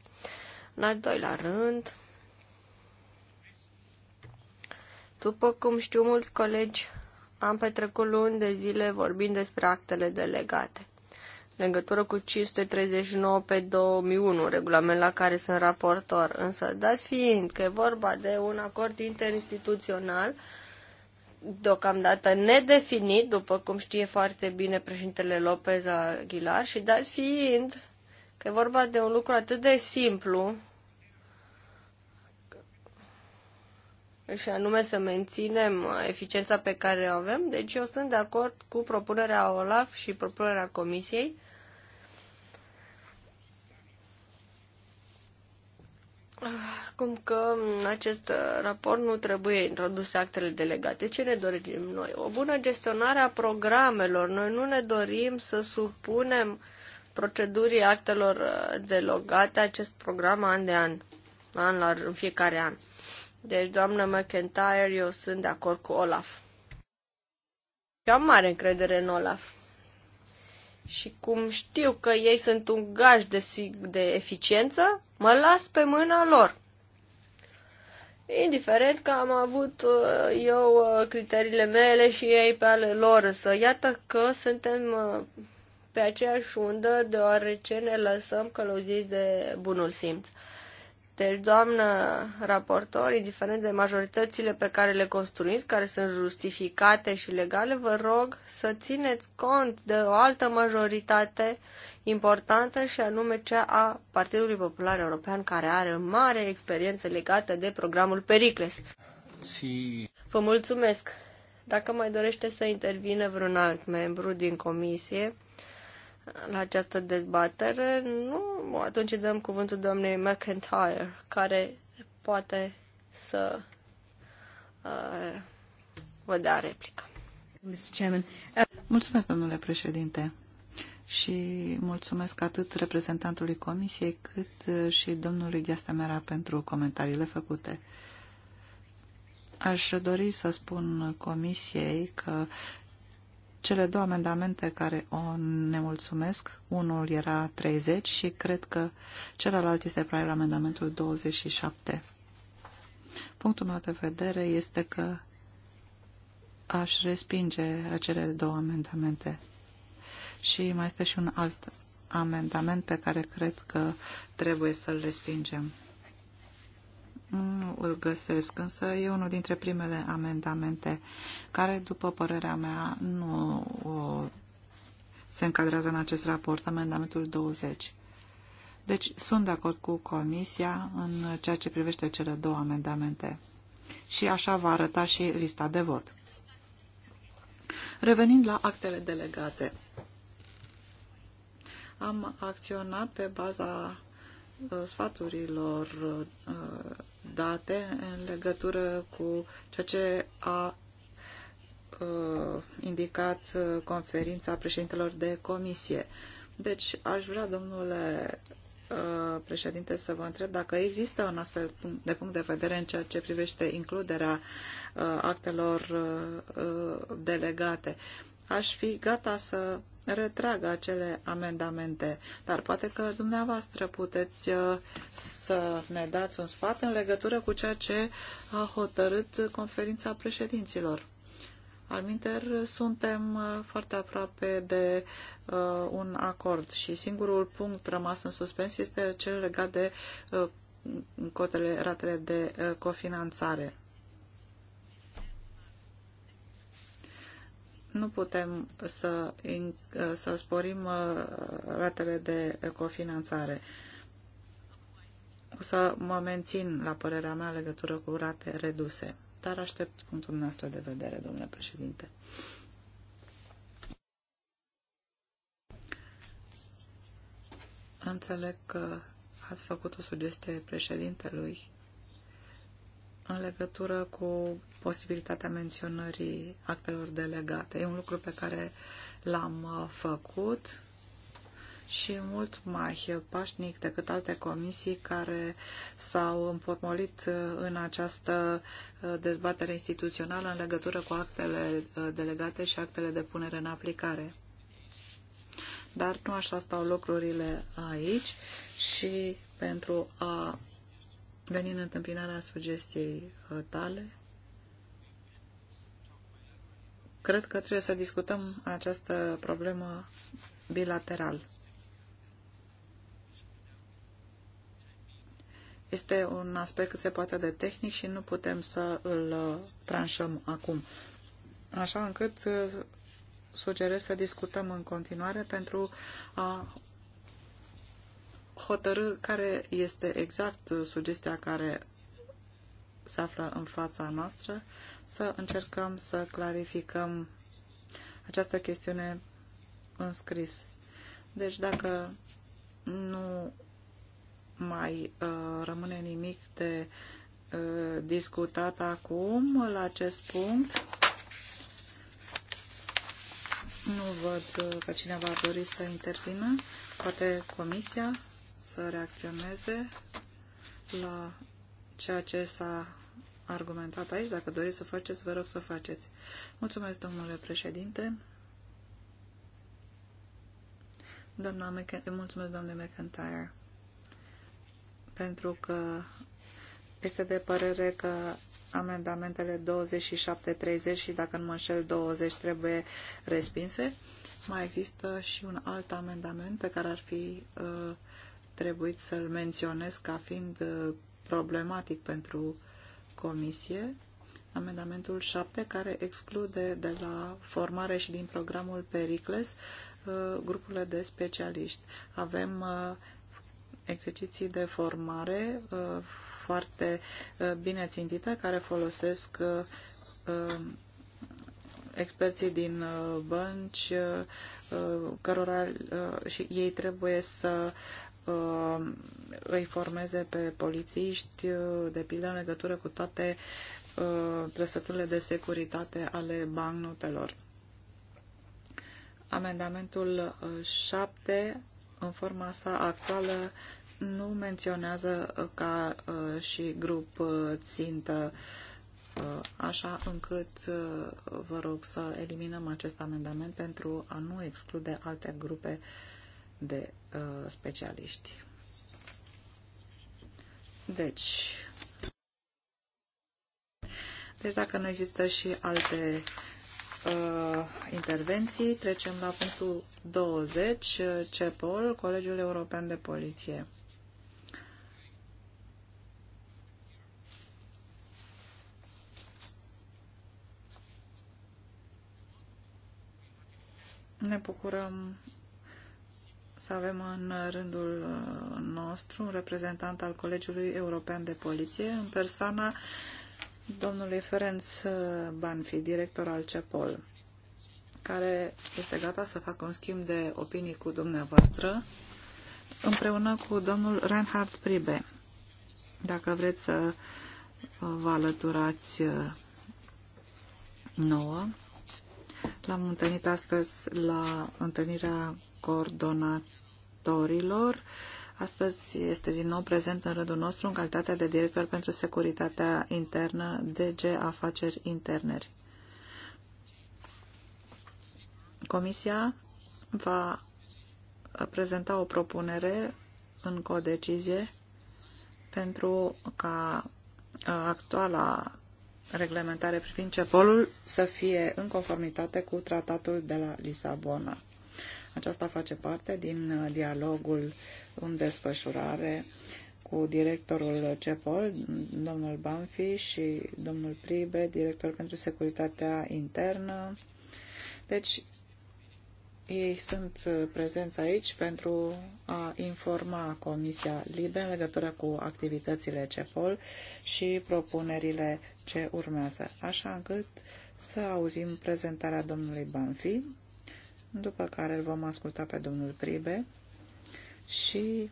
În al doilea rând, După cum știu mulți colegi, am petrecut luni de zile vorbind despre actele delegate. legătură cu 539 pe 2001, regulament la care sunt raportor, însă dați fiind că e vorba de un acord interinstituțional, deocamdată nedefinit, după cum știe foarte bine președintele Lopez Aguilar, și dați fiind că e vorba de un lucru atât de simplu, și anume să menținem eficiența pe care o avem. Deci eu sunt de acord cu propunerea OLAF și propunerea Comisiei. Cum că în acest raport nu trebuie introduse actele delegate. Ce ne dorim noi? O bună gestionare a programelor. Noi nu ne dorim să supunem procedurii actelor delogate acest program an de an, an la, în fiecare an. Deci, doamnă McIntyre, eu sunt de acord cu Olaf. Eu am mare încredere în Olaf. Și cum știu că ei sunt un gaj de, de eficiență, mă las pe mâna lor. Indiferent că am avut uh, eu uh, criteriile mele și ei pe ale lor, să iată că suntem uh, pe aceeași undă, deoarece ne lăsăm călăuziți de bunul simț. Deci, doamnă raportor, indiferent de majoritățile pe care le construiți, care sunt justificate și legale, vă rog să țineți cont de o altă majoritate importantă și anume cea a Partidului Popular European, care are mare experiență legată de programul Pericles. Si... Vă mulțumesc! Dacă mai dorește să intervine vreun alt membru din comisie, la această dezbatere, nu atunci dăm cuvântul doamnei McIntyre, care poate să uh, vă dea replică. Mulțumesc, domnule președinte, și mulțumesc atât reprezentantului comisiei, cât uh, și domnului Gheastemera pentru comentariile făcute. Aș dori să spun comisiei că cele două amendamente care o nemulțumesc, unul era 30 și cred că celălalt este probabil amendamentul 27. Punctul meu de vedere este că aș respinge acele două amendamente. Și mai este și un alt amendament pe care cred că trebuie să-l respingem nu îl găsesc, însă e unul dintre primele amendamente care, după părerea mea, nu o, se încadrează în acest raport, amendamentul 20. Deci sunt de acord cu Comisia în ceea ce privește cele două amendamente. Și așa va arăta și lista de vot. Revenind la actele delegate, am acționat pe baza uh, sfaturilor uh, date în legătură cu ceea ce a uh, indicat uh, conferința președintelor de comisie. Deci aș vrea, domnule uh, președinte, să vă întreb dacă există un astfel de punct de vedere în ceea ce privește includerea uh, actelor uh, uh delegate. Aș fi gata să retrag acele amendamente, dar poate că dumneavoastră puteți uh, să ne dați un sfat în legătură cu ceea ce a hotărât conferința președinților. Alminter, suntem uh, foarte aproape de uh, un acord și singurul punct rămas în suspens este cel legat de uh, cotele, ratele de uh, cofinanțare. nu putem să, să sporim uh, ratele de cofinanțare. O să mă mențin la părerea mea legătură cu rate reduse, dar aștept punctul nostru de vedere, domnule președinte. Înțeleg că ați făcut o sugestie președintelui în legătură cu posibilitatea menționării actelor delegate. E un lucru pe care l-am uh, făcut și mult mai pașnic decât alte comisii care s-au împotmolit uh, în această uh, dezbatere instituțională în legătură cu actele delegate și actele de punere în aplicare. Dar nu așa stau lucrurile aici și pentru a venind în întâmpinarea sugestiei uh, tale. Cred că trebuie să discutăm această problemă bilateral. Este un aspect cât se poate de tehnic și nu putem să îl uh, tranșăm acum. Așa încât uh, sugerez să discutăm în continuare pentru a hotărâ care este exact uh, sugestia care se află în fața noastră, să încercăm să clarificăm această chestiune în scris. Deci dacă nu mai uh, rămâne nimic de uh, discutat acum la acest punct, nu văd uh, că cineva a să intervină, poate comisia să reacționeze la ceea ce s-a argumentat aici. Dacă doriți să faceți, vă rog să faceți. Mulțumesc, domnule președinte. Doamna Mc... Mulțumesc, domnule McIntyre, pentru că este de părere că amendamentele 27, 30 și, dacă nu mă înșel, 20 trebuie respinse. Mai există și un alt amendament pe care ar fi uh, trebuit să-l menționez ca fiind uh, problematic pentru comisie, amendamentul 7, care exclude de la formare și din programul Pericles uh, grupurile de specialiști. Avem uh, exerciții de formare foarte bine țintite care folosesc experții din bănci cărora și ei trebuie să uh, îi formeze pe polițiști, uh, de pildă în legătură cu toate uh, trăsăturile de securitate ale bancnotelor. Amendamentul 7, uh, în forma sa actuală, nu menționează uh, ca uh, și grup uh, țintă, uh, așa încât vă rog să eliminăm acest amendament pentru a nu exclude alte grupe de uh, specialiști. Deci, deci dacă nu există și alte uh, intervenții, trecem la punctul 20, uh, CEPOL, Colegiul European de Poliție. Ne bucurăm să avem în rândul nostru un reprezentant al Colegiului European de Poliție, în persoana domnului Ferenc Banfi, director al CEPOL, care este gata să facă un schimb de opinii cu dumneavoastră împreună cu domnul Reinhard Pribe. Dacă vreți să vă alăturați nouă, l-am întâlnit astăzi la întâlnirea coordonatorilor. Astăzi este din nou prezent în rândul nostru în calitatea de director pentru securitatea internă DG Afaceri Interne. Comisia va prezenta o propunere în codecizie pentru ca ă, actuala reglementare privind cepolul să fie în conformitate cu tratatul de la Lisabona. Aceasta face parte din uh, dialogul în desfășurare cu directorul CEPOL, domnul Banfi și domnul Pribe, director pentru securitatea internă. Deci, ei sunt uh, prezenți aici pentru a informa Comisia Libe în legătură cu activitățile CEPOL și propunerile ce urmează, așa încât să auzim prezentarea domnului Banfi după care îl vom asculta pe domnul Pribe și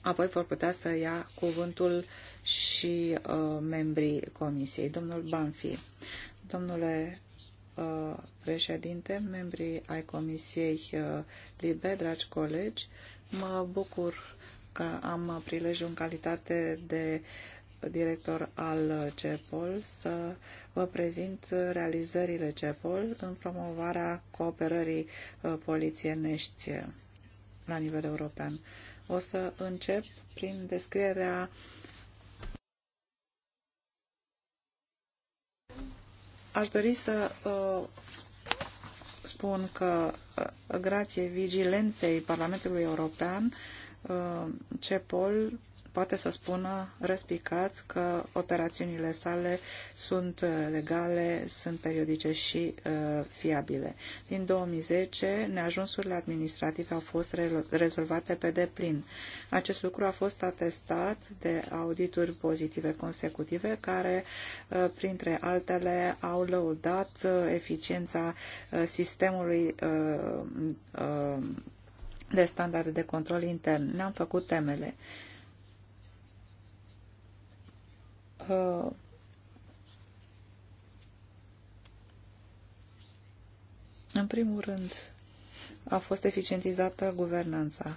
apoi vor putea să ia cuvântul și uh, membrii comisiei. Domnul Banfi, domnule uh, președinte, membrii ai comisiei uh, LIBE, dragi colegi, mă bucur că am prilejul în calitate de uh, director al CEPOL, să vă prezint realizările CEPOL în promovarea cooperării uh, polițienești la nivel european. O să încep prin descrierea Aș dori să uh, spun că uh, grație vigilenței Parlamentului European CEPOL poate să spună răspicat că operațiunile sale sunt uh, legale, sunt periodice și uh, fiabile. Din 2010, neajunsurile administrative au fost re rezolvate pe deplin. Acest lucru a fost atestat de audituri pozitive consecutive care, uh, printre altele, au lăudat uh, eficiența uh, sistemului uh, uh, de standarde de control intern. Ne-am făcut temele. în primul rând, a fost eficientizată guvernanța.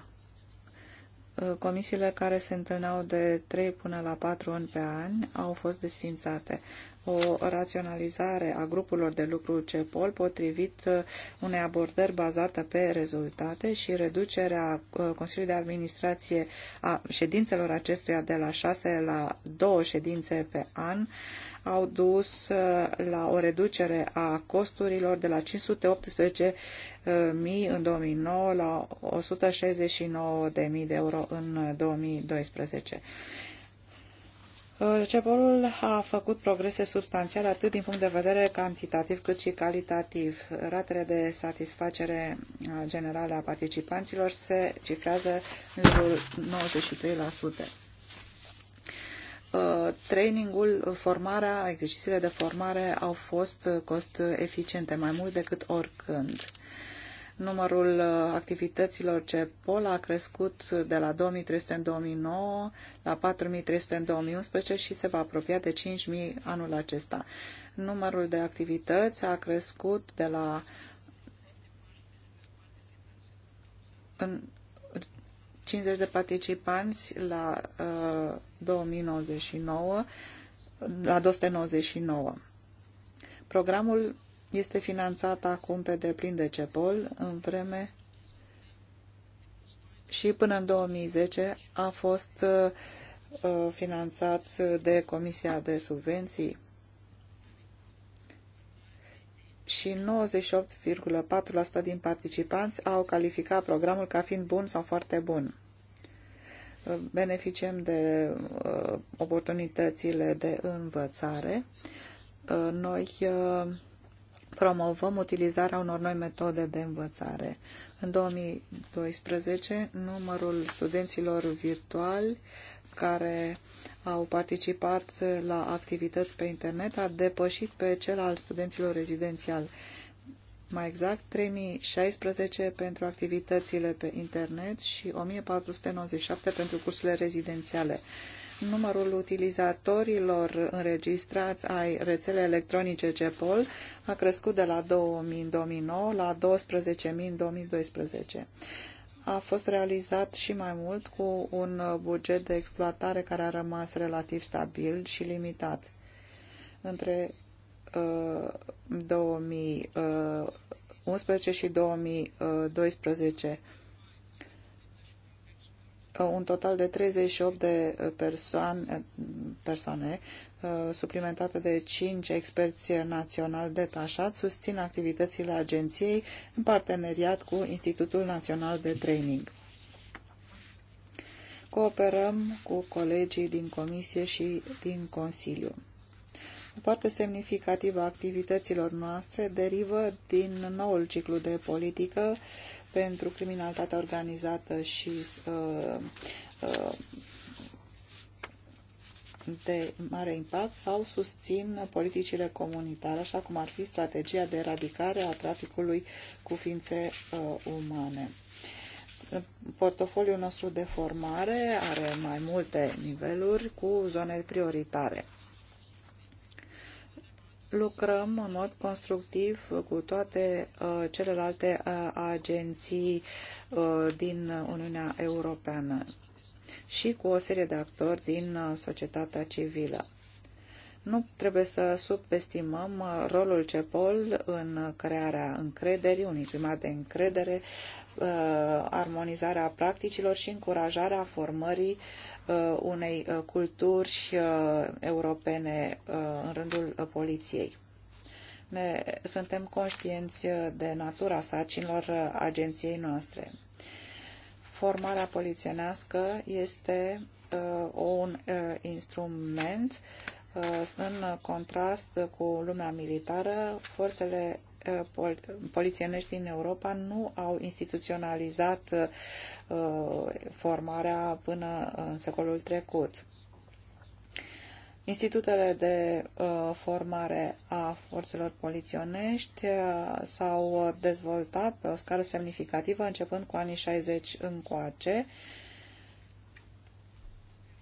Comisiile care se întâlneau de 3 până la 4 ani pe an au fost desfințate o raționalizare a grupurilor de lucru CEPOL potrivit uh, unei abordări bazate pe rezultate și reducerea uh, Consiliului de Administrație a ședințelor acestuia de la 6 la 2 ședințe pe an au dus uh, la o reducere a costurilor de la 518.000 în 2009 la 169.000 de euro în 2012. Uh, CEPOL a făcut progrese substanțiale atât din punct de vedere cantitativ cât și calitativ. Ratele de satisfacere uh, generală a participanților se cifrează în jurul 93%. Uh, trainingul, formarea, exercițiile de formare au fost cost eficiente mai mult decât oricând Numărul uh, activităților CEPOL a crescut de la 2300 în 2009 la 4300 în 2011 și se va apropia de 5000 anul acesta. Numărul de activități a crescut de la în 50 de participanți la uh, 2099 la 299. Programul este finanțată acum pe deplin de CEPOL, în vreme și până în 2010 a fost uh, finanțat de Comisia de Subvenții și 98,4% din participanți au calificat programul ca fiind bun sau foarte bun. Beneficiem de uh, oportunitățile de învățare. Uh, noi promovăm utilizarea unor noi metode de învățare. În 2012, numărul studenților virtuali care au participat la activități pe internet a depășit pe cel al studenților rezidențiali. Mai exact, 3016 pentru activitățile pe internet și 1497 pentru cursurile rezidențiale numărul utilizatorilor înregistrați ai rețelei electronice CEPOL a crescut de la 2000 în 2009 la 12.000 în 2012. A fost realizat și mai mult cu un buget de exploatare care a rămas relativ stabil și limitat. Între uh, 2011 uh, și 2012 un total de 38 de eh, persoane, eh, persoane eh, suplimentate de 5 experți naționali detașați susțin activitățile agenției în parteneriat cu Institutul Național de Training. Cooperăm cu colegii din Comisie și din Consiliu. O parte semnificativă a activităților noastre derivă din noul ciclu de politică uh, pentru criminalitatea organizată și uh, uh, de mare impact sau susțin politicile comunitare, așa cum ar fi strategia de eradicare a traficului cu ființe uh, umane. Portofoliul nostru de formare are mai multe niveluri cu zone prioritare lucrăm în mod constructiv cu toate uh, celelalte uh, agenții uh, din Uniunea Europeană și cu o serie de actori din uh, societatea civilă. Nu trebuie să subestimăm uh, rolul CEPOL în crearea încrederii, unui climat de încredere, uh, armonizarea practicilor și încurajarea formării uh, Uh, unei uh, culturi uh, europene în rândul poliției. Ne suntem conștienți de natura sacinilor agenției noastre. Formarea polițienească este un instrument în contrast cu lumea militară, forțele Eh, pol polițienești din Europa nu au instituționalizat eh, formarea până în secolul trecut. Institutele de uh, formare a forțelor poliționești uh, s-au dezvoltat pe o scară semnificativă începând cu anii 60 încoace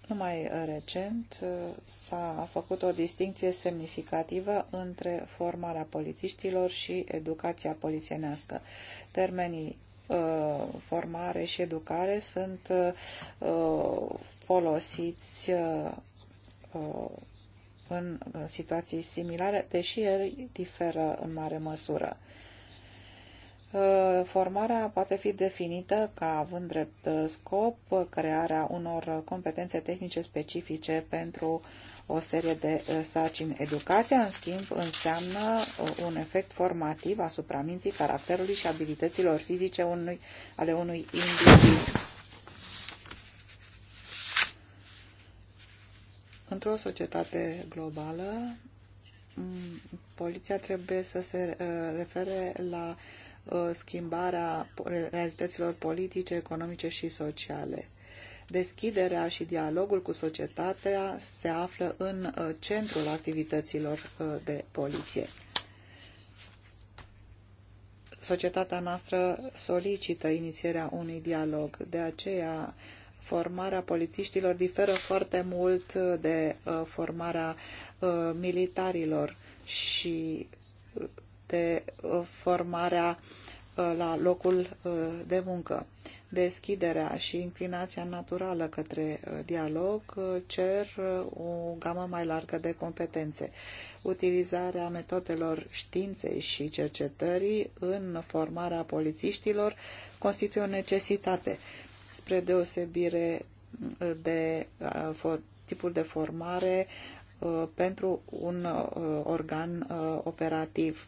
numai uh, recent uh, s-a făcut o distinție semnificativă între formarea polițiștilor și educația polițienească. Termenii uh, formare și educare sunt folosiți în situații similare, deși ei diferă în mare măsură. Uh, formarea poate fi definită ca având drept uh, scop uh, crearea unor competențe tehnice specifice pentru o serie de sarcini. Educația, în schimb, înseamnă un efect formativ asupra minții, caracterului și abilităților fizice unui, ale unui individ. Într-o societate globală, poliția trebuie să se refere la Uh, schimbarea realităților politice, economice și sociale. Deschiderea și dialogul cu societatea se află în uh, centrul activităților uh, de poliție. Societatea noastră solicită inițierea unui dialog, de aceea formarea polițiștilor diferă foarte mult de formarea militarilor și este uh, formarea uh, la locul uh, de muncă. Deschiderea și inclinația naturală către dialog cer o gamă mai largă de competențe. Utilizarea metodelor științei și cercetării în formarea polițiștilor constituie o necesitate, spre deosebire de tipul de formare pentru un organ operativ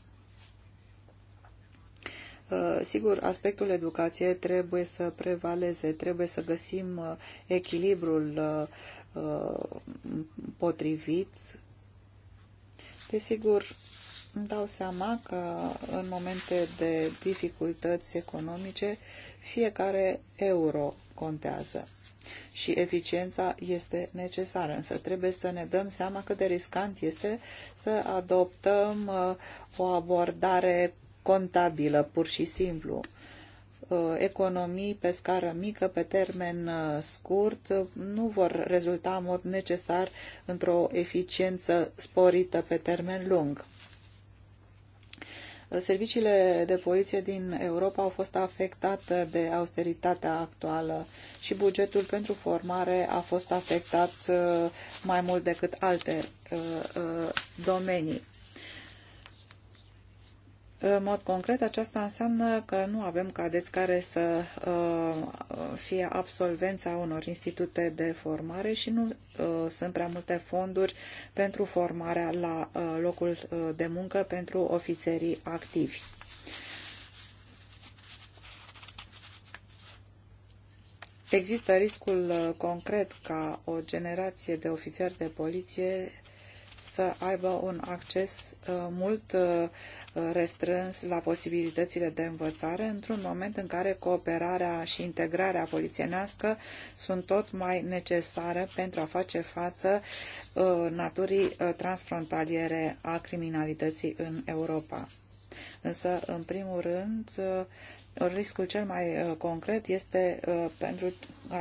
Uh, sigur, aspectul educației trebuie să prevaleze, trebuie să găsim uh, echilibrul uh, potrivit. Desigur, îmi dau seama că în momente de dificultăți economice, fiecare euro contează și eficiența este necesară, însă trebuie să ne dăm seama cât de riscant este să adoptăm o abordare contabilă, pur și simplu. Uh, economii pe scară mică, pe termen uh, scurt, uh, nu vor rezulta în mod necesar într-o eficiență sporită pe termen lung. Serviciile de poliție din Europa au fost afectate de austeritatea actuală și bugetul pentru formare a fost afectat mai mult decât alte domenii. În mod concret, aceasta înseamnă că nu avem cadeți care să uh, fie absolvența unor institute de formare și nu uh, sunt prea multe fonduri pentru formarea la uh, locul de muncă pentru ofițerii activi. Există riscul concret ca o generație de ofițeri de poliție să aibă un acces uh, mult uh, restrâns la posibilitățile de învățare într-un moment în care cooperarea și integrarea polițienească sunt tot mai necesare pentru a face față uh, naturii transfrontaliere a criminalității în Europa. Însă, în primul rând, riscul cel mai concret este pentru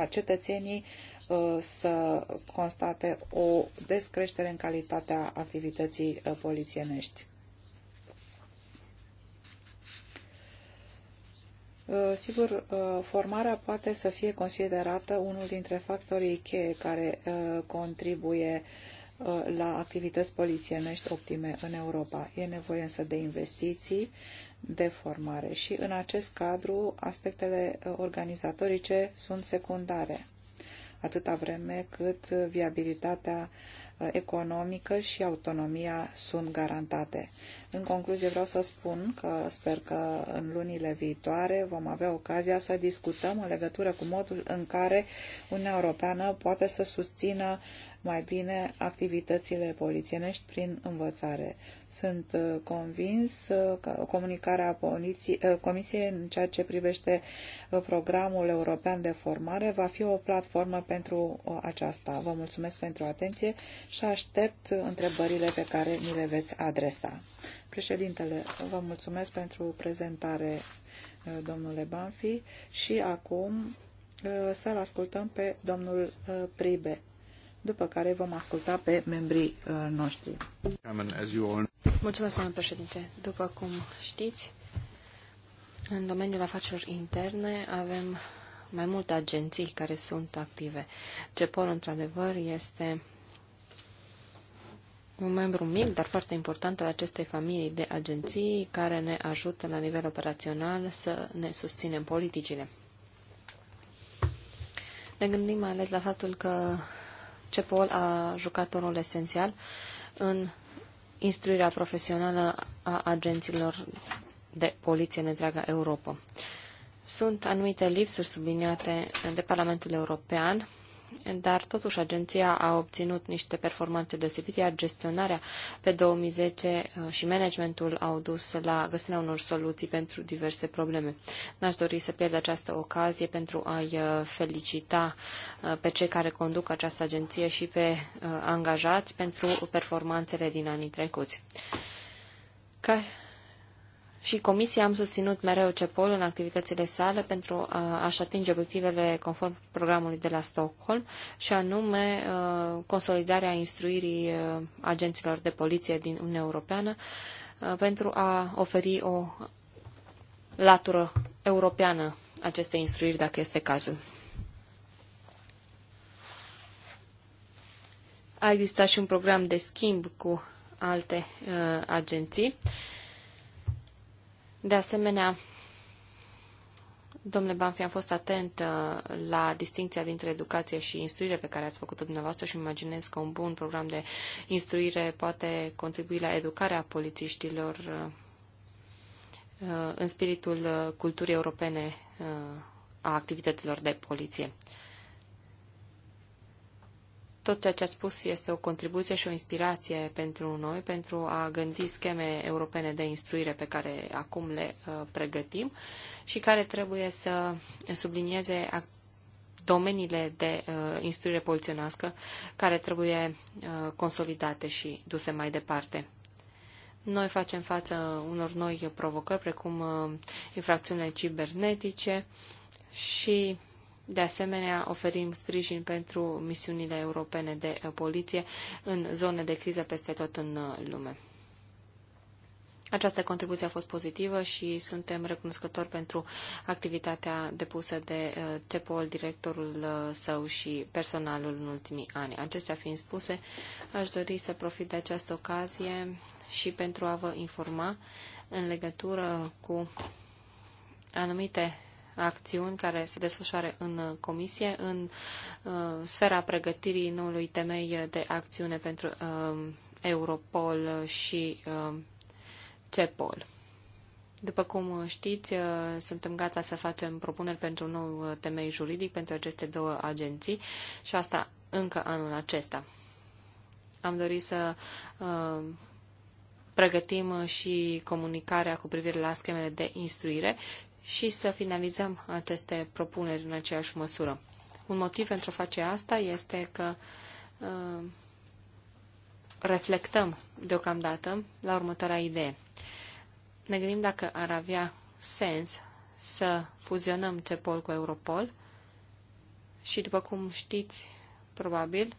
cetățenii Uh, să constate o descreștere în calitatea activității uh, polițienești. Uh, sigur, formarea poate să fie considerată unul dintre factorii cheie care contribuie la activități polițienești optime în Europa. E nevoie însă de investiții, de formare și în acest cadru aspectele organizatorice sunt secundare atâta vreme cât viabilitatea uh, economică și autonomia sunt garantate. În concluzie vreau să spun că sper că în lunile viitoare vom avea ocazia să discutăm în legătură cu modul în care Uniunea Europeană poate să susțină mai bine activitățile polițienești prin învățare. Sunt uh, convins uh, că comunicarea uh, Comisiei în ceea ce privește programul european de formare va fi o platformă pentru aceasta. Vă mulțumesc pentru atenție și aștept întrebările pe care mi le veți adresa. Președintele, vă mulțumesc pentru prezentare, domnule Banfi, și acum să-l ascultăm pe domnul Pribe după care vom asculta pe membrii uh, noștri. Mulțumesc, domnule președinte. După cum știți, în domeniul afacerilor interne avem mai multe agenții care sunt active. CEPOL, într-adevăr, este un membru mic, dar foarte important al acestei familii de agenții care ne ajută la nivel operațional să ne susținem politicile. Ne gândim mai ales la faptul că CEPOL a jucat un rol esențial în instruirea profesională a agenților de poliție în întreaga Europa. Sunt anumite lipsuri subliniate de Parlamentul European dar totuși agenția a obținut niște performanțe deosebite, iar gestionarea pe 2010 uh, și managementul au dus la găsirea unor soluții pentru diverse probleme. N-aș dori să pierd această ocazie pentru a-i uh, felicita uh, pe cei care conduc această agenție și pe angajați pentru performanțele din anii trecuți. Ca și Comisia am susținut mereu CEPOL în activitățile sale pentru uh, a-și atinge obiectivele conform programului de la Stockholm și anume uh, consolidarea instruirii uh, agenților de poliție din Uniunea Europeană pentru a oferi o latură europeană acestei instruiri, dacă este cazul. A existat și un program de schimb cu alte uh, agenții. Uh, de asemenea, domnule Banfi, am fost atent uh, la distinția dintre educație și instruire pe care ați făcut-o dumneavoastră și imaginez că un bun program de instruire poate contribui la educarea polițiștilor uh, uh, în spiritul culturii europene a activităților de poliție. Tot ceea ce a spus este o contribuție și o inspirație pentru noi, pentru a gândi scheme europene de instruire pe care acum le uh, pregătim și care trebuie să sublinieze domeniile de uh, instruire poliționască care trebuie uh, consolidate și duse mai departe. Noi facem față unor noi provocări, precum uh, infracțiunile cibernetice și de asemenea, oferim sprijin pentru misiunile europene de poliție în zone de criză peste tot în uh, lume. Această contribuție a fost pozitivă și suntem recunoscători pentru activitatea depusă de uh, CEPOL, directorul uh, său și personalul în ultimii ani. Acestea fiind spuse, aș dori să profit de această ocazie și pentru a vă informa în legătură cu anumite acțiuni care se desfășoară în comisie în uh, sfera pregătirii noului temei de acțiune pentru uh, Europol și uh, CEPOL. După cum știți, uh, suntem gata să facem propuneri pentru un nou uh, temei juridic pentru aceste două agenții și asta încă anul acesta. Am dorit să uh, pregătim și comunicarea cu privire la schemele de instruire și să finalizăm aceste propuneri în aceeași măsură. Un motiv pentru a face asta este că uh, reflectăm deocamdată la următoarea idee. Ne gândim dacă ar avea sens să fuzionăm CEPOL cu Europol și, după cum știți, probabil,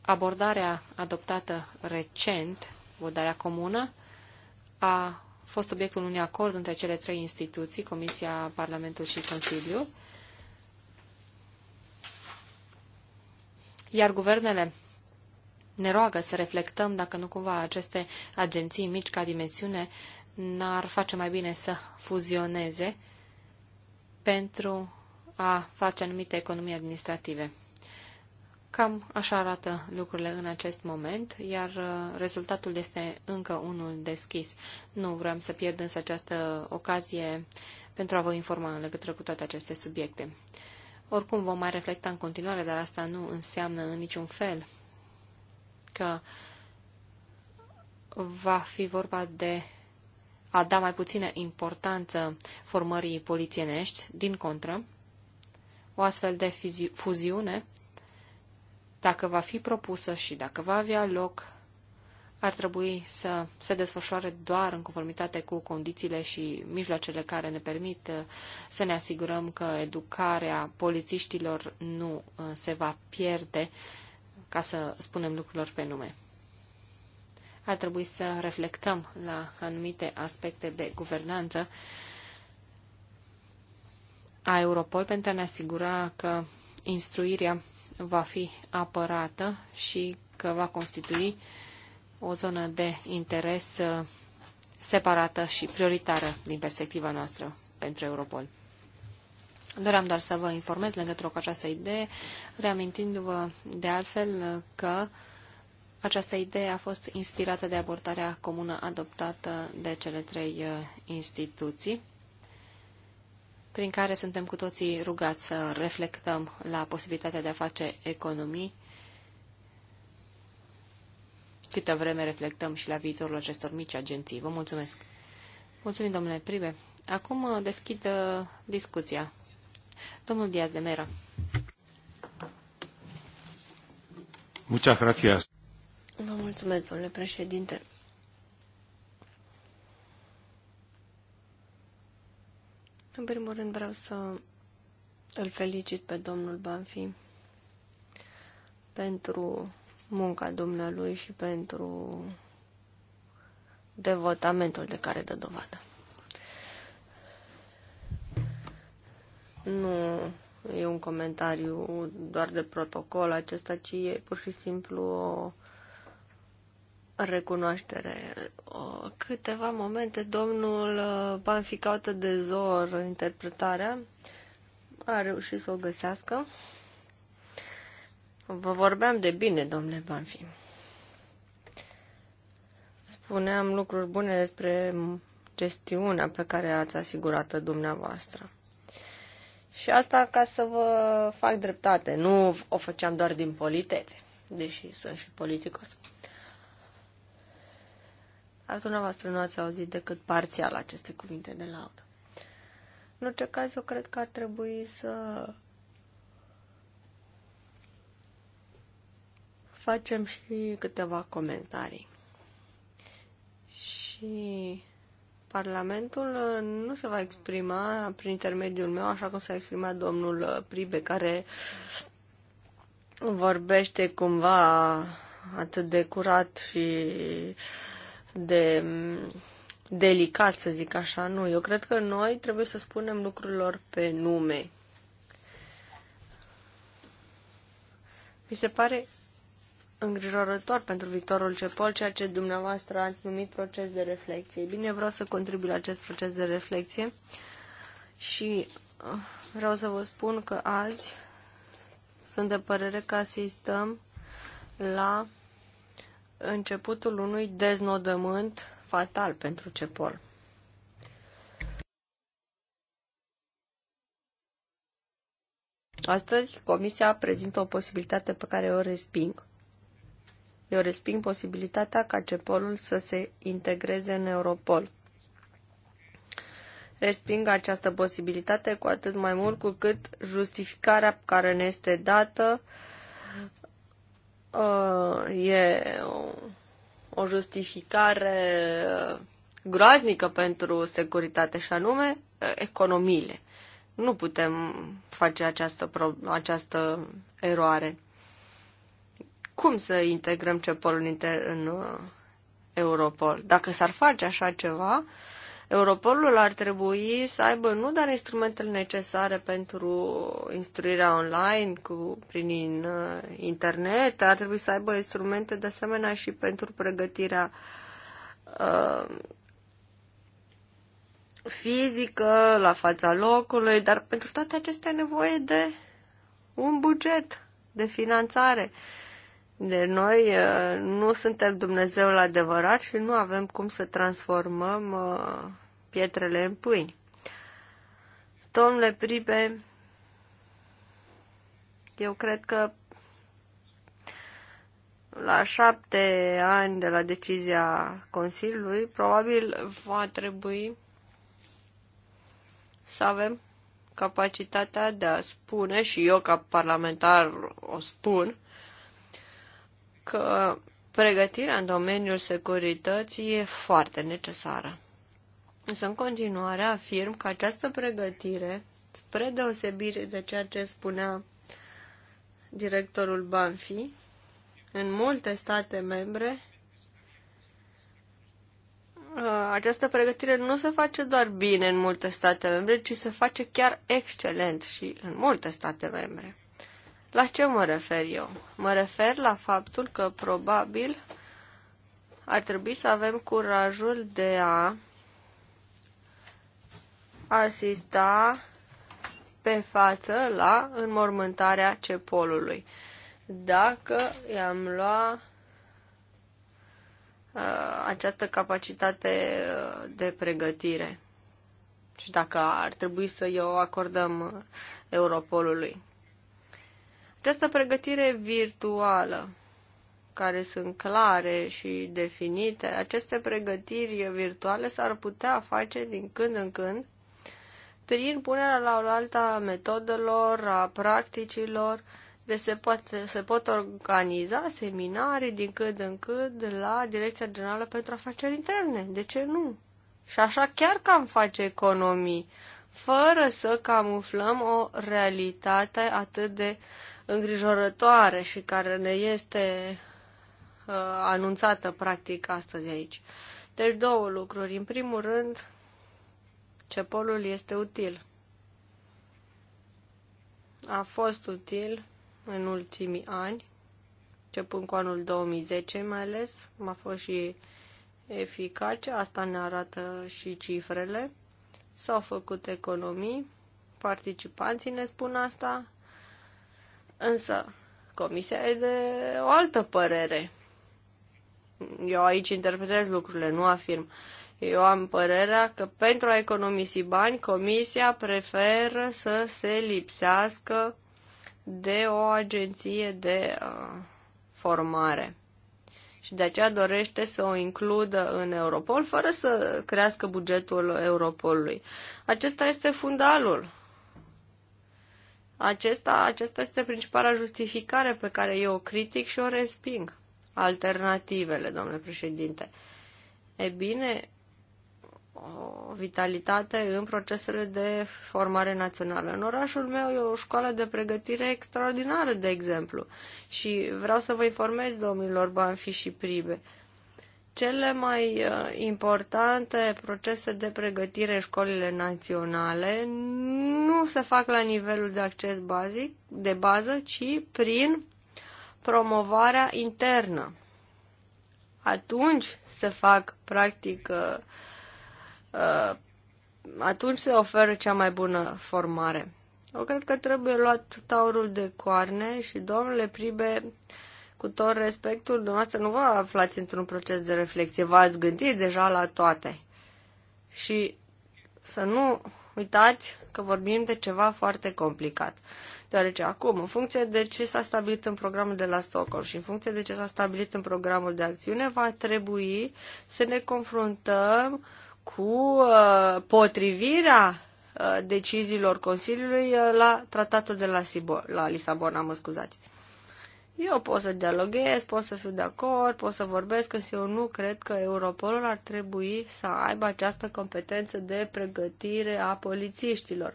abordarea adoptată recent, abordarea comună, a fost obiectul unui acord între cele trei instituții, Comisia, Parlamentul și Consiliu. Iar guvernele ne roagă să reflectăm dacă nu cumva aceste agenții mici ca dimensiune n-ar face mai bine să fuzioneze pentru a face anumite economii administrative. Cam așa arată lucrurile în acest moment, iar uh, rezultatul este încă unul deschis. Nu vreau să pierd însă această ocazie pentru a vă informa în legătură cu toate aceste subiecte. Oricum vom mai reflecta în continuare, dar asta nu înseamnă în niciun fel că va fi vorba de a da mai puțină importanță formării polițienești, din contră, o astfel de fuziune dacă va fi propusă și dacă va avea loc, ar trebui să se desfășoare doar în conformitate cu condițiile și mijloacele care ne permit uh, să ne asigurăm că educarea polițiștilor nu uh, se va pierde, ca să spunem lucrurilor pe nume. Ar trebui să reflectăm la anumite aspecte de guvernanță a Europol pentru a ne asigura că instruirea va fi apărată și că va constitui o zonă de interes uh, separată și prioritară din perspectiva noastră pentru Europol. Doream doar să vă informez legătură cu această idee, reamintindu-vă de altfel că această idee a fost inspirată de abordarea comună adoptată de cele trei uh, instituții prin care suntem cu toții rugați să reflectăm la posibilitatea de a face economii. Câtă vreme reflectăm și la viitorul acestor mici agenții. Vă mulțumesc! Mulțumim, domnule Pribe. Acum uh, deschid uh, discuția. Domnul Diaz de Mera. Muchas gracias. Vă mulțumesc, domnule președinte. În primul rând vreau să îl felicit pe domnul Banfi pentru munca dumnealui și pentru devotamentul de care dă dovadă. Nu e un comentariu doar de protocol acesta, ci e pur și simplu o recunoaștere. câteva momente, domnul uh, Banfi caută de zor interpretarea. A reușit să o găsească. Vă vorbeam de bine, domnule Banfi. Spuneam lucruri bune despre gestiunea pe care ați asigurată dumneavoastră. Și asta ca să vă fac dreptate. Nu o făceam doar din politețe, deși sunt și politicos. Dar dumneavoastră nu ați auzit decât parțial aceste cuvinte de laudă. În orice caz, eu cred că ar trebui să facem și câteva comentarii. Și Parlamentul nu se va exprima prin intermediul meu, așa cum s-a exprimat domnul Pribe, care vorbește cumva atât de curat și de mm, delicat, să zic așa. Nu, eu cred că noi trebuie să spunem lucrurilor pe nume. Mi se pare îngrijorător pentru Victorul Cepol, ceea ce dumneavoastră ați numit proces de reflexie. Bine, vreau să contribui la acest proces de reflexie și uh, vreau să vă spun că azi sunt de părere că asistăm la începutul unui deznodământ fatal pentru CEPOL. Astăzi, Comisia prezintă o posibilitate pe care o resping. Eu resping posibilitatea ca Cepolul să se integreze în Europol. Resping această posibilitate cu atât mai mult cu cât justificarea care ne este dată uh, Uh, e o, o justificare groaznică pentru securitate și anume uh, economiile. Nu putem face această, pro- această eroare. Cum să integrăm CEPOL în, inter- în uh, Europol? Dacă s-ar face așa ceva, uh, Europolul ar trebui să aibă nu doar instrumentele necesare pentru instruirea online cu, prin in uh, internet, ar trebui să aibă instrumente de asemenea și pentru pregătirea uh, fizică, la fața locului, dar pentru toate acestea e nevoie de un buget de finanțare. Uh, de noi uh, nu suntem Dumnezeul adevărat și nu avem cum să transformăm uh, pietrele în pâini. Domnule Pribe, eu cred că la șapte ani de la decizia Consiliului, probabil va trebui să avem capacitatea de a spune, și eu ca parlamentar o spun, că pregătirea în domeniul securității e foarte necesară. Însă, în continuare, afirm că această pregătire, spre deosebire de ceea ce spunea directorul Banfi, în multe state membre, uh, această pregătire nu se face doar bine în multe state membre, ci se face chiar excelent și în multe state membre. La ce mă refer eu? Mă refer la faptul că probabil ar trebui să avem curajul de a asista pe față la înmormântarea cepolului. Dacă i-am luat uh, această capacitate uh, de pregătire și dacă ar trebui să i-o acordăm uh, Europolului. Această pregătire virtuală, care sunt clare și definite, aceste pregătiri virtuale s-ar putea face din când în când prin punerea la oaltă a metodelor, a practicilor, de se, poate, se pot organiza seminarii din când în când la Direcția Generală pentru Afaceri Interne. De ce nu? Și așa chiar că am face economii, fără să camuflăm o realitate atât de îngrijorătoare și care ne este uh, anunțată practic astăzi aici. Deci două lucruri. În primul rând, cepolul este util. A fost util în ultimii ani, începând cu anul 2010 mai ales, a fost și eficace, asta ne arată și cifrele. S-au făcut economii, participanții ne spun asta, Însă, comisia e de o altă părere. Eu aici interpretez lucrurile, nu afirm. Eu am părerea că pentru a economisi bani, comisia preferă să se lipsească de o agenție de uh, formare. Și de aceea dorește să o includă în Europol fără să crească bugetul Europolului. Acesta este fundalul acesta, acesta este principala justificare pe care eu o critic și o resping. Alternativele, domnule președinte. E bine, o vitalitate în procesele de formare națională. În orașul meu e o școală de pregătire extraordinară, de exemplu. Și vreau să vă informez, domnilor Banfi și Pribe, uh, cele mai uh, importante procese de pregătire în școlile naționale nu se fac la nivelul de acces bazic, de bază, ci prin promovarea internă. Atunci se fac, practic, uh, uh, atunci se oferă cea mai bună formare. Eu cred că trebuie luat taurul de coarne și, domnule Pribe, cu tot respectul, dumneavoastră nu vă aflați într-un proces de reflexie, v-ați gândit deja la toate. Și să nu uitați că vorbim de ceva foarte complicat. Deoarece acum, în funcție de ce s-a stabilit în programul de la Stockholm și în funcție de ce s-a stabilit în programul de acțiune, va trebui să ne confruntăm cu uh, potrivirea uh, deciziilor Consiliului uh, la tratatul de la, Sibor, la Lisabona, mă scuzați. Eu pot să dialoghez, pot să fiu de acord, pot să vorbesc, că eu nu cred că Europolul ar trebui să aibă această competență de pregătire a polițiștilor.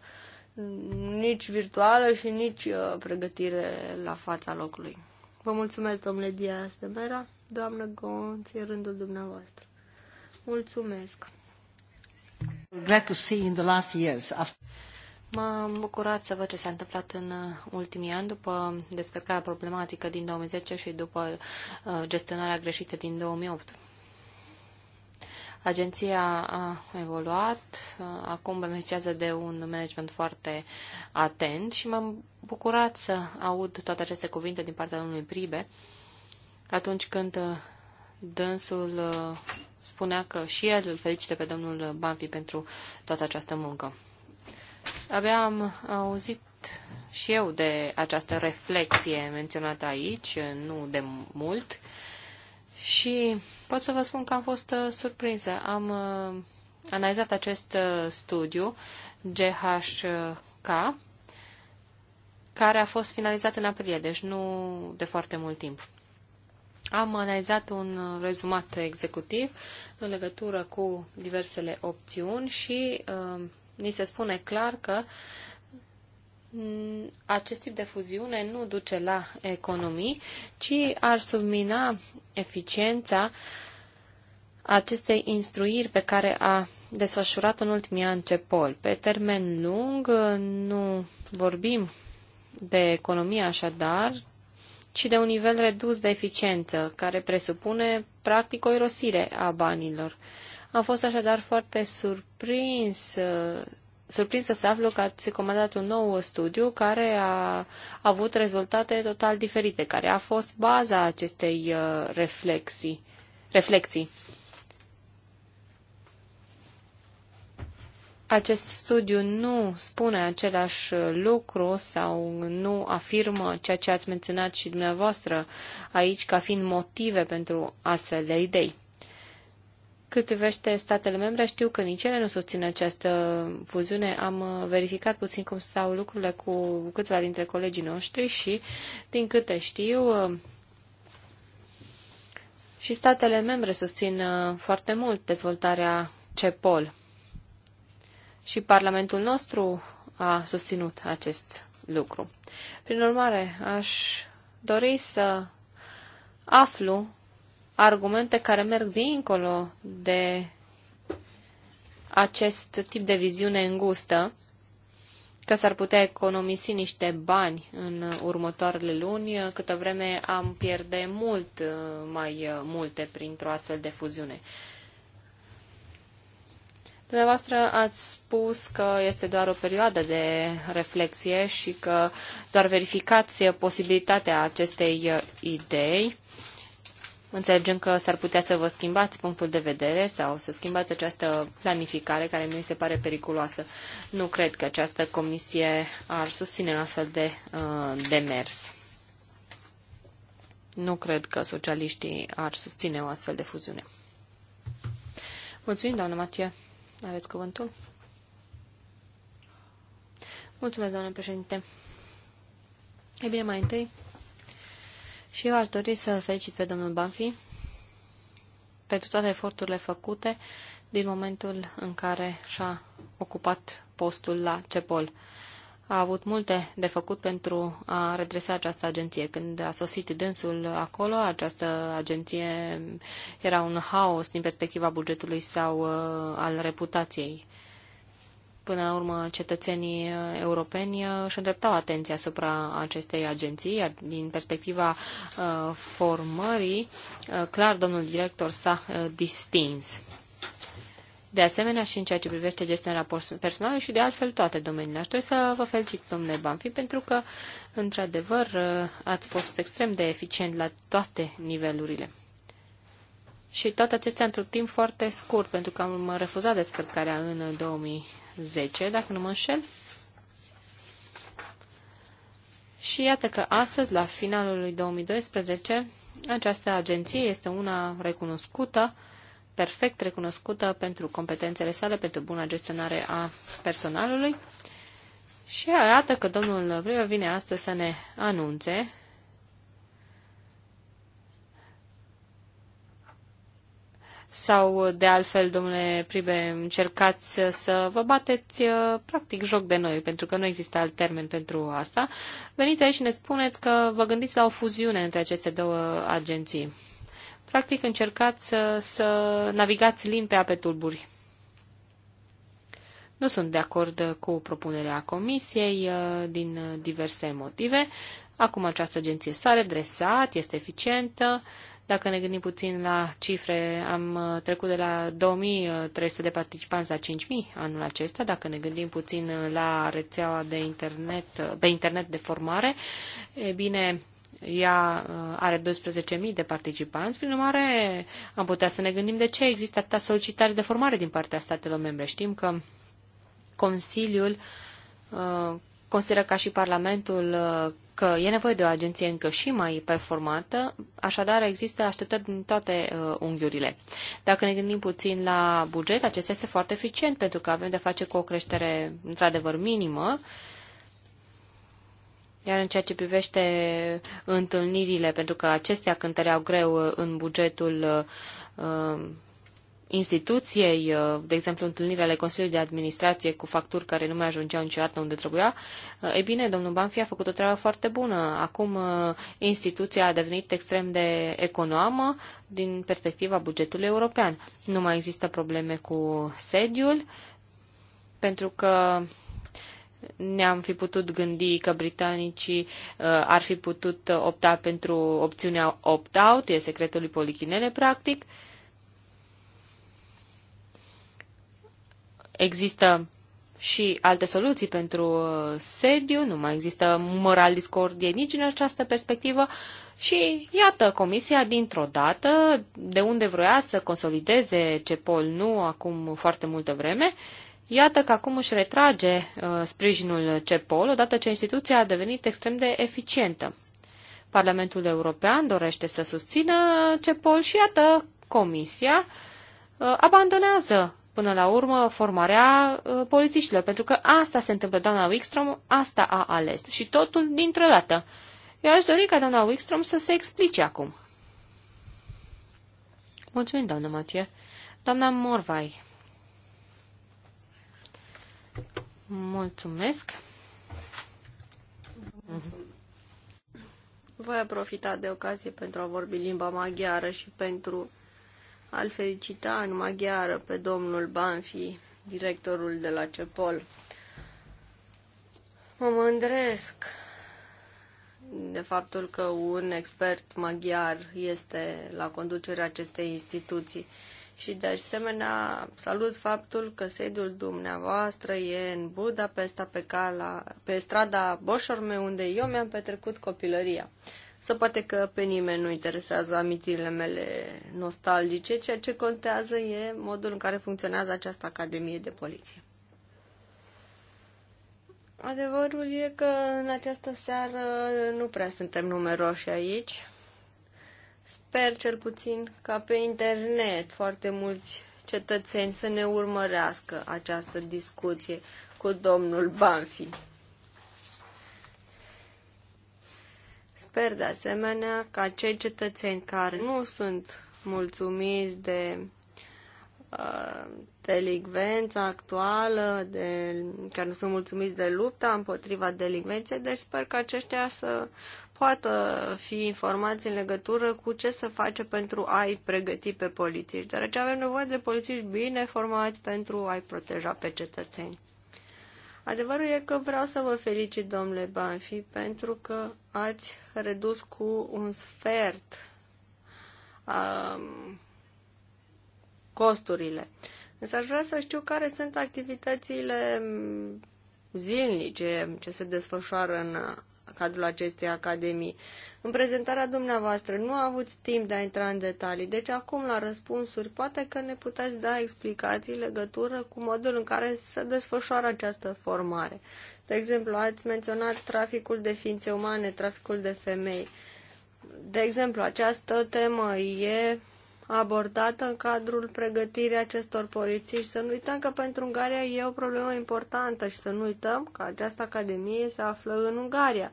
Nici virtuală și nici uh, pregătire la fața locului. Vă mulțumesc, domnule Diaz de Mera. Doamnă Gonț, e rândul dumneavoastră. Mulțumesc. Glad to see in the last years after... M-am bucurat să văd ce s-a întâmplat în uh, ultimii ani după descărcarea problematică din 2010 și după uh, gestionarea greșită din 2008. Agenția a evoluat, uh, acum beneficiază de un management foarte atent și m-am bucurat să aud toate aceste cuvinte din partea domnului Pribe atunci când dânsul spunea că și el îl felicite pe domnul Banfi pentru toată această muncă. Abia am auzit și eu de această reflexie menționată aici, nu de mult, și pot să vă spun că am fost uh, surprinsă. Am uh, analizat acest uh, studiu, GHK, care a fost finalizat în aprilie, deci nu de foarte mult timp. Am analizat un rezumat executiv în legătură cu diversele opțiuni și ni se spune clar că acest tip de fuziune nu duce la economii, ci ar submina eficiența acestei instruiri pe care a desfășurat în ultimii ani CEPOL. Pe termen lung nu vorbim de economie așadar, ci de un nivel redus de eficiență, care presupune practic o irosire a banilor. Am fost așadar foarte surprins uh, surprins să aflu că ați comandat un nou studiu care a avut rezultate total diferite, care a fost baza acestei uh, reflexii. reflexii. Acest studiu nu spune același uh, lucru sau nu afirmă ceea ce ați menționat și dumneavoastră aici ca fiind motive pentru astfel de idei. Cât privește statele membre, știu că nici ele nu susțin această fuziune. Am uh, verificat puțin cum stau lucrurile cu câțiva dintre colegii noștri și, din câte știu, uh, și statele membre susțin uh, foarte mult dezvoltarea CEPOL. Și Parlamentul nostru a susținut acest lucru. Prin urmare, aș dori să aflu argumente care merg dincolo de acest tip de viziune îngustă, că s-ar putea economisi niște bani în următoarele luni, câtă vreme am pierde mult mai multe printr-o astfel de fuziune. Dumneavoastră ați spus că este doar o perioadă de reflexie și că doar verificați posibilitatea acestei idei Înțelegem că s-ar putea să vă schimbați punctul de vedere sau să schimbați această planificare care mi se pare periculoasă. Nu cred că această comisie ar susține astfel de uh, demers. Nu cred că socialiștii ar susține o astfel de fuziune. Mulțumim, doamnă Matie. Aveți cuvântul? Mulțumesc, doamnă președinte. E bine, mai întâi și eu aș dori să-l felicit pe domnul Banfi pentru toate eforturile făcute din momentul în care și-a ocupat postul la CEPOL. A avut multe de făcut pentru a redresa această agenție. Când a sosit dânsul acolo, această agenție era un haos din perspectiva bugetului sau uh, al reputației. Până la urmă, cetățenii uh, europeni își uh, îndreptau atenția asupra acestei agenții, iar din perspectiva uh, formării, clar, domnul director s-a distins. De asemenea, și în ceea ce privește gestionarea personalului și de altfel toate domeniile. Aș dori să vă felicit, domnule Banfi, pentru că, într-adevăr, ați fost extrem de eficient la toate nivelurile. Și toate acestea într-un timp foarte scurt, pentru că am refuzat descărcarea în 2000. 10, dacă nu mă înșel. Și iată că astăzi, la finalul lui 2012, această agenție este una recunoscută, perfect recunoscută pentru competențele sale, pentru buna gestionare a personalului. Și iată că domnul Vrivă vine astăzi să ne anunțe sau de altfel, domnule Pribe, încercați să vă bateți uh, practic joc de noi, pentru că nu există alt termen pentru asta. Veniți aici și ne spuneți că vă gândiți la o fuziune între aceste două agenții. Practic încercați să, uh, să navigați lin pe ape tulburi. Nu sunt de acord uh, cu propunerea comisiei din diverse motive. Acum această agenție s-a redresat, este eficientă, dacă ne gândim puțin la cifre, am uh, trecut de la 2300 de participanți la 5000 anul acesta. Dacă ne gândim puțin uh, la rețeaua de internet, pe uh, internet de formare, e bine, ea are 12.000 de participanți, prin urmare am putea să ne gândim de ce există atâta solicitare de formare din partea statelor membre. Știm că Consiliul consideră ca și Parlamentul uh, că e nevoie de o agenție încă și mai performantă, așadar există așteptări din toate uh, unghiurile. Dacă ne gândim puțin la buget, acesta este foarte eficient pentru că avem de face cu o creștere într-adevăr minimă, iar în ceea ce privește întâlnirile, pentru că acestea cântăreau greu uh, în bugetul uh, instituției, uh, de exemplu întâlnirea ale Consiliului de Administrație cu facturi care nu mai ajungeau niciodată unde trebuia, uh, e bine, domnul Banfi a făcut o treabă foarte bună. Acum uh, instituția a devenit extrem de economă din perspectiva bugetului european. Nu mai există probleme cu sediul, pentru că ne-am fi putut gândi că britanicii uh, ar fi putut opta pentru opțiunea opt-out, e lui polichinele, practic, uh, Există și alte soluții pentru uh, sediu, nu mai există moral discordie nici în această perspectivă și iată, comisia dintr-o dată, de unde vroia să consolideze CEPOL nu acum foarte multă vreme, iată că acum își retrage uh, sprijinul CEPOL odată ce instituția a devenit extrem de eficientă. Parlamentul European dorește să susțină CEPOL și iată, comisia uh, abandonează până la urmă, formarea ă, polițiștilor, pentru că asta se întâmplă, doamna Wickstrom asta a ales și totul dintr-o dată. Eu aș dori ca doamna Wickstrom să se explice acum. Mulțumim, doamnă Mathieu. Doamna Morvai. Mulțumesc. Voi profita de ocazie pentru a vorbi limba maghiară și pentru al felicita în maghiară pe domnul Banfi, directorul de la CEPOL. Mă mândresc de faptul că un expert maghiar este la conducerea acestei instituții și de asemenea salut faptul că sediul dumneavoastră e în Budapesta pe, cala, pe strada Boșorme unde eu mi-am petrecut copilăria. Să poate că pe nimeni nu interesează amintirile mele nostalgice, ceea ce contează e modul în care funcționează această Academie de Poliție. Adevărul e că în această seară nu prea suntem numeroși aici. Sper cel puțin ca pe internet foarte mulți cetățeni să ne urmărească această discuție cu domnul Banfi. sper de asemenea ca cei cetățeni care nu sunt mulțumiți de uh, delicvența actuală, de, care nu sunt mulțumiți de lupta împotriva delicvenței, deci sper că aceștia să poată fi informați în legătură cu ce să face pentru a-i pregăti pe polițiști, deoarece avem nevoie de polițiști bine formați pentru a-i proteja pe cetățeni. Adevărul e că vreau să vă felicit, domnule Banfi, pentru că ați redus cu un sfert um, costurile. Însă aș vrea să știu care sunt activitățile zilnice ce se desfășoară în cadrul acestei academii. În prezentarea dumneavoastră nu a avut timp de a intra în detalii, deci acum la răspunsuri poate că ne puteți da explicații legătură cu modul în care se desfășoară această formare. De exemplu, ați menționat traficul de ființe umane, traficul de femei. De exemplu, această temă e abordată în cadrul pregătirii acestor polițiști. Să nu uităm că pentru Ungaria e o problemă importantă și să nu uităm că această academie se află în Ungaria.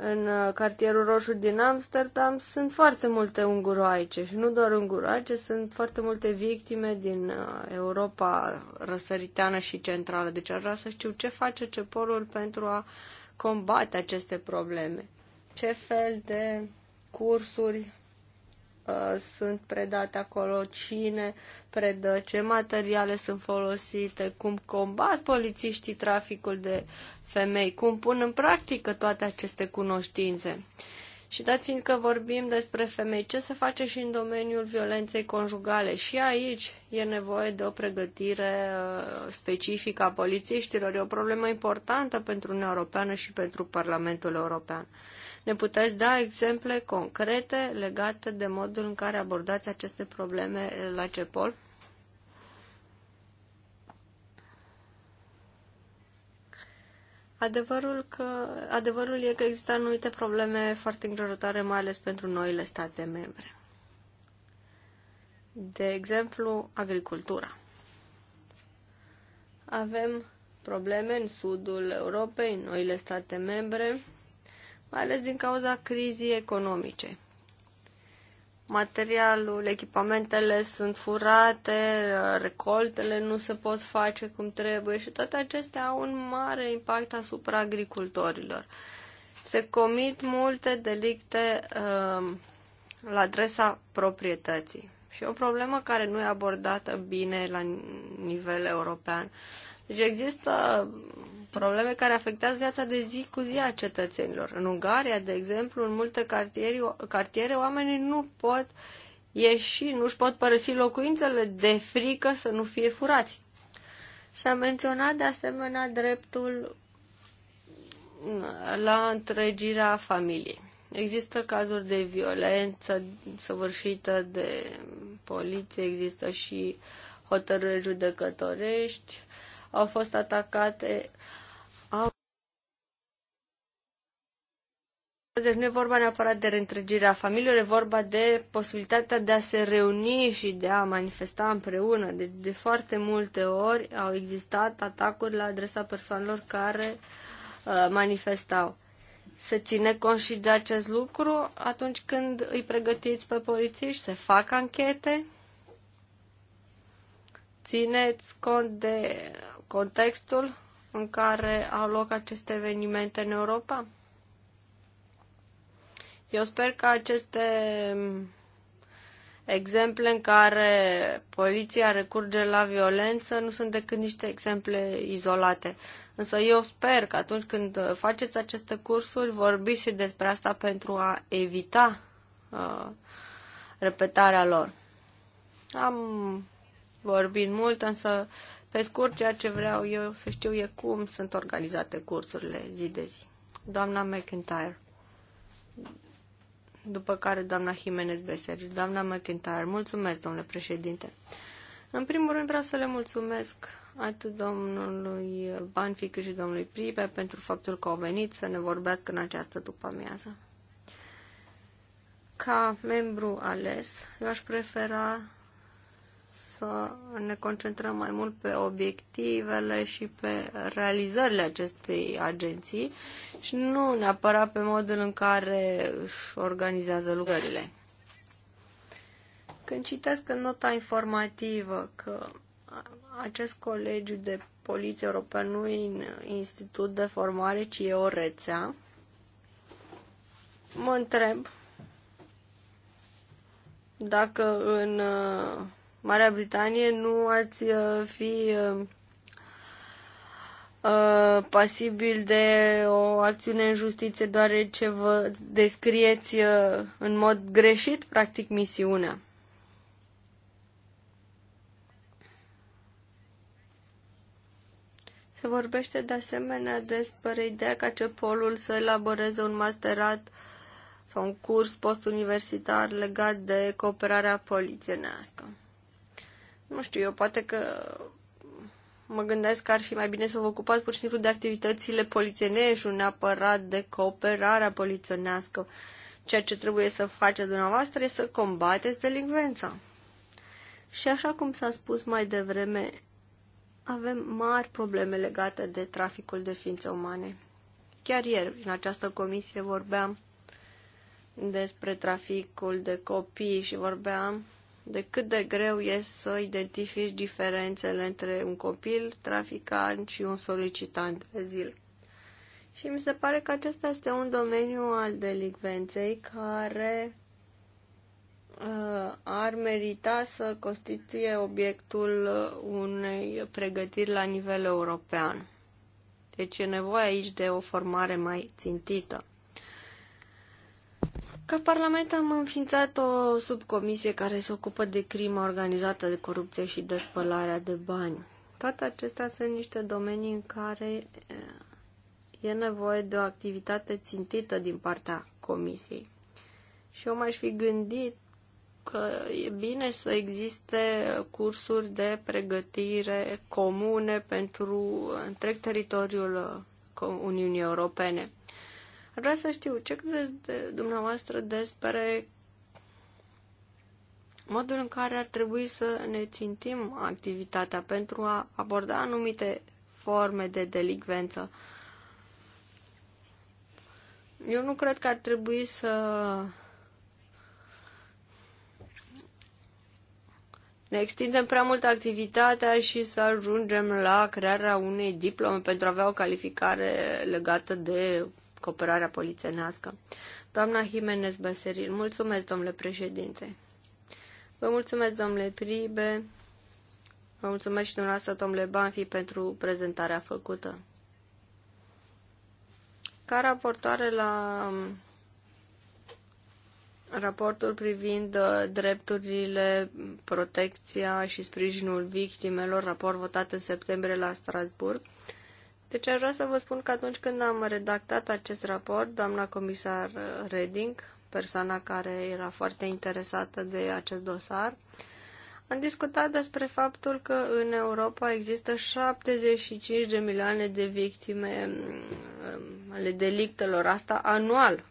În uh, cartierul roșu din Amsterdam sunt foarte multe unguroaice și nu doar unguroaice, sunt foarte multe victime din uh, Europa răsăriteană și centrală. Deci ar vrea să știu ce face ceporul pentru a combate aceste probleme. Ce fel de cursuri Uh, sunt predate acolo, cine predă, ce materiale sunt folosite, cum combat polițiștii traficul de femei, cum pun în practică toate aceste cunoștințe. Și dat fiind că vorbim despre femei, ce se face și în domeniul violenței conjugale? Și aici e nevoie de o pregătire uh, specifică a polițiștilor. E o problemă importantă pentru Uniunea Europeană și pentru Parlamentul European. Ne puteți da exemple concrete legate de modul în care abordați aceste probleme la CEPOL? Adevărul, că, adevărul e că există anumite probleme foarte îngrijorătoare, mai ales pentru noile state membre. De exemplu, agricultura. Avem probleme în sudul Europei, în noile state membre, mai ales din cauza crizii economice. Materialul, echipamentele sunt furate, recoltele nu se pot face cum trebuie și toate acestea au un mare impact asupra agricultorilor. Se comit multe delicte uh, la adresa proprietății. Și o problemă care nu e abordată bine la nivel european. Deci există probleme care afectează viața de zi cu zi a cetățenilor. În Ungaria, de exemplu, în multe cartiere, oamenii nu pot ieși, nu își pot părăsi locuințele de frică să nu fie furați. S-a menționat de asemenea dreptul la întregirea familiei. Există cazuri de violență săvârșită de poliție, există și hotărâri judecătorești, au fost atacate deci nu e vorba neapărat de reîntregirea familiilor, e vorba de posibilitatea de a se reuni și de a manifesta împreună. Deci de foarte multe ori au existat atacuri la adresa persoanelor care uh, manifestau. Se ține cont și de acest lucru atunci când îi pregătiți pe polițiști, se fac anchete, țineți cont de contextul în care au loc aceste evenimente în Europa? Eu sper că aceste exemple în care poliția recurge la violență nu sunt decât niște exemple izolate. Însă eu sper că atunci când faceți aceste cursuri, vorbiți și despre asta pentru a evita uh, repetarea lor. Am vorbit mult, însă pe scurt, ceea ce vreau eu să știu e cum sunt organizate cursurile zi de zi. Doamna McIntyre. După care doamna Jimenez Beseri. Doamna McIntyre, mulțumesc, domnule președinte. În primul rând vreau să le mulțumesc atât domnului Banfi cât și domnului Pripe pentru faptul că au venit să ne vorbească în această după-amiază. Ca membru ales, eu aș prefera să ne concentrăm mai mult pe obiectivele și pe realizările acestei agenții și nu neapărat pe modul în care își organizează lucrările. Când citesc în nota informativă că acest colegiu de poliție europeană nu e în institut de formare, ci e o rețea, mă întreb dacă în uh, Marea Britanie, nu ați uh, fi uh, uh, pasibil de o acțiune în justiție deoarece vă descrieți în mod greșit, practic, misiunea. Se vorbește de asemenea despre ideea ca ce polul să elaboreze un masterat sau un curs postuniversitar legat de cooperarea poliției nu știu, eu poate că mă gândesc că ar fi mai bine să vă ocupați pur și simplu de activitățile polițienești, nu neapărat de cooperarea poliționească. Ceea ce trebuie să faceți dumneavoastră este să combateți delinvența. Și așa cum s-a spus mai devreme, avem mari probleme legate de traficul de ființe umane. Chiar ieri, în această comisie, vorbeam despre traficul de copii și vorbeam de cât de greu e să identifici diferențele între un copil traficant și un solicitant de zil. Și mi se pare că acesta este un domeniu al delicvenței care uh, ar merita să constituie obiectul unei pregătiri la nivel european. Deci e nevoie aici de o formare mai țintită. Ca Parlament am înființat o subcomisie care se ocupă de crima organizată, de corupție și de spălarea de bani. Toate acestea sunt niște domenii în care eh, e nevoie de o activitate țintită din partea comisiei. Și eu m-aș fi gândit că e bine să existe cursuri de pregătire comune pentru întreg teritoriul eh, Uniunii Europene. Vreau să știu ce credeți de dumneavoastră despre modul în care ar trebui să ne țintim activitatea pentru a aborda anumite forme de delicvență. Eu nu cred că ar trebui să ne extindem prea mult activitatea și să ajungem la crearea unei diplome pentru a avea o calificare legată de cooperarea polițenească. Doamna Jimenez Băserin, mulțumesc, domnule președinte. Vă mulțumesc, domnule Pribe. Vă mulțumesc și dumneavoastră, domnule Banfi, pentru prezentarea făcută. Ca raportoare la um, raportul privind uh, drepturile, protecția și sprijinul victimelor, raport votat în septembrie la Strasburg, deci aș vrea să vă spun că atunci când am redactat acest raport, doamna comisar Reding, persoana care era foarte interesată de acest dosar, am discutat despre faptul că în Europa există 75 de milioane de victime mm, mm, ale delictelor, asta anual,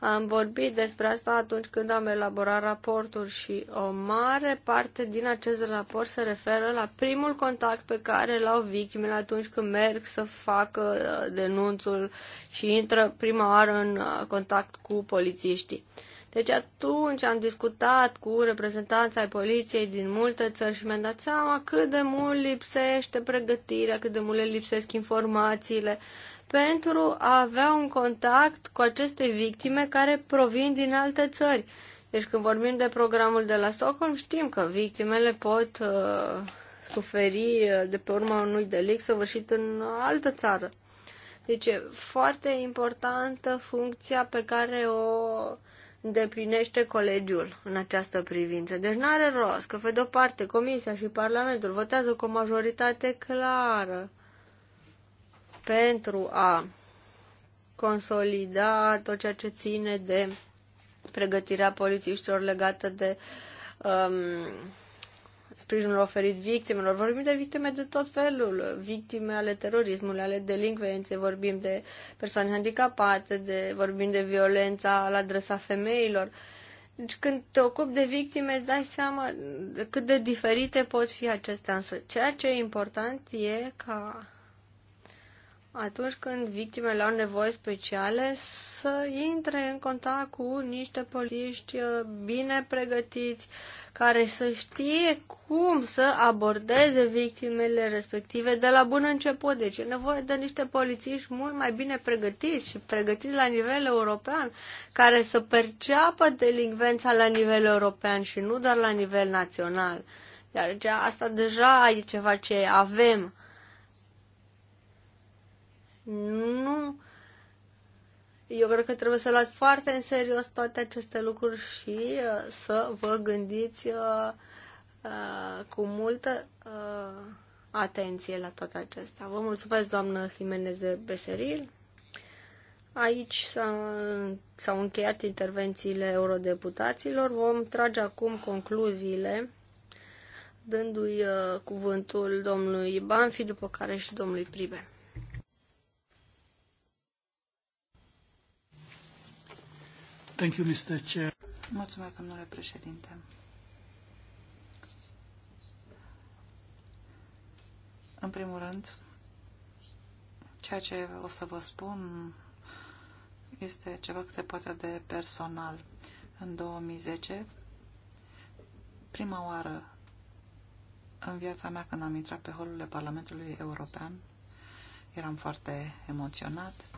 am vorbit despre asta atunci când am elaborat raportul și o mare parte din acest raport se referă la primul contact pe care l-au victimele atunci când merg să facă uh, denunțul și intră prima oară în uh, contact cu polițiștii. Deci atunci am discutat cu reprezentanța ai poliției din multe țări și mi-am dat seama cât de mult lipsește pregătirea, cât de mult le lipsesc informațiile pentru a avea un contact cu aceste victime care provin din alte țări. Deci când vorbim de programul de la Stockholm, știm că victimele pot uh, suferi uh, de pe urma unui delict săvârșit în altă țară. Deci e foarte importantă funcția pe care o îndeplinește colegiul în această privință. Deci nu are rost că, pe de-o parte, Comisia și Parlamentul votează cu o majoritate clară pentru a consolida tot ceea ce ține de pregătirea polițiștilor legată de um, sprijinul oferit victimelor. Vorbim de victime de tot felul, victime ale terorismului, ale delincvenței, vorbim de persoane handicapate, de, vorbim de violența la adresa femeilor. Deci când te ocupi de victime, îți dai seama cât de diferite pot fi acestea. Însă ceea ce e important e ca atunci când victimele au nevoi speciale să intre în contact cu niște polițiști uh, bine pregătiți, care să știe cum să abordeze victimele respective de la bun început. Deci e nevoie de niște polițiști mult mai bine pregătiți și pregătiți la nivel european, care să perceapă delinvența la nivel european și nu doar la nivel național. Iar asta deja e ceva ce avem nu. Eu cred că trebuie să luați foarte în serios toate aceste lucruri și uh, să vă gândiți uh, uh, cu multă atenție la toate acestea. Vă mulțumesc, doamnă Jimenez de Beseril. Aici s-au încheiat intervențiile eurodeputaților. Vom trage acum concluziile, dându-i uh, cuvântul domnului Banfi, după care și domnului Pribe. Thank you, Mr. Chair. Mulțumesc, domnule președinte. În primul rând, ceea ce o să vă spun este ceva ce se poate de personal. În 2010, prima oară în viața mea când am intrat pe holurile Parlamentului European, eram foarte emoționat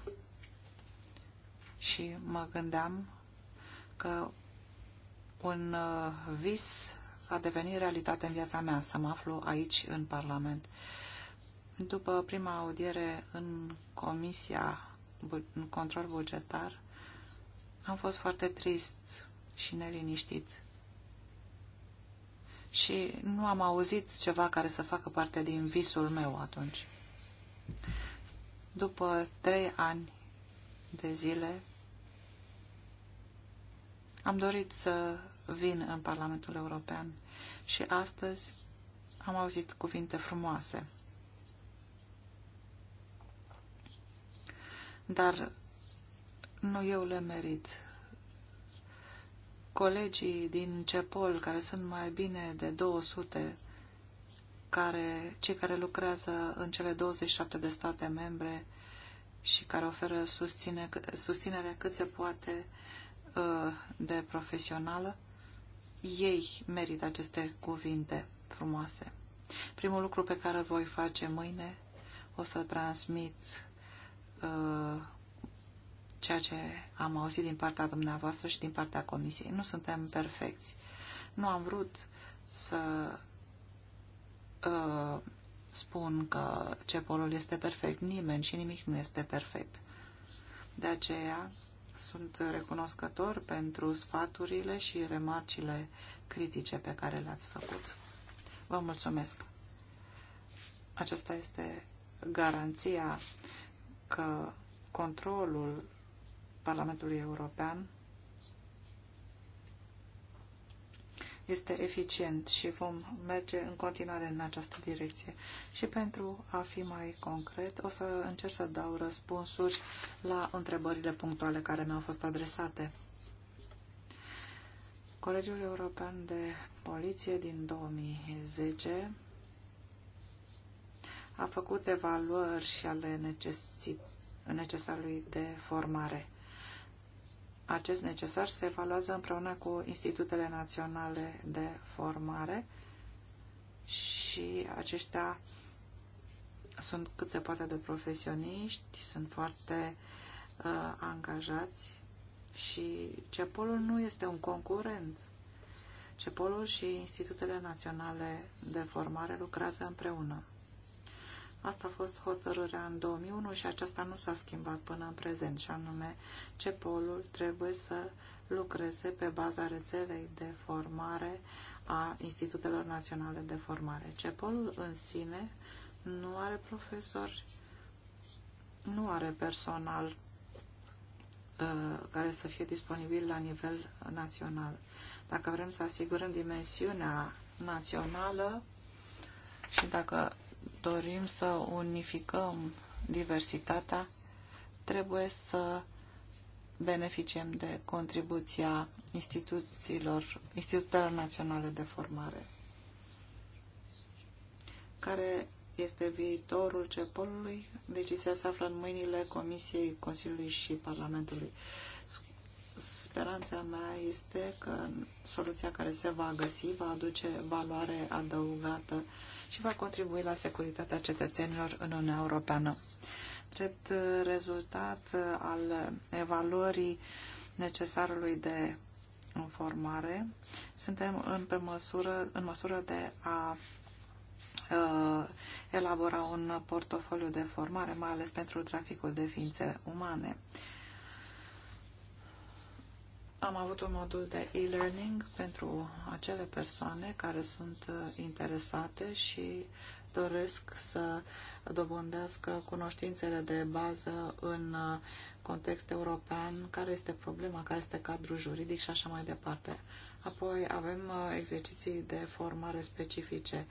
și mă gândeam că un uh, vis a devenit realitate în viața mea, să mă aflu aici, în Parlament. După prima audiere în Comisia în Control Bugetar, am fost foarte trist și neliniștit. Și nu am auzit ceva care să facă parte din visul meu atunci. După trei ani de zile am dorit să vin în Parlamentul European și astăzi am auzit cuvinte frumoase. Dar nu eu le merit. Colegii din CEPOL, care sunt mai bine de 200, care, cei care lucrează în cele 27 de state membre și care oferă susține, susținere cât se poate Uh, de profesională, ei merită aceste cuvinte frumoase. Primul lucru pe care îl voi face mâine, o să transmit uh, ceea ce am auzit din partea dumneavoastră și din partea comisiei. Nu suntem perfecți. Nu am vrut să uh, spun că cepolul este perfect. Nimeni și nimic nu este perfect. De aceea sunt recunoscător pentru sfaturile și remarcile critice pe care le-ați făcut. Vă mulțumesc. Aceasta este garanția că controlul Parlamentului European este eficient și vom merge în continuare în această direcție. Și pentru a fi mai concret, o să încerc să dau răspunsuri la întrebările punctuale care mi-au fost adresate. Colegiul European de Poliție din 2010 a făcut evaluări și ale necesității necesarului de formare acest necesar se evaluează împreună cu institutele naționale de formare și aceștia sunt cât se poate de profesioniști, sunt foarte uh, angajați și CEPOL-ul nu este un concurent. CEPOL-ul și institutele naționale de formare lucrează împreună. Asta a fost hotărârea în 2001 și aceasta nu s-a schimbat până în prezent, și anume ce polul trebuie să lucreze pe baza rețelei de formare a Institutelor Naționale de Formare. cepol în sine nu are profesori, nu are personal uh, care să fie disponibil la nivel național. Dacă vrem să asigurăm dimensiunea națională și dacă dorim să unificăm diversitatea, trebuie să beneficiem de contribuția instituțiilor, institutelor naționale de formare. Care este viitorul CEPOL-ului? Decizia se află în mâinile Comisiei, Consiliului și Parlamentului. Speranța mea este că soluția care se va găsi va aduce valoare adăugată și va contribui la securitatea cetățenilor în Uniunea Europeană. Drept uh, rezultat uh, al evaluării necesarului de informare, suntem în, pe măsură, în măsură de a uh, elabora un portofoliu de formare, mai ales pentru traficul de ființe umane. Uh, am avut un modul de e-learning pentru acele persoane care sunt uh, interesate și doresc să dobândească cunoștințele de bază în uh, context european, care este problema, care este cadrul juridic și așa mai departe. Apoi avem uh, exerciții de formare specifice.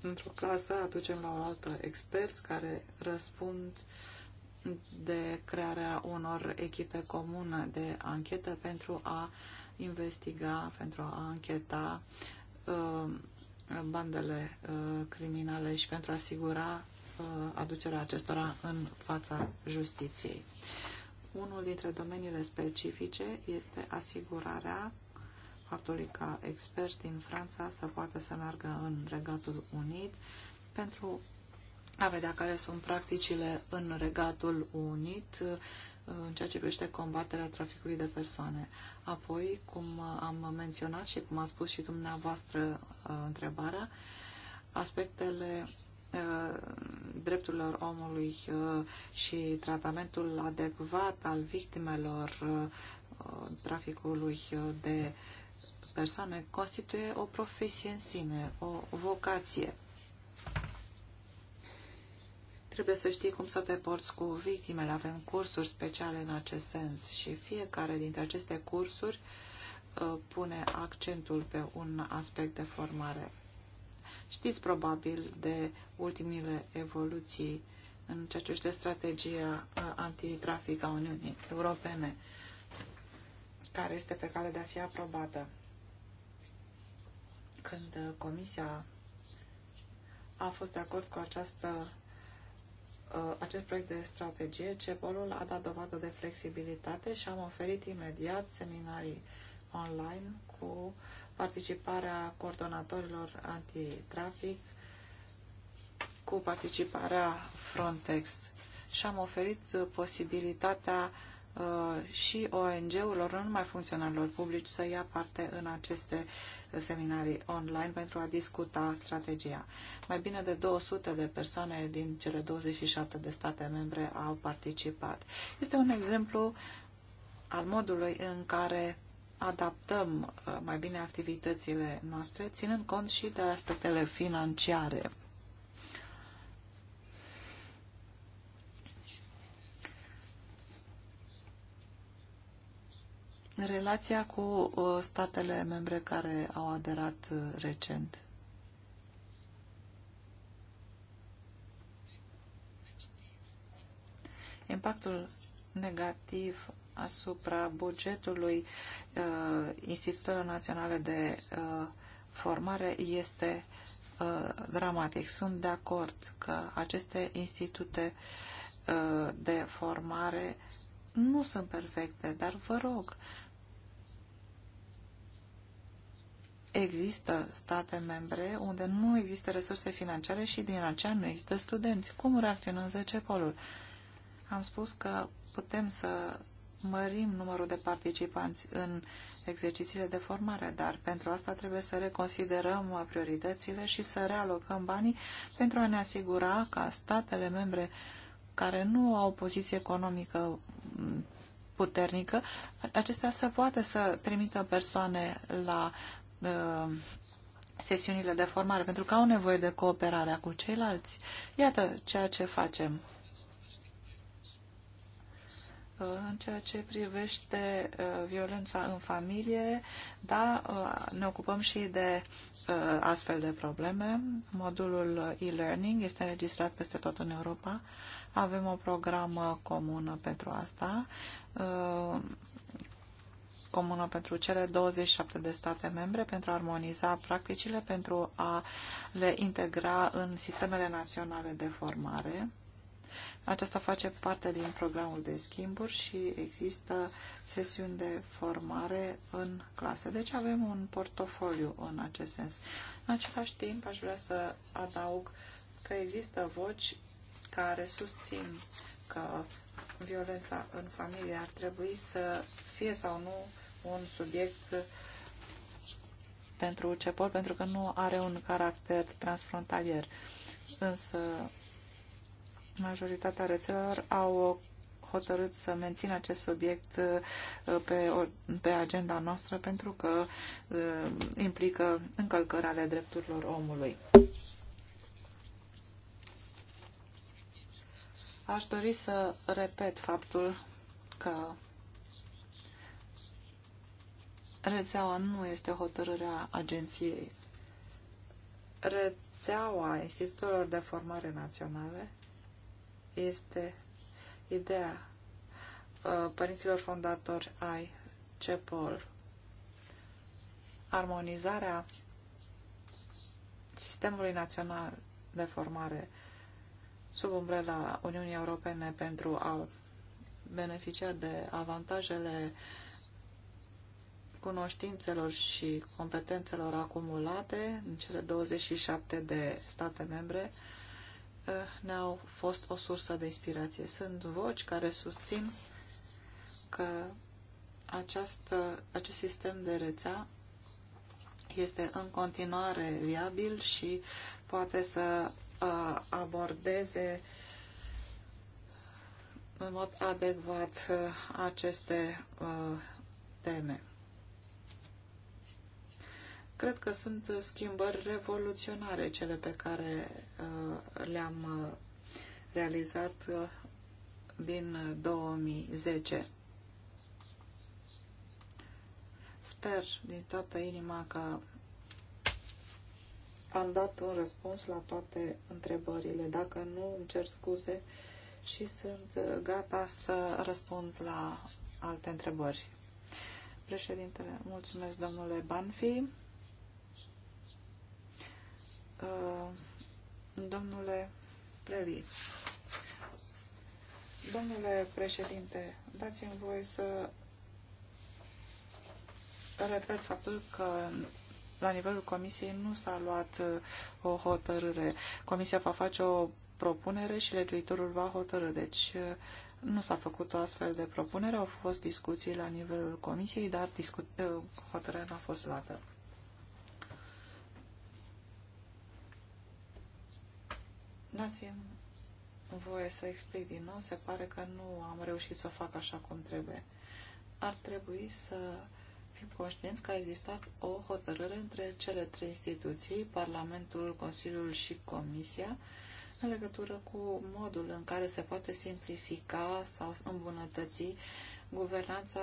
Într-o clasă aducem la o altă experți care răspund uh, de crearea unor echipe comune de anchetă pentru a investiga, pentru a ancheta uh, bandele uh, criminale și pentru a asigura uh, aducerea acestora în fața justiției. Unul dintre domeniile specifice este asigurarea faptului ca experți din Franța să poată să meargă în Regatul Unit pentru a vedea care sunt practicile în Regatul Unit uh, în ceea ce privește combaterea traficului de persoane. Apoi, cum am menționat și cum a spus și dumneavoastră uh, întrebarea, aspectele uh, drepturilor omului și tratamentul adecvat al victimelor traficului de persoane constituie o profesie în sine, o vocație. Trebuie să știi cum să te porți cu victimele. Avem cursuri speciale în acest sens și fiecare dintre aceste cursuri uh, pune accentul pe un aspect de formare. Știți probabil de ultimile evoluții în ceea ce este strategia uh, antitrafic a Uniunii Europene, care este pe cale de a fi aprobată. Când uh, Comisia a fost de acord cu această Uh, acest proiect de strategie, CEPOL-ul a dat dovadă de flexibilitate și am oferit imediat seminarii online cu participarea coordonatorilor antitrafic, cu participarea Frontex și am oferit uh, posibilitatea Uh, și ONG-urilor, nu numai funcționarilor publici, să ia parte în aceste seminarii online pentru a discuta strategia. Mai bine de 200 de persoane din cele 27 de state membre au participat. Este un exemplu al modului în care adaptăm uh, mai bine activitățile noastre, ținând cont și de aspectele financiare Relația cu uh, statele membre care au aderat uh, recent. Impactul negativ asupra bugetului uh, Institutelor Naționale de uh, Formare este uh, dramatic. Sunt de acord că aceste institute uh, de formare nu sunt perfecte, dar vă rog, uh, există state membre unde nu există resurse financiare și din aceea nu există studenți. Cum reacționează CEPOL-ul? Am spus că putem să mărim numărul de participanți în exercițiile de formare, dar pentru asta trebuie să reconsiderăm prioritățile și să realocăm banii pentru a ne asigura ca statele membre care nu au o poziție economică puternică, acestea să poată să trimită persoane la sesiunile de formare, pentru că au nevoie de cooperarea cu ceilalți. Iată ceea ce facem. În ceea ce privește uh, violența în familie, da, uh, ne ocupăm și de uh, astfel de probleme. Modulul e-learning este înregistrat peste tot în Europa. Avem o programă comună pentru asta comună pentru cele 27 de state membre pentru a armoniza practicile, pentru a le integra în sistemele naționale de formare. Aceasta face parte din programul de schimburi și există sesiuni de formare în clase. Deci avem un portofoliu în acest sens. În același timp, aș vrea să adaug că există voci care susțin că violența în familie ar trebui să fie sau nu un subiect pentru CEPOL pentru că nu are un caracter transfrontalier. Însă majoritatea rețelelor au hotărât să mențină acest subiect uh, pe, pe agenda noastră pentru că uh, implică încălcări ale drepturilor omului. Aș dori să repet faptul că rețeaua nu este hotărârea agenției. Rețeaua instituțiilor de formare naționale este ideea uh, părinților fondatori ai CEPOL. Armonizarea sistemului național de formare sub umbrela Uniunii Europene pentru a beneficia de avantajele uh, cunoștințelor și competențelor acumulate în cele 27 de state membre eh, ne-au fost o sursă de inspirație. Sunt voci care susțin că această, acest sistem de rețea este în continuare viabil și poate să eh, abordeze în mod adecvat eh, aceste teme. Cred că sunt schimbări revoluționare cele pe care uh, le-am uh, realizat uh, din 2010. Sper din toată inima că am dat un răspuns la toate întrebările. Dacă nu, îmi cer scuze și sunt gata să răspund la alte întrebări. Președintele, mulțumesc domnule Banfi. Uh, domnule Preli. Domnule președinte, dați-mi voie să repet faptul că la nivelul comisiei nu s-a luat uh, o hotărâre. Comisia va face o propunere și legiuitorul va hotărâ. Deci uh, nu s-a făcut o astfel de propunere, au fost discuții la nivelul comisiei, dar discu- hotărârea nu a fost luată. Dați-mi voie să explic din nou. Se pare că nu am reușit să o fac așa cum trebuie. Ar trebui să fim conștienți că a existat o hotărâre între cele trei instituții, Parlamentul, Consiliul și Comisia, în legătură cu modul în care se poate simplifica sau îmbunătăți guvernanța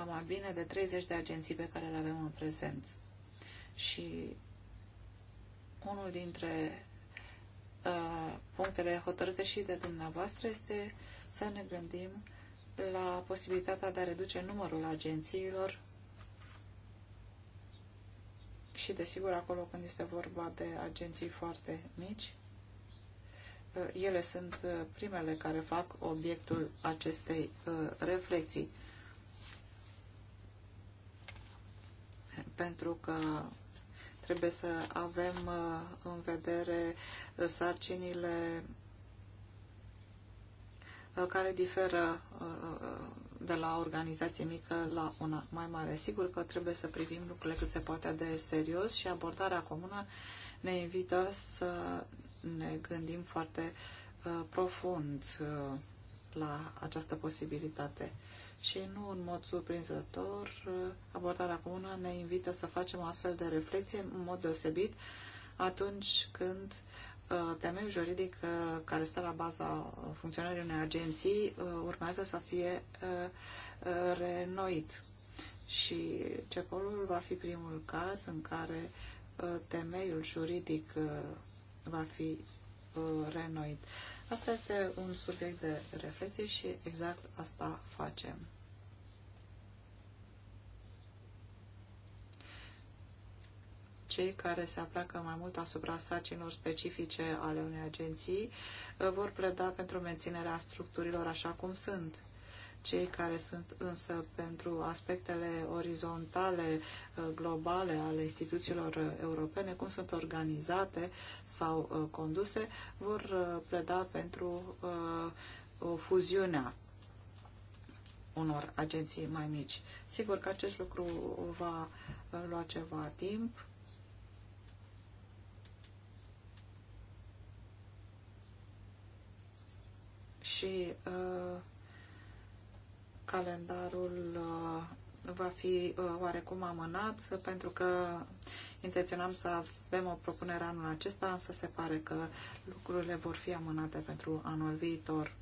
a mai bine de 30 de agenții pe care le avem în prezent. Și unul dintre Uh, punctele hotărâte și de dumneavoastră este să ne gândim la posibilitatea de a reduce numărul agențiilor și, desigur, acolo când este vorba de agenții foarte mici, uh, ele sunt uh, primele care fac obiectul acestei reflexii. Pentru că Trebuie să avem uh, în vedere uh, sarcinile uh, care diferă de la organizație mică la una mai mare. Sigur că trebuie să privim lucrurile cât se poate de serios și abordarea comună ne invită să ne gândim foarte profund la această posibilitate și nu în mod surprinzător, abordarea comună ne invită să facem o astfel de reflexie în mod deosebit atunci când uh, temeiul juridic uh, care stă la baza funcționării unei agenții uh, urmează să fie renoit. Și CEPOL-ul va fi primul caz în care temeiul juridic va fi renoit. Asta este un subiect de reflexie și exact asta facem. cei care se aplacă mai mult asupra sacinilor specifice ale unei agenții uh, vor pleda pentru menținerea structurilor așa cum sunt. Cei care sunt însă pentru aspectele orizontale, uh, globale ale instituțiilor uh, europene, cum sunt organizate sau conduse, vor pleda pentru o fuziunea unor agenții mai mici. Sigur că acest lucru va lua ceva timp și uh, calendarul uh, va fi uh, oarecum amânat pentru că intenționam să avem o propunere anul acesta, însă se pare că lucrurile vor fi amânate pentru anul viitor.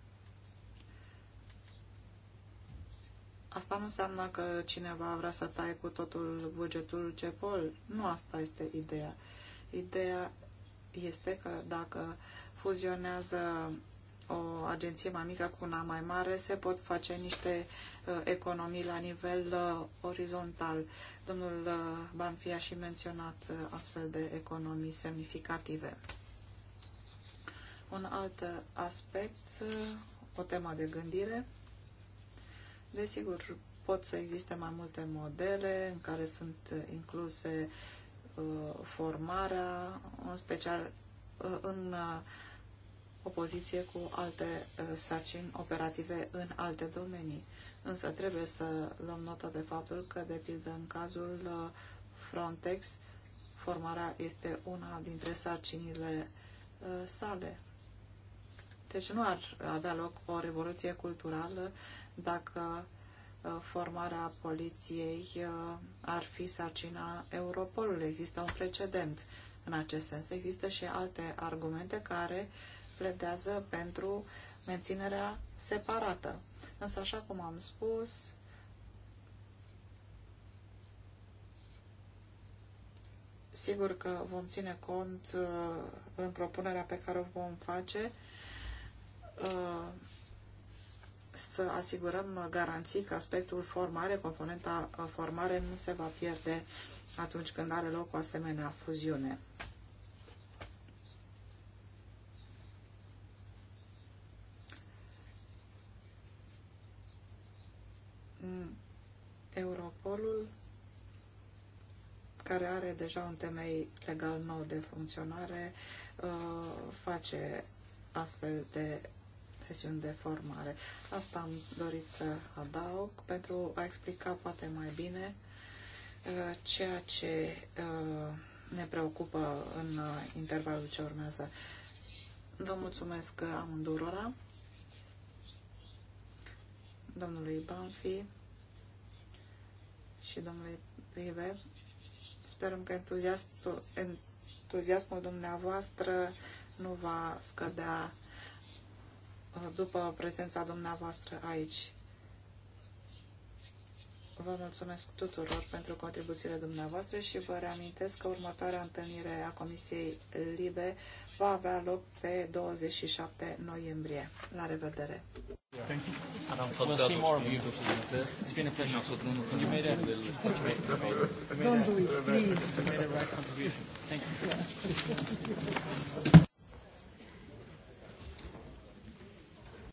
Asta nu înseamnă că cineva vrea să taie cu totul bugetul CEPOL. Nu asta este ideea. Ideea este că dacă fuzionează o agenție mai mică cu una mai mare, se pot face niște uh, economii la nivel uh, orizontal. Domnul uh, Banfi a și menționat astfel de economii semnificative. Un alt aspect, o temă de gândire. Desigur, pot să existe mai multe modele în care sunt incluse formarea, în special în opoziție cu alte uh, sarcini operative în alte domenii. Însă trebuie să luăm notă de faptul că, de pildă, în cazul uh, Frontex, formarea este una dintre sarcinile uh, sale. Deci nu ar avea loc o revoluție culturală dacă formarea poliției ar fi sarcina Europolului. Există un precedent în acest sens. Există și alte argumente care uh, pledează pentru menținerea separată. Însă, așa cum am spus, sigur că vom ține cont uh, în propunerea pe care o vom face uh, să asigurăm garanții că aspectul formare, componenta formare, nu se va pierde atunci când are loc o asemenea fuziune. Europolul, care are deja un temei legal nou de funcționare, uh, face astfel de sesiuni de formare. Asta am dorit să adaug pentru a explica poate mai bine uh, ceea ce uh, ne preocupă în intervalul ce urmează. Vă mulțumesc amândurora, domnului Banfi, și domnului Prive. Sperăm că entuziasmul, entuziasmul dumneavoastră nu va scădea uh, după prezența dumneavoastră aici. Vă mulțumesc tuturor pentru contribuțiile dumneavoastră și vă reamintesc că următoarea întâlnire a Comisiei Libe va avea loc pe 27 noiembrie. La revedere!